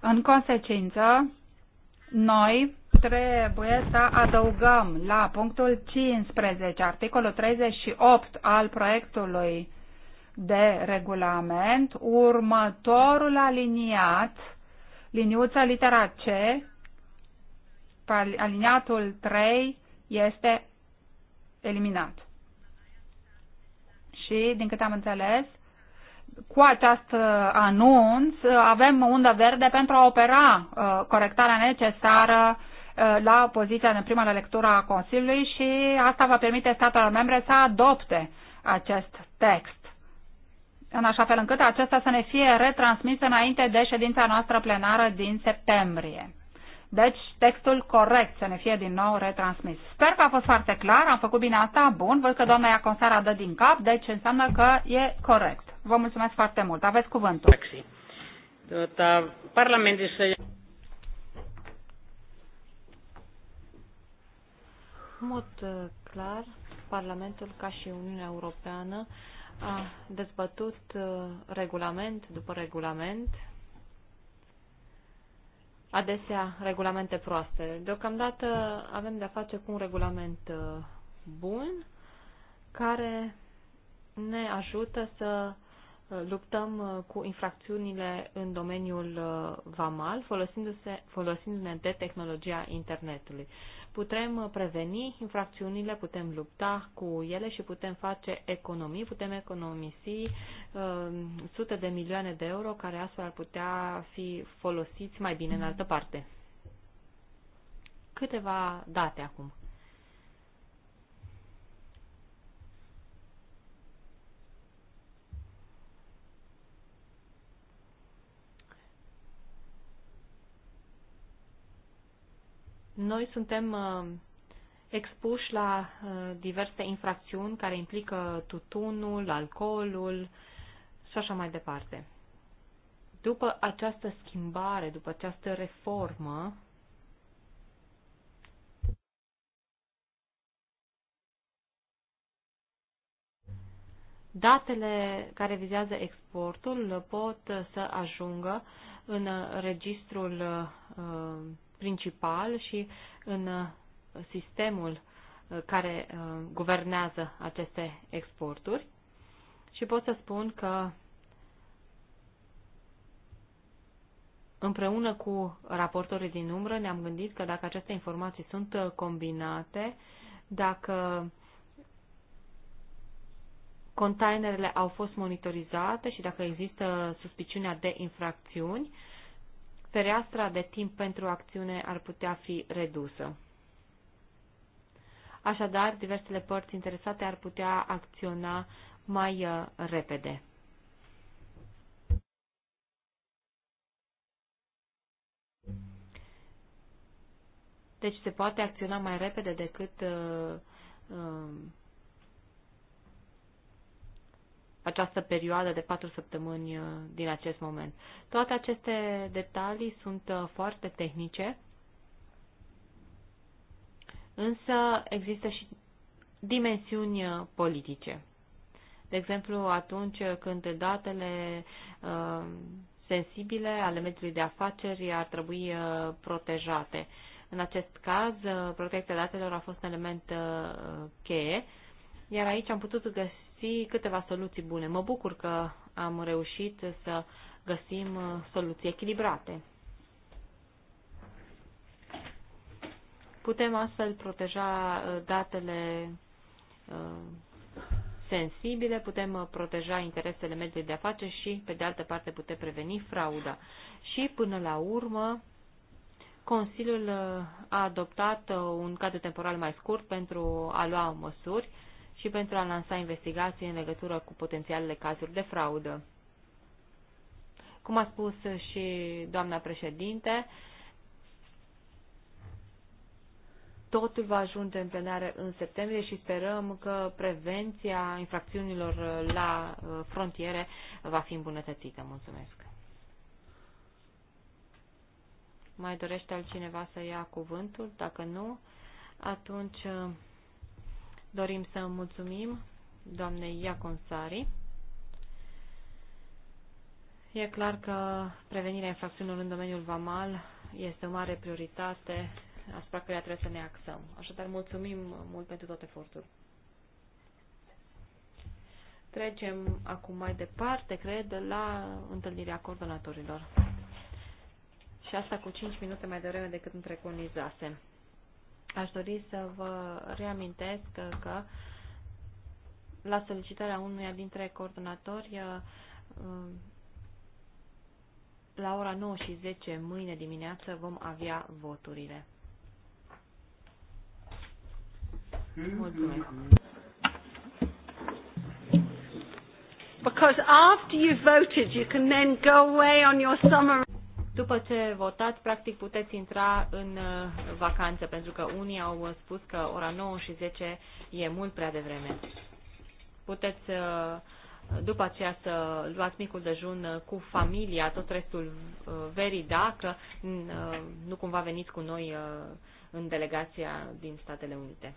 În consecință, noi trebuie să adăugăm la punctul 15, articolul 38 al proiectului de regulament, următorul aliniat, liniuța litera C, aliniatul 3 este eliminat. Și, din câte am înțeles, cu acest uh, anunț uh, avem undă verde pentru a opera uh, corectarea necesară la poziția în prima lectură a Consiliului și asta va permite statelor membre să adopte acest text în așa fel încât acesta să ne fie retransmis înainte de ședința noastră plenară din septembrie. Deci, textul corect să ne fie din nou retransmis. Sper că a fost foarte clar, am făcut bine asta, bun, văd că doamna Iaconsara dă din cap, deci înseamnă că e corect. Vă mulțumesc foarte mult, aveți cuvântul. Uh, parlamentul să... În mod uh, clar, Parlamentul, ca și Uniunea Europeană, a dezbătut uh, regulament după regulament adesea regulamente proaste. Deocamdată avem de-a face cu un regulament uh, bun care ne ajută să uh, luptăm uh, cu infracțiunile în domeniul vamal folosindu-ne folosindu de tehnologia internetului putem preveni infracțiunile, putem lupta cu ele și putem face economii, putem economisi uh, sute de milioane de euro care astfel ar putea fi folosiți mai bine în altă parte. Câteva date acum. Noi suntem uh, expuși la uh, diverse infracțiuni care implică tutunul, alcoolul și așa mai departe. După această schimbare, după această reformă, datele care vizează exportul pot să ajungă în registrul uh, principal și în uh, sistemul uh, care uh, guvernează aceste exporturi. Și pot să spun că împreună cu raportorii din umbră ne-am gândit că dacă aceste informații sunt combinate, dacă containerele au fost monitorizate și dacă există suspiciunea de infracțiuni, fereastra de timp pentru acțiune ar putea fi redusă. Așadar, diversele părți interesate ar putea acționa mai uh, repede. Deci se poate acționa mai repede decât uh, uh, această perioadă de patru săptămâni uh, din acest moment. Toate aceste detalii sunt uh, foarte tehnice, însă există și dimensiuni uh, politice. De exemplu, atunci când datele sensibile ale mediului de afaceri ar trebui protejate. În acest caz, protecția datelor a fost un element cheie, iar aici am putut găsi găsi câteva soluții bune. Mă bucur că am reușit să găsim uh, soluții echilibrate. Putem astfel proteja uh, datele uh, sensibile, putem proteja interesele mediului de afaceri și, pe de altă parte, putem preveni frauda. Și, până la urmă, Consiliul a adoptat un cadru temporal mai scurt pentru a lua măsuri și pentru a lansa investigații în legătură cu potențialele cazuri de fraudă. Cum a spus și doamna președinte, totul va ajunge în plenare în septembrie și sperăm că prevenția infracțiunilor la uh, frontiere va fi îmbunătățită. Mulțumesc! Mai dorește altcineva să ia cuvântul? Dacă nu, atunci uh, Dorim să mulțumim doamnei Iaconsari. E clar că prevenirea infracțiunilor în domeniul vamal este o mare prioritate asupra căreia trebuie să ne axăm. Așadar, mulțumim mult pentru tot efortul. Trecem acum mai departe, cred, la întâlnirea coordonatorilor. Și asta cu 5 minute mai devreme decât îmi preconizasem. Aș dori să vă reamintesc că la solicitarea unuia dintre coordonatori uh, um, la ora 9 și 10 mâine dimineață vom avea voturile. Mulțumesc. Because after you voted, you can then go away on your summer. După ce votați, practic puteți intra în uh, vacanță, pentru că unii au uh, spus că ora 9 și 10 e mult prea devreme. Puteți uh, după aceea să luați micul dejun cu familia tot restul verii, dacă nu cumva veniți cu noi în delegația din Statele Unite.